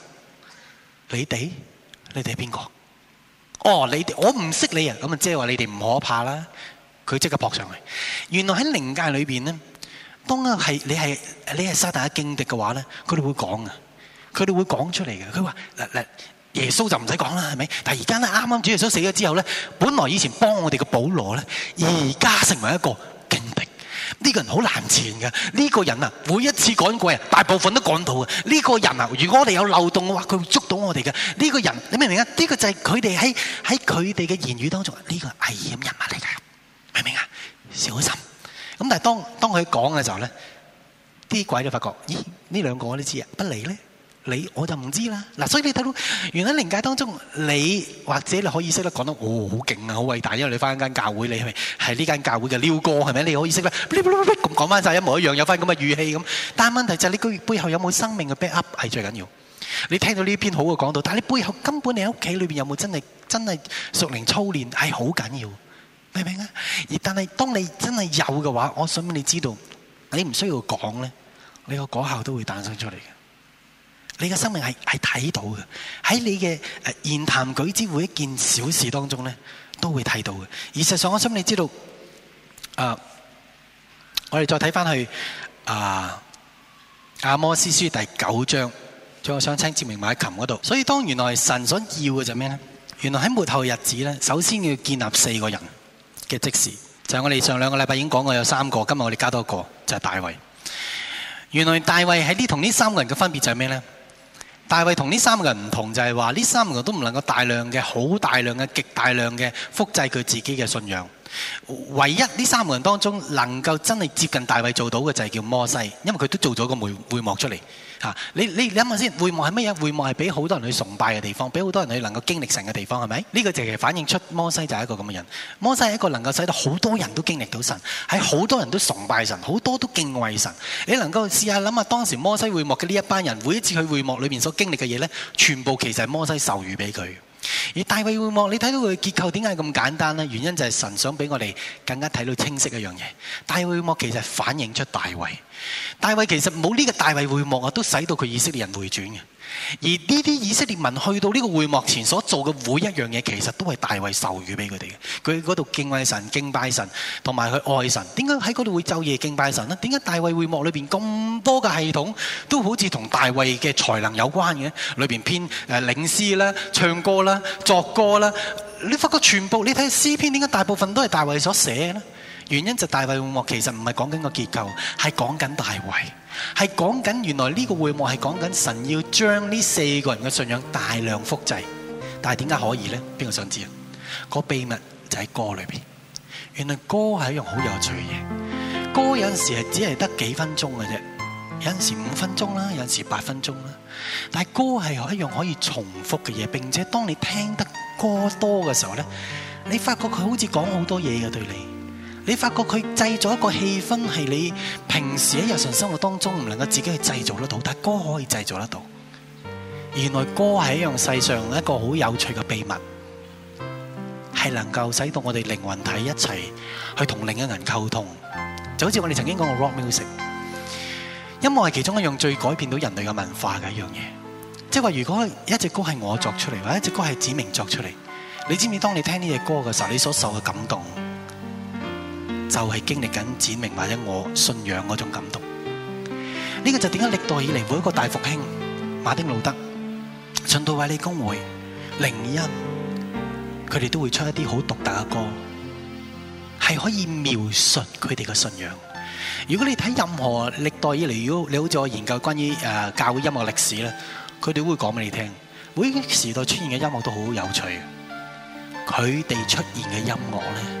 你哋，你哋係邊個？哦，你哋我唔識你啊，咁啊即係話你哋唔可怕啦。佢即刻撲上去，原來喺靈界裏邊呢，當係你係你係撒但嘅勁敵嘅話咧，佢哋會講啊，佢哋會講出嚟嘅。佢話嗱嗱，耶穌就唔使講啦，係咪？但係而家咧，啱啱主耶穌死咗之後咧，本來以前幫我哋嘅保羅咧，而家成為一個勁敵。嗯呢個人好難纏嘅，呢個人啊，每一次趕鬼啊，大部分都趕到嘅。呢個人啊，如果我哋有漏洞嘅話，佢會捉到我哋嘅。呢個人，你明唔明啊？呢個就係佢哋喺喺佢哋嘅言語當中，呢個危險人物嚟嘅，明唔明啊？小心。咁但係當當佢講嘅時候咧，啲鬼就發覺，咦？呢兩個我都知啊，不理咧。你我就唔知啦。嗱、啊，所以你睇到，原來靈界當中，你或者你可以識得講得哦好勁啊，好、哦、偉大，因為你翻一間教會，你係咪？係呢間教會嘅撩哥，係咪？你可以識得咁講翻晒，一模一樣，有翻咁嘅語氣咁。但係問題就係你個背後有冇生命嘅 backup 係最緊要。你聽到呢篇好嘅講道，但係你背後根本你喺屋企裏邊有冇真係真係屬靈操練係好緊要，明唔明啊？而但係當你真係有嘅話，我想俾你知道，你唔需要講咧，你個果效都會誕生出嚟嘅。你嘅生命係係睇到嘅，喺你嘅誒言談舉止會一件小事當中咧，都會睇到嘅。而事實上，我想你知道，誒，我哋再睇翻去阿阿摩斯書第九章，仲有想請哲明買琴嗰度。所以當原來神想要嘅就係咩咧？原來喺末後日子咧，首先要建立四個人嘅職事，就係我哋上兩個禮拜已經講過有三個，今日我哋加多一個，就係大衛。原來大衛喺呢同呢三個人嘅分別就係咩咧？大衛同呢三個人唔同，就係話呢三個人都唔能夠大量嘅、好大量嘅、極大量嘅複製佢自己嘅信仰。唯一呢三個人當中能夠真係接近大衛做到嘅就係叫摩西，因為佢都做咗個會幕出嚟。吓、啊，你你諗下先，會幕係乜嘢？會幕係俾好多人去崇拜嘅地方，俾好多人去能夠經歷神嘅地方，係咪？呢、這個就係反映出摩西就係一個咁嘅人。摩西係一個能夠使到好多人都經歷到神，係好多人都崇拜神，好多都敬畏神。你能夠試下諗下當時摩西會幕嘅呢一班人，每一次去會幕裏面所經歷嘅嘢呢，全部其實係摩西授予俾佢。而大衛會幕，你睇到佢結構點解咁簡單呢？原因就係神想俾我哋更加睇到清晰的一樣嘢。大衛會幕其實反映出大衛，大衛其實冇呢個大衛會幕啊，都使到佢以色列人回轉嘅。而呢啲以色列民去到呢個會幕前所做嘅每一樣嘢，其實都係大衛授予俾佢哋嘅。佢喺嗰度敬畏神、敬拜神，同埋佢愛神。點解喺嗰度會晝夜敬拜神呢？點解大衛會幕裏邊咁多嘅系統，都好似同大衛嘅才能有關嘅？裏邊編誒，領詩啦、唱歌啦、作歌啦。你發覺全部你睇詩篇，點解大部分都係大衛所寫嘅呢？原因就大衛會幕其實唔係講緊個結構，係講緊大衛，係講緊原來呢個會幕係講緊神要將呢四個人嘅信仰大量複製。但係點解可以呢？邊個想知啊？個秘密就喺歌裏邊。原來歌係一樣好有趣嘅嘢。歌有陣時係只係得幾分鐘嘅啫，有陣時五分鐘啦，有陣時八分鐘啦。但係歌係有一樣可以重複嘅嘢，並且當你聽得歌多嘅時候呢，你發覺佢好似講好多嘢嘅對你。你發覺佢製造一個氣氛，係你平時喺日常生活當中唔能夠自己去製造得到，但歌可以製造得到。原來歌係一樣世上一個好有趣嘅秘密，係能夠使到我哋靈魂體一齊去同另一人溝通。就好似我哋曾經講過 rock music，音樂係其中一樣最改變到人類嘅文化嘅一樣嘢。即係話，如果一隻歌係我作出嚟，或者一隻歌係指明作出嚟，你知唔知當你聽呢隻歌嘅時候，你所受嘅感動？就係經歷緊展明或者我信仰嗰種感動，呢個就點解歷代以嚟每一個大復興，馬丁路德、循道衛理公會、靈恩，佢哋都會出一啲好獨特嘅歌，係可以描述佢哋嘅信仰。如果你睇任何歷代以嚟，如果你好似我研究關於誒教會音樂歷史咧，佢哋會講俾你聽，每時代出現嘅音樂都好有趣，佢哋出現嘅音樂咧。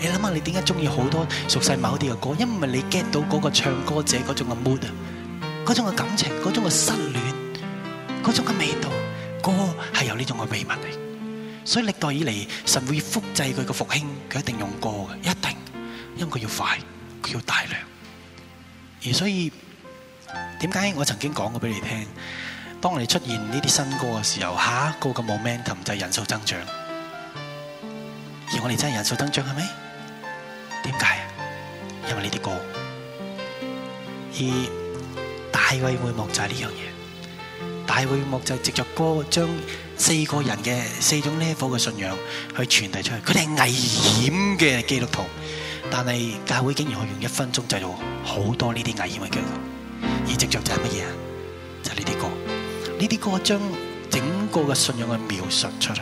你諗下，你點解中意好多熟悉某啲嘅歌？因為你 get 到嗰個唱歌者嗰種嘅 mood 啊，嗰種嘅感情，嗰種嘅失戀，嗰種嘅味道。歌係有呢種嘅秘密嚟，所以歷代以嚟神會複製佢嘅復興，佢一定用歌嘅，一定，因為佢要快，佢要大量。而所以點解我曾經講過俾你聽，當你出現呢啲新歌嘅時候，下一個嘅 momentum 就係人數增長。而我哋真係人數增長係咪？點解啊？因為呢啲歌，而大衛會幕就係呢樣嘢。大衛會幕就藉著歌，將四個人嘅四種 level 嘅信仰去傳遞出去。佢哋係危險嘅基督徒，但係教會竟然可以用一分鐘製造好多呢啲危險嘅基督徒。而藉著就係乜嘢啊？就係呢啲歌。呢啲歌將整個嘅信仰去描述出去。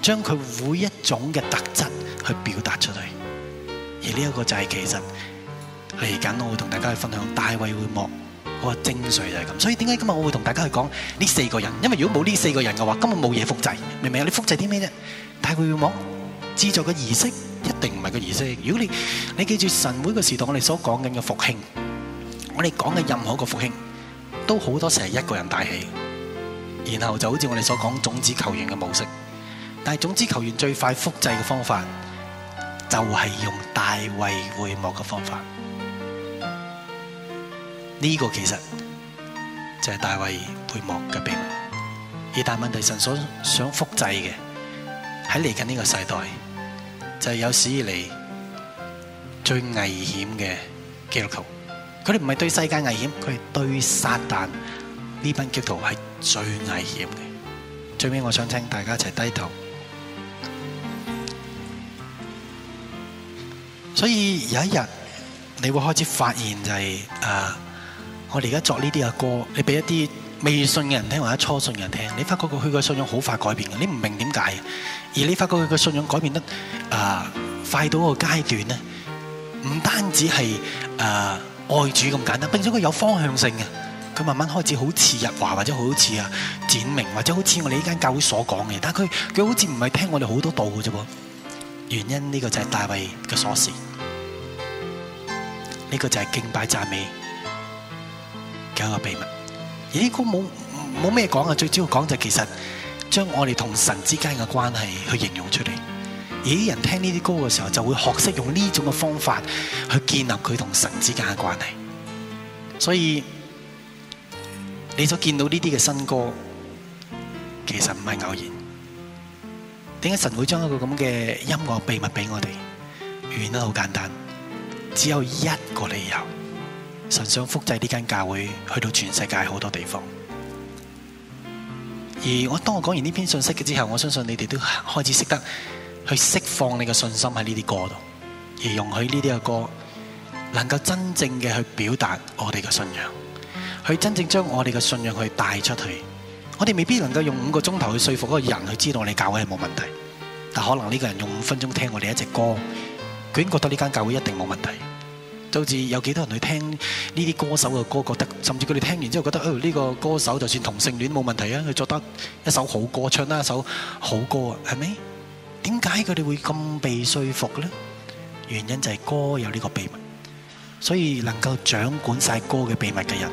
將佢每一種嘅特質去表達出嚟，而呢一個就係其實嚟緊我會同大家去分享大衛會幕嗰個精髓，就係咁。所以點解今日我會同大家去講呢四個人？因為如果冇呢四個人嘅話，根本冇嘢複製，明唔明啊？你複製啲咩啫？大衛會幕製作嘅儀式一定唔係個儀式。儀式如果你你記住神每個時代我哋所講緊嘅復興，我哋講嘅任何個復興都好多時係一個人帶起，然後就好似我哋所講的種子球員嘅模式。但係，總之球員最快複製嘅方法就係用大衛會幕嘅方法。呢、就是這個其實就係大衛會幕嘅秘密。而大問題，神所想複製嘅喺嚟緊呢個世代，就係、是、有史以嚟，最危險嘅基督徒。佢哋唔係對世界危險，佢係對撒旦呢班基督徒係最危險嘅。最尾，我想請大家一齊低頭。所以有一日，你會開始發現就係、是、誒、呃，我哋而家作呢啲嘅歌，你俾一啲未信嘅人聽或者初信嘅人聽，你發覺佢佢個信仰好快改變嘅，你唔明點解？而你發覺佢個信仰改變得誒、呃、快到個階段咧，唔單止係誒、呃、愛主咁簡單，並且佢有方向性嘅，佢慢慢開始好似日華或者好似啊展明或者好似我哋呢間教會所講嘅，但係佢佢好似唔係聽我哋好多道嘅啫噃。原因呢，這個就係大衛嘅鎖匙呢，這個就係敬拜讚美嘅一個秘密。而這個歌冇冇咩講啊？最主要講就係其實將我哋同神之間嘅關係去形容出嚟。而，人聽呢啲歌嘅時候就會學識用呢種嘅方法去建立佢同神之間嘅關係。所以你所見到呢啲嘅新歌，其實唔係偶然。點解神會將一個咁嘅音樂秘密俾我哋？原因都好簡單，只有一個理由：神想複製呢間教會去到全世界好多地方。而我當我講完呢篇信息嘅之後，我相信你哋都開始識得去釋放你嘅信心喺呢啲歌度，而容許呢啲嘅歌能夠真正嘅去表達我哋嘅信仰，去真正將我哋嘅信仰去帶出去。我哋未必能夠用五個鐘頭去説服嗰個人去知道我哋教會係冇問題，但可能呢個人用五分鐘聽我哋一隻歌，佢已經覺得呢間教會一定冇問題。就好似有幾多人去聽呢啲歌手嘅歌，覺得甚至佢哋聽完之後覺得，哦，呢個歌手就算同性戀都冇問題啊，佢覺得一首好歌唱得一首好歌啊，係咪？點解佢哋會咁被説服呢？原因就係歌有呢個秘密，所以能夠掌管曬歌嘅秘密嘅人，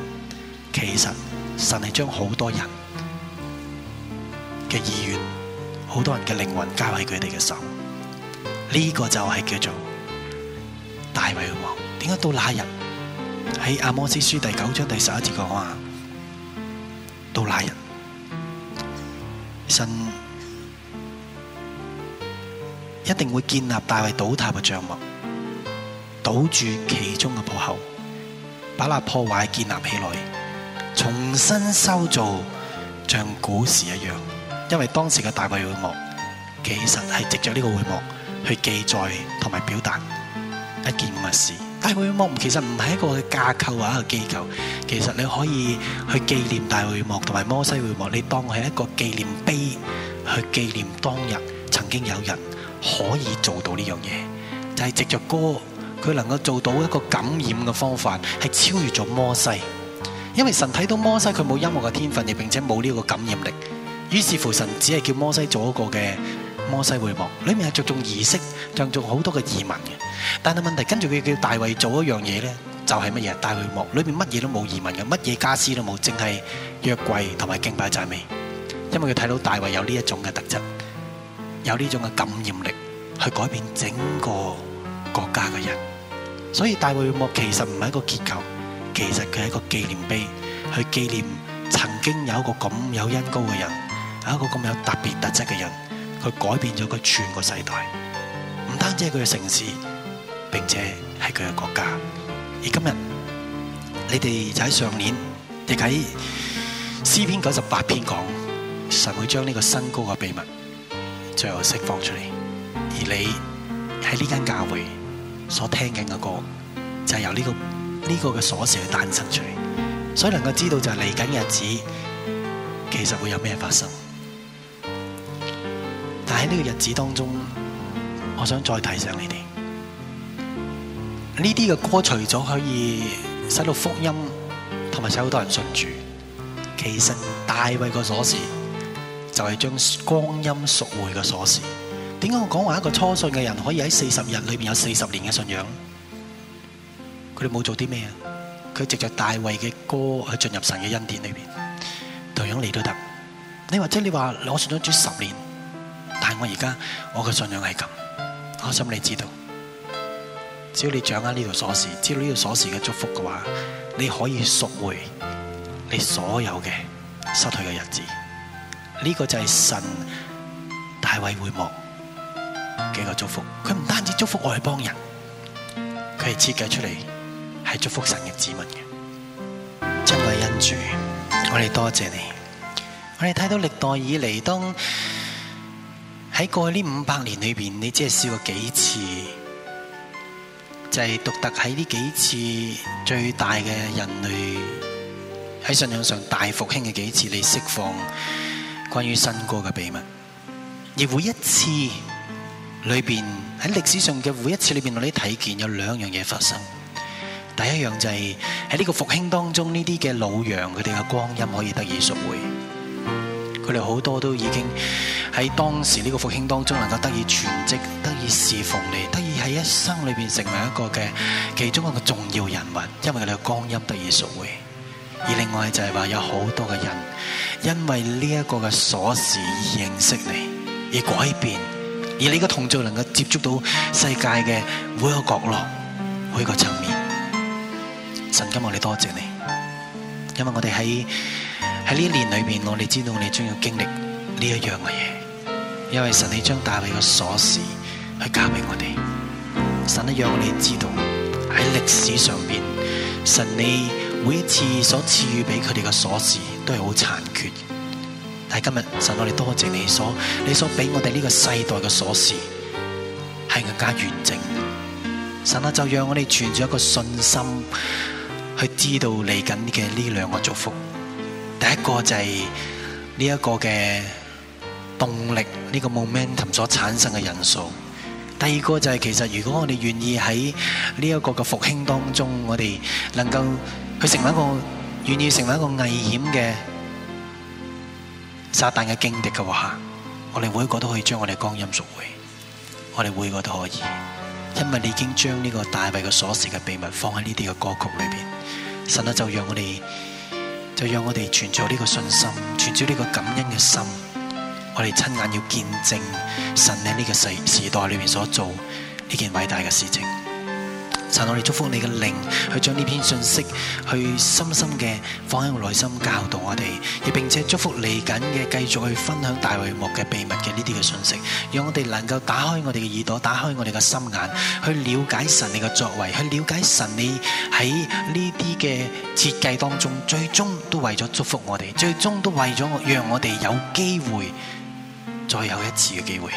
其實神係將好多人。意願，好多人嘅靈魂交喺佢哋嘅手，呢、這個就係叫做大衛王。點解到那日喺阿摩司書第九章第十一節講話，到那日神一定會建立大衛倒塌嘅帳幕，堵住其中嘅破口，把那破壞建立起來，重新修造，像古時一樣。因為當時嘅大衛會幕其實係藉着呢個會幕去記載同埋表達一件咁嘅事，大衛會幕其實唔係一個架構或者一個機構。其實你可以去紀念大衛會幕同埋摩西會幕，你當係一個紀念碑去紀念當日曾經有人可以做到呢樣嘢，就係藉着歌佢能夠做到一個感染嘅方法，係超越咗摩西。因為神睇到摩西佢冇音樂嘅天分，而並且冇呢個感染力。於是乎神只係叫摩西做一個嘅摩西會幕，裏面係着重儀式，着重好多嘅儀文嘅。但係問題跟住佢叫大衛做一樣嘢咧，就係乜嘢？大衛會幕裏面乜嘢都冇儀文嘅，乜嘢家私都冇，淨係約櫃同埋敬拜讚美。因為佢睇到大衛有呢一種嘅特質，有呢種嘅感染力，去改變整個國家嘅人。所以大衛會幕其實唔係一個結構，其實佢係一個紀念碑，去紀念曾經有一個咁有恩膏嘅人。有一個咁有特別特質嘅人，佢改變咗佢全個世代，唔單止係佢嘅城市，並且係佢嘅國家。而今日你哋就喺上年，亦喺詩篇九十八篇講，神會將呢個身高嘅秘密最後釋放出嚟。而你喺呢間教會所聽緊嘅歌，就是、由呢、這個呢、這個嘅鎖匙去誕生出嚟。所以能夠知道就係嚟緊日子，其實會有咩發生。喺呢個日子當中，我想再提醒你哋：呢啲嘅歌除咗可以使到福音同埋使好多人信主，其實大衛嘅鎖匙就係將光陰贖回嘅鎖匙。點解我講話一個初信嘅人可以喺四十日裏邊有四十年嘅信仰？佢哋冇做啲咩啊？佢藉着大衛嘅歌去進入神嘅恩典裏邊，同樣你都得。你話即係你話攞信咗主十年。但係我而家我嘅信仰係咁，我心你知道，只要你掌握呢度鎖匙，知道呢個鎖匙嘅祝福嘅話，你可以贖回你所有嘅失去嘅日子。呢、這個就係神大衛會幕嘅一個祝福。佢唔單止祝福我去幫人，佢係設計出嚟係祝福神嘅子民嘅。真係恩主，我哋多謝，謝你。我哋睇到歷代以嚟當。喺過去呢五百年裏邊，你只係試過幾次，就係獨特喺呢幾次最大嘅人類喺信仰上大復興嘅幾次，你釋放關於新歌嘅秘密，而每一次裏邊喺歷史上嘅每一次裏邊，我哋睇見有兩樣嘢發生。第一樣就係喺呢個復興當中，呢啲嘅老羊佢哋嘅光陰可以得以贖回，佢哋好多都已經。喺當時呢個復興當中，能夠得以全職，得以侍奉你，得以喺一生裏面成為一個嘅其中一個重要人物，因為你嘅光陰得以贖回。而另外就係話有好多嘅人，因為呢一個嘅鎖匙而認識你，而改變，而你嘅同座能夠接觸到世界嘅每一個角落，每個層面。神，今日我哋多謝你，因為我哋喺喺呢一年裏面，我哋知道你將要經歷呢一樣嘅嘢。因為神你將大衛嘅鎖匙，去交俾我哋。神啊，讓我哋知道喺歷史上邊，神你每一次所賜予俾佢哋嘅鎖匙，都係好殘缺。但係今日，神我哋多謝你，你所，你所俾我哋呢個世代嘅鎖匙，係更加完整。神啊，就讓我哋存住一個信心，去知道嚟緊嘅呢兩個祝福。第一個就係呢一個嘅。動力呢、這個 momentum 所產生嘅人數，第二個就係、是、其實如果我哋願意喺呢一個嘅復興當中，我哋能夠去成為一個願意成為一個危險嘅撒旦嘅勁敵嘅話，我哋每一個都可以將我哋光陰贖回，我哋每個都可以，因為你已經將呢個大衛嘅鎖匙嘅秘密放喺呢啲嘅歌曲裏邊，神、啊、就讓我哋就讓我哋存在呢個信心，存在呢個感恩嘅心。我哋親眼要見證神喺呢個世時代裏面所做呢件偉大嘅事情。神，我哋祝福你嘅靈去將呢篇信息去深深嘅放喺我內心教導我哋，而並且祝福嚟緊嘅繼續去分享大衛幕嘅秘密嘅呢啲嘅信息，讓我哋能夠打開我哋嘅耳朵，打開我哋嘅心眼，去了解神你嘅作為，去了解神你喺呢啲嘅設計當中，最終都為咗祝福我哋，最終都為咗讓我哋有機會。再有一次嘅機會，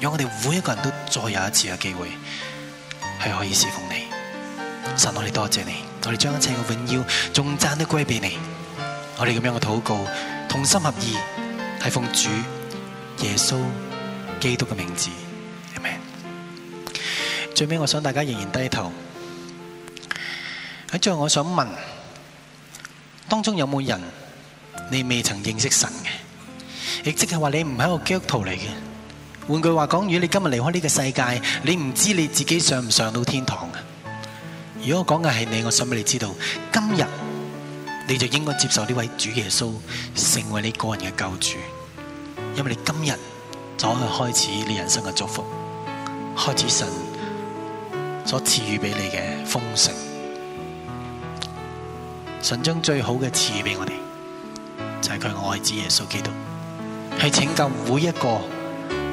讓我哋每一個人都再有一次嘅機會，係可以侍奉你。神，我哋多謝你，我哋將一切嘅榮耀，仲讚得歸俾你。我哋噉樣嘅禱告，同心合意，係奉主耶穌基督嘅名字，Amen。最尾，我想大家仍然低頭。最後，我想問，當中有冇有人你未曾認識神嘅？亦即係話你唔喺個基督徒嚟嘅，換句話講，如果你今日離開呢個世界，你唔知你自己上唔上到天堂。如果我講嘅係你，我想俾你知道，今日你就應該接受呢位主耶穌，成為你個人嘅救主，因為你今日就可以開始你人生嘅祝福，開始神所賜予俾你嘅豐盛。神將最好嘅賜予俾我哋，就係佢愛子耶穌基督。係拯救每一個，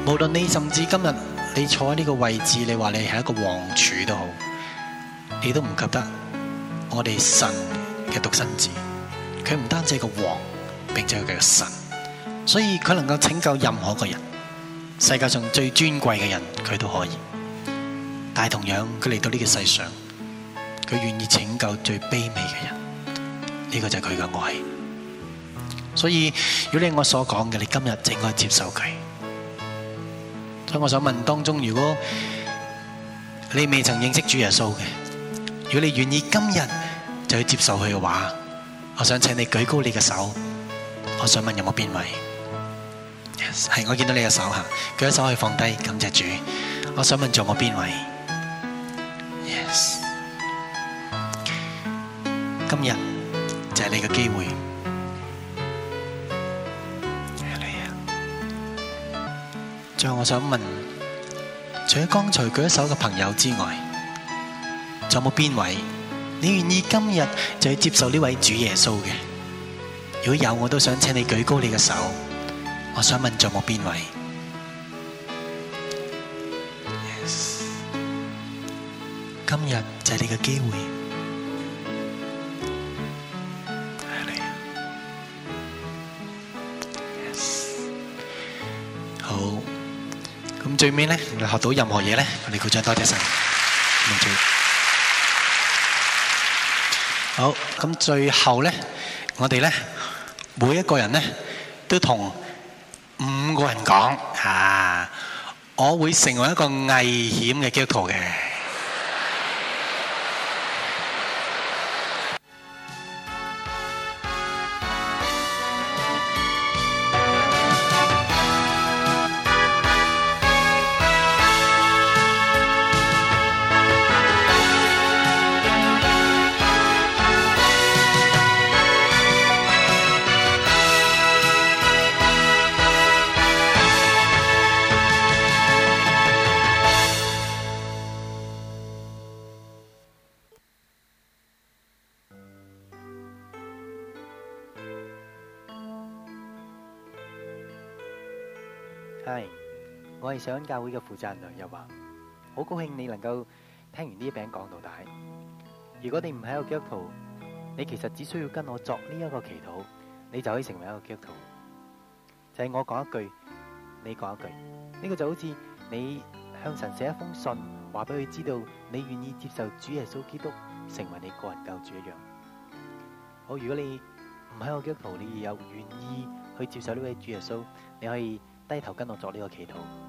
無論你甚至今日你坐喺呢個位置，你話你係一個王儲都好，你都唔及得我哋神嘅獨生子。佢唔單止係個王，並且佢係個神，所以佢能夠拯救任何一個人。世界上最尊貴嘅人，佢都可以。但係同樣，佢嚟到呢個世上，佢願意拯救最卑微嘅人。呢個就係佢嘅愛。所以，如果你係我所講嘅，你今日靜可接受佢。所以我想問當中，如果你未曾認識主耶穌嘅，如果你願意今日就去接受佢嘅話，我想請你舉高你嘅手。我想問有冇邊位 y、yes, 係我見到你嘅手行，舉咗手可以放低，感謝主。我想問仲有冇邊位？Yes，今日就係你嘅機會。最後我想問，除咗剛才舉手嘅朋友之外，仲有冇邊位你願意今日就去接受呢位主耶穌嘅？如果有，我都想請你舉高你嘅手。我想問，仲有冇邊位？今日就係你嘅機會。好。咁最尾呢，你學到任何嘢呢，我哋鼓掌多謝神。好，咁最後呢，我哋呢，每一個人呢，都同五個人講啊，我會成為一個危險嘅基督徒嘅。呢個負責人又話好高興，你能夠聽完呢一篇講道大。如果你唔喺個基督徒，你其實只需要跟我作呢一個祈禱，你就可以成為一個基督徒。就係我講一句，你講一句，呢個就好似你向神寫一封信，話俾佢知道你願意接受主耶穌基督成為你個人救主一樣。好，如果你唔喺個基督徒，你有願意去接受呢位主耶穌，你可以低頭跟我作呢個祈禱。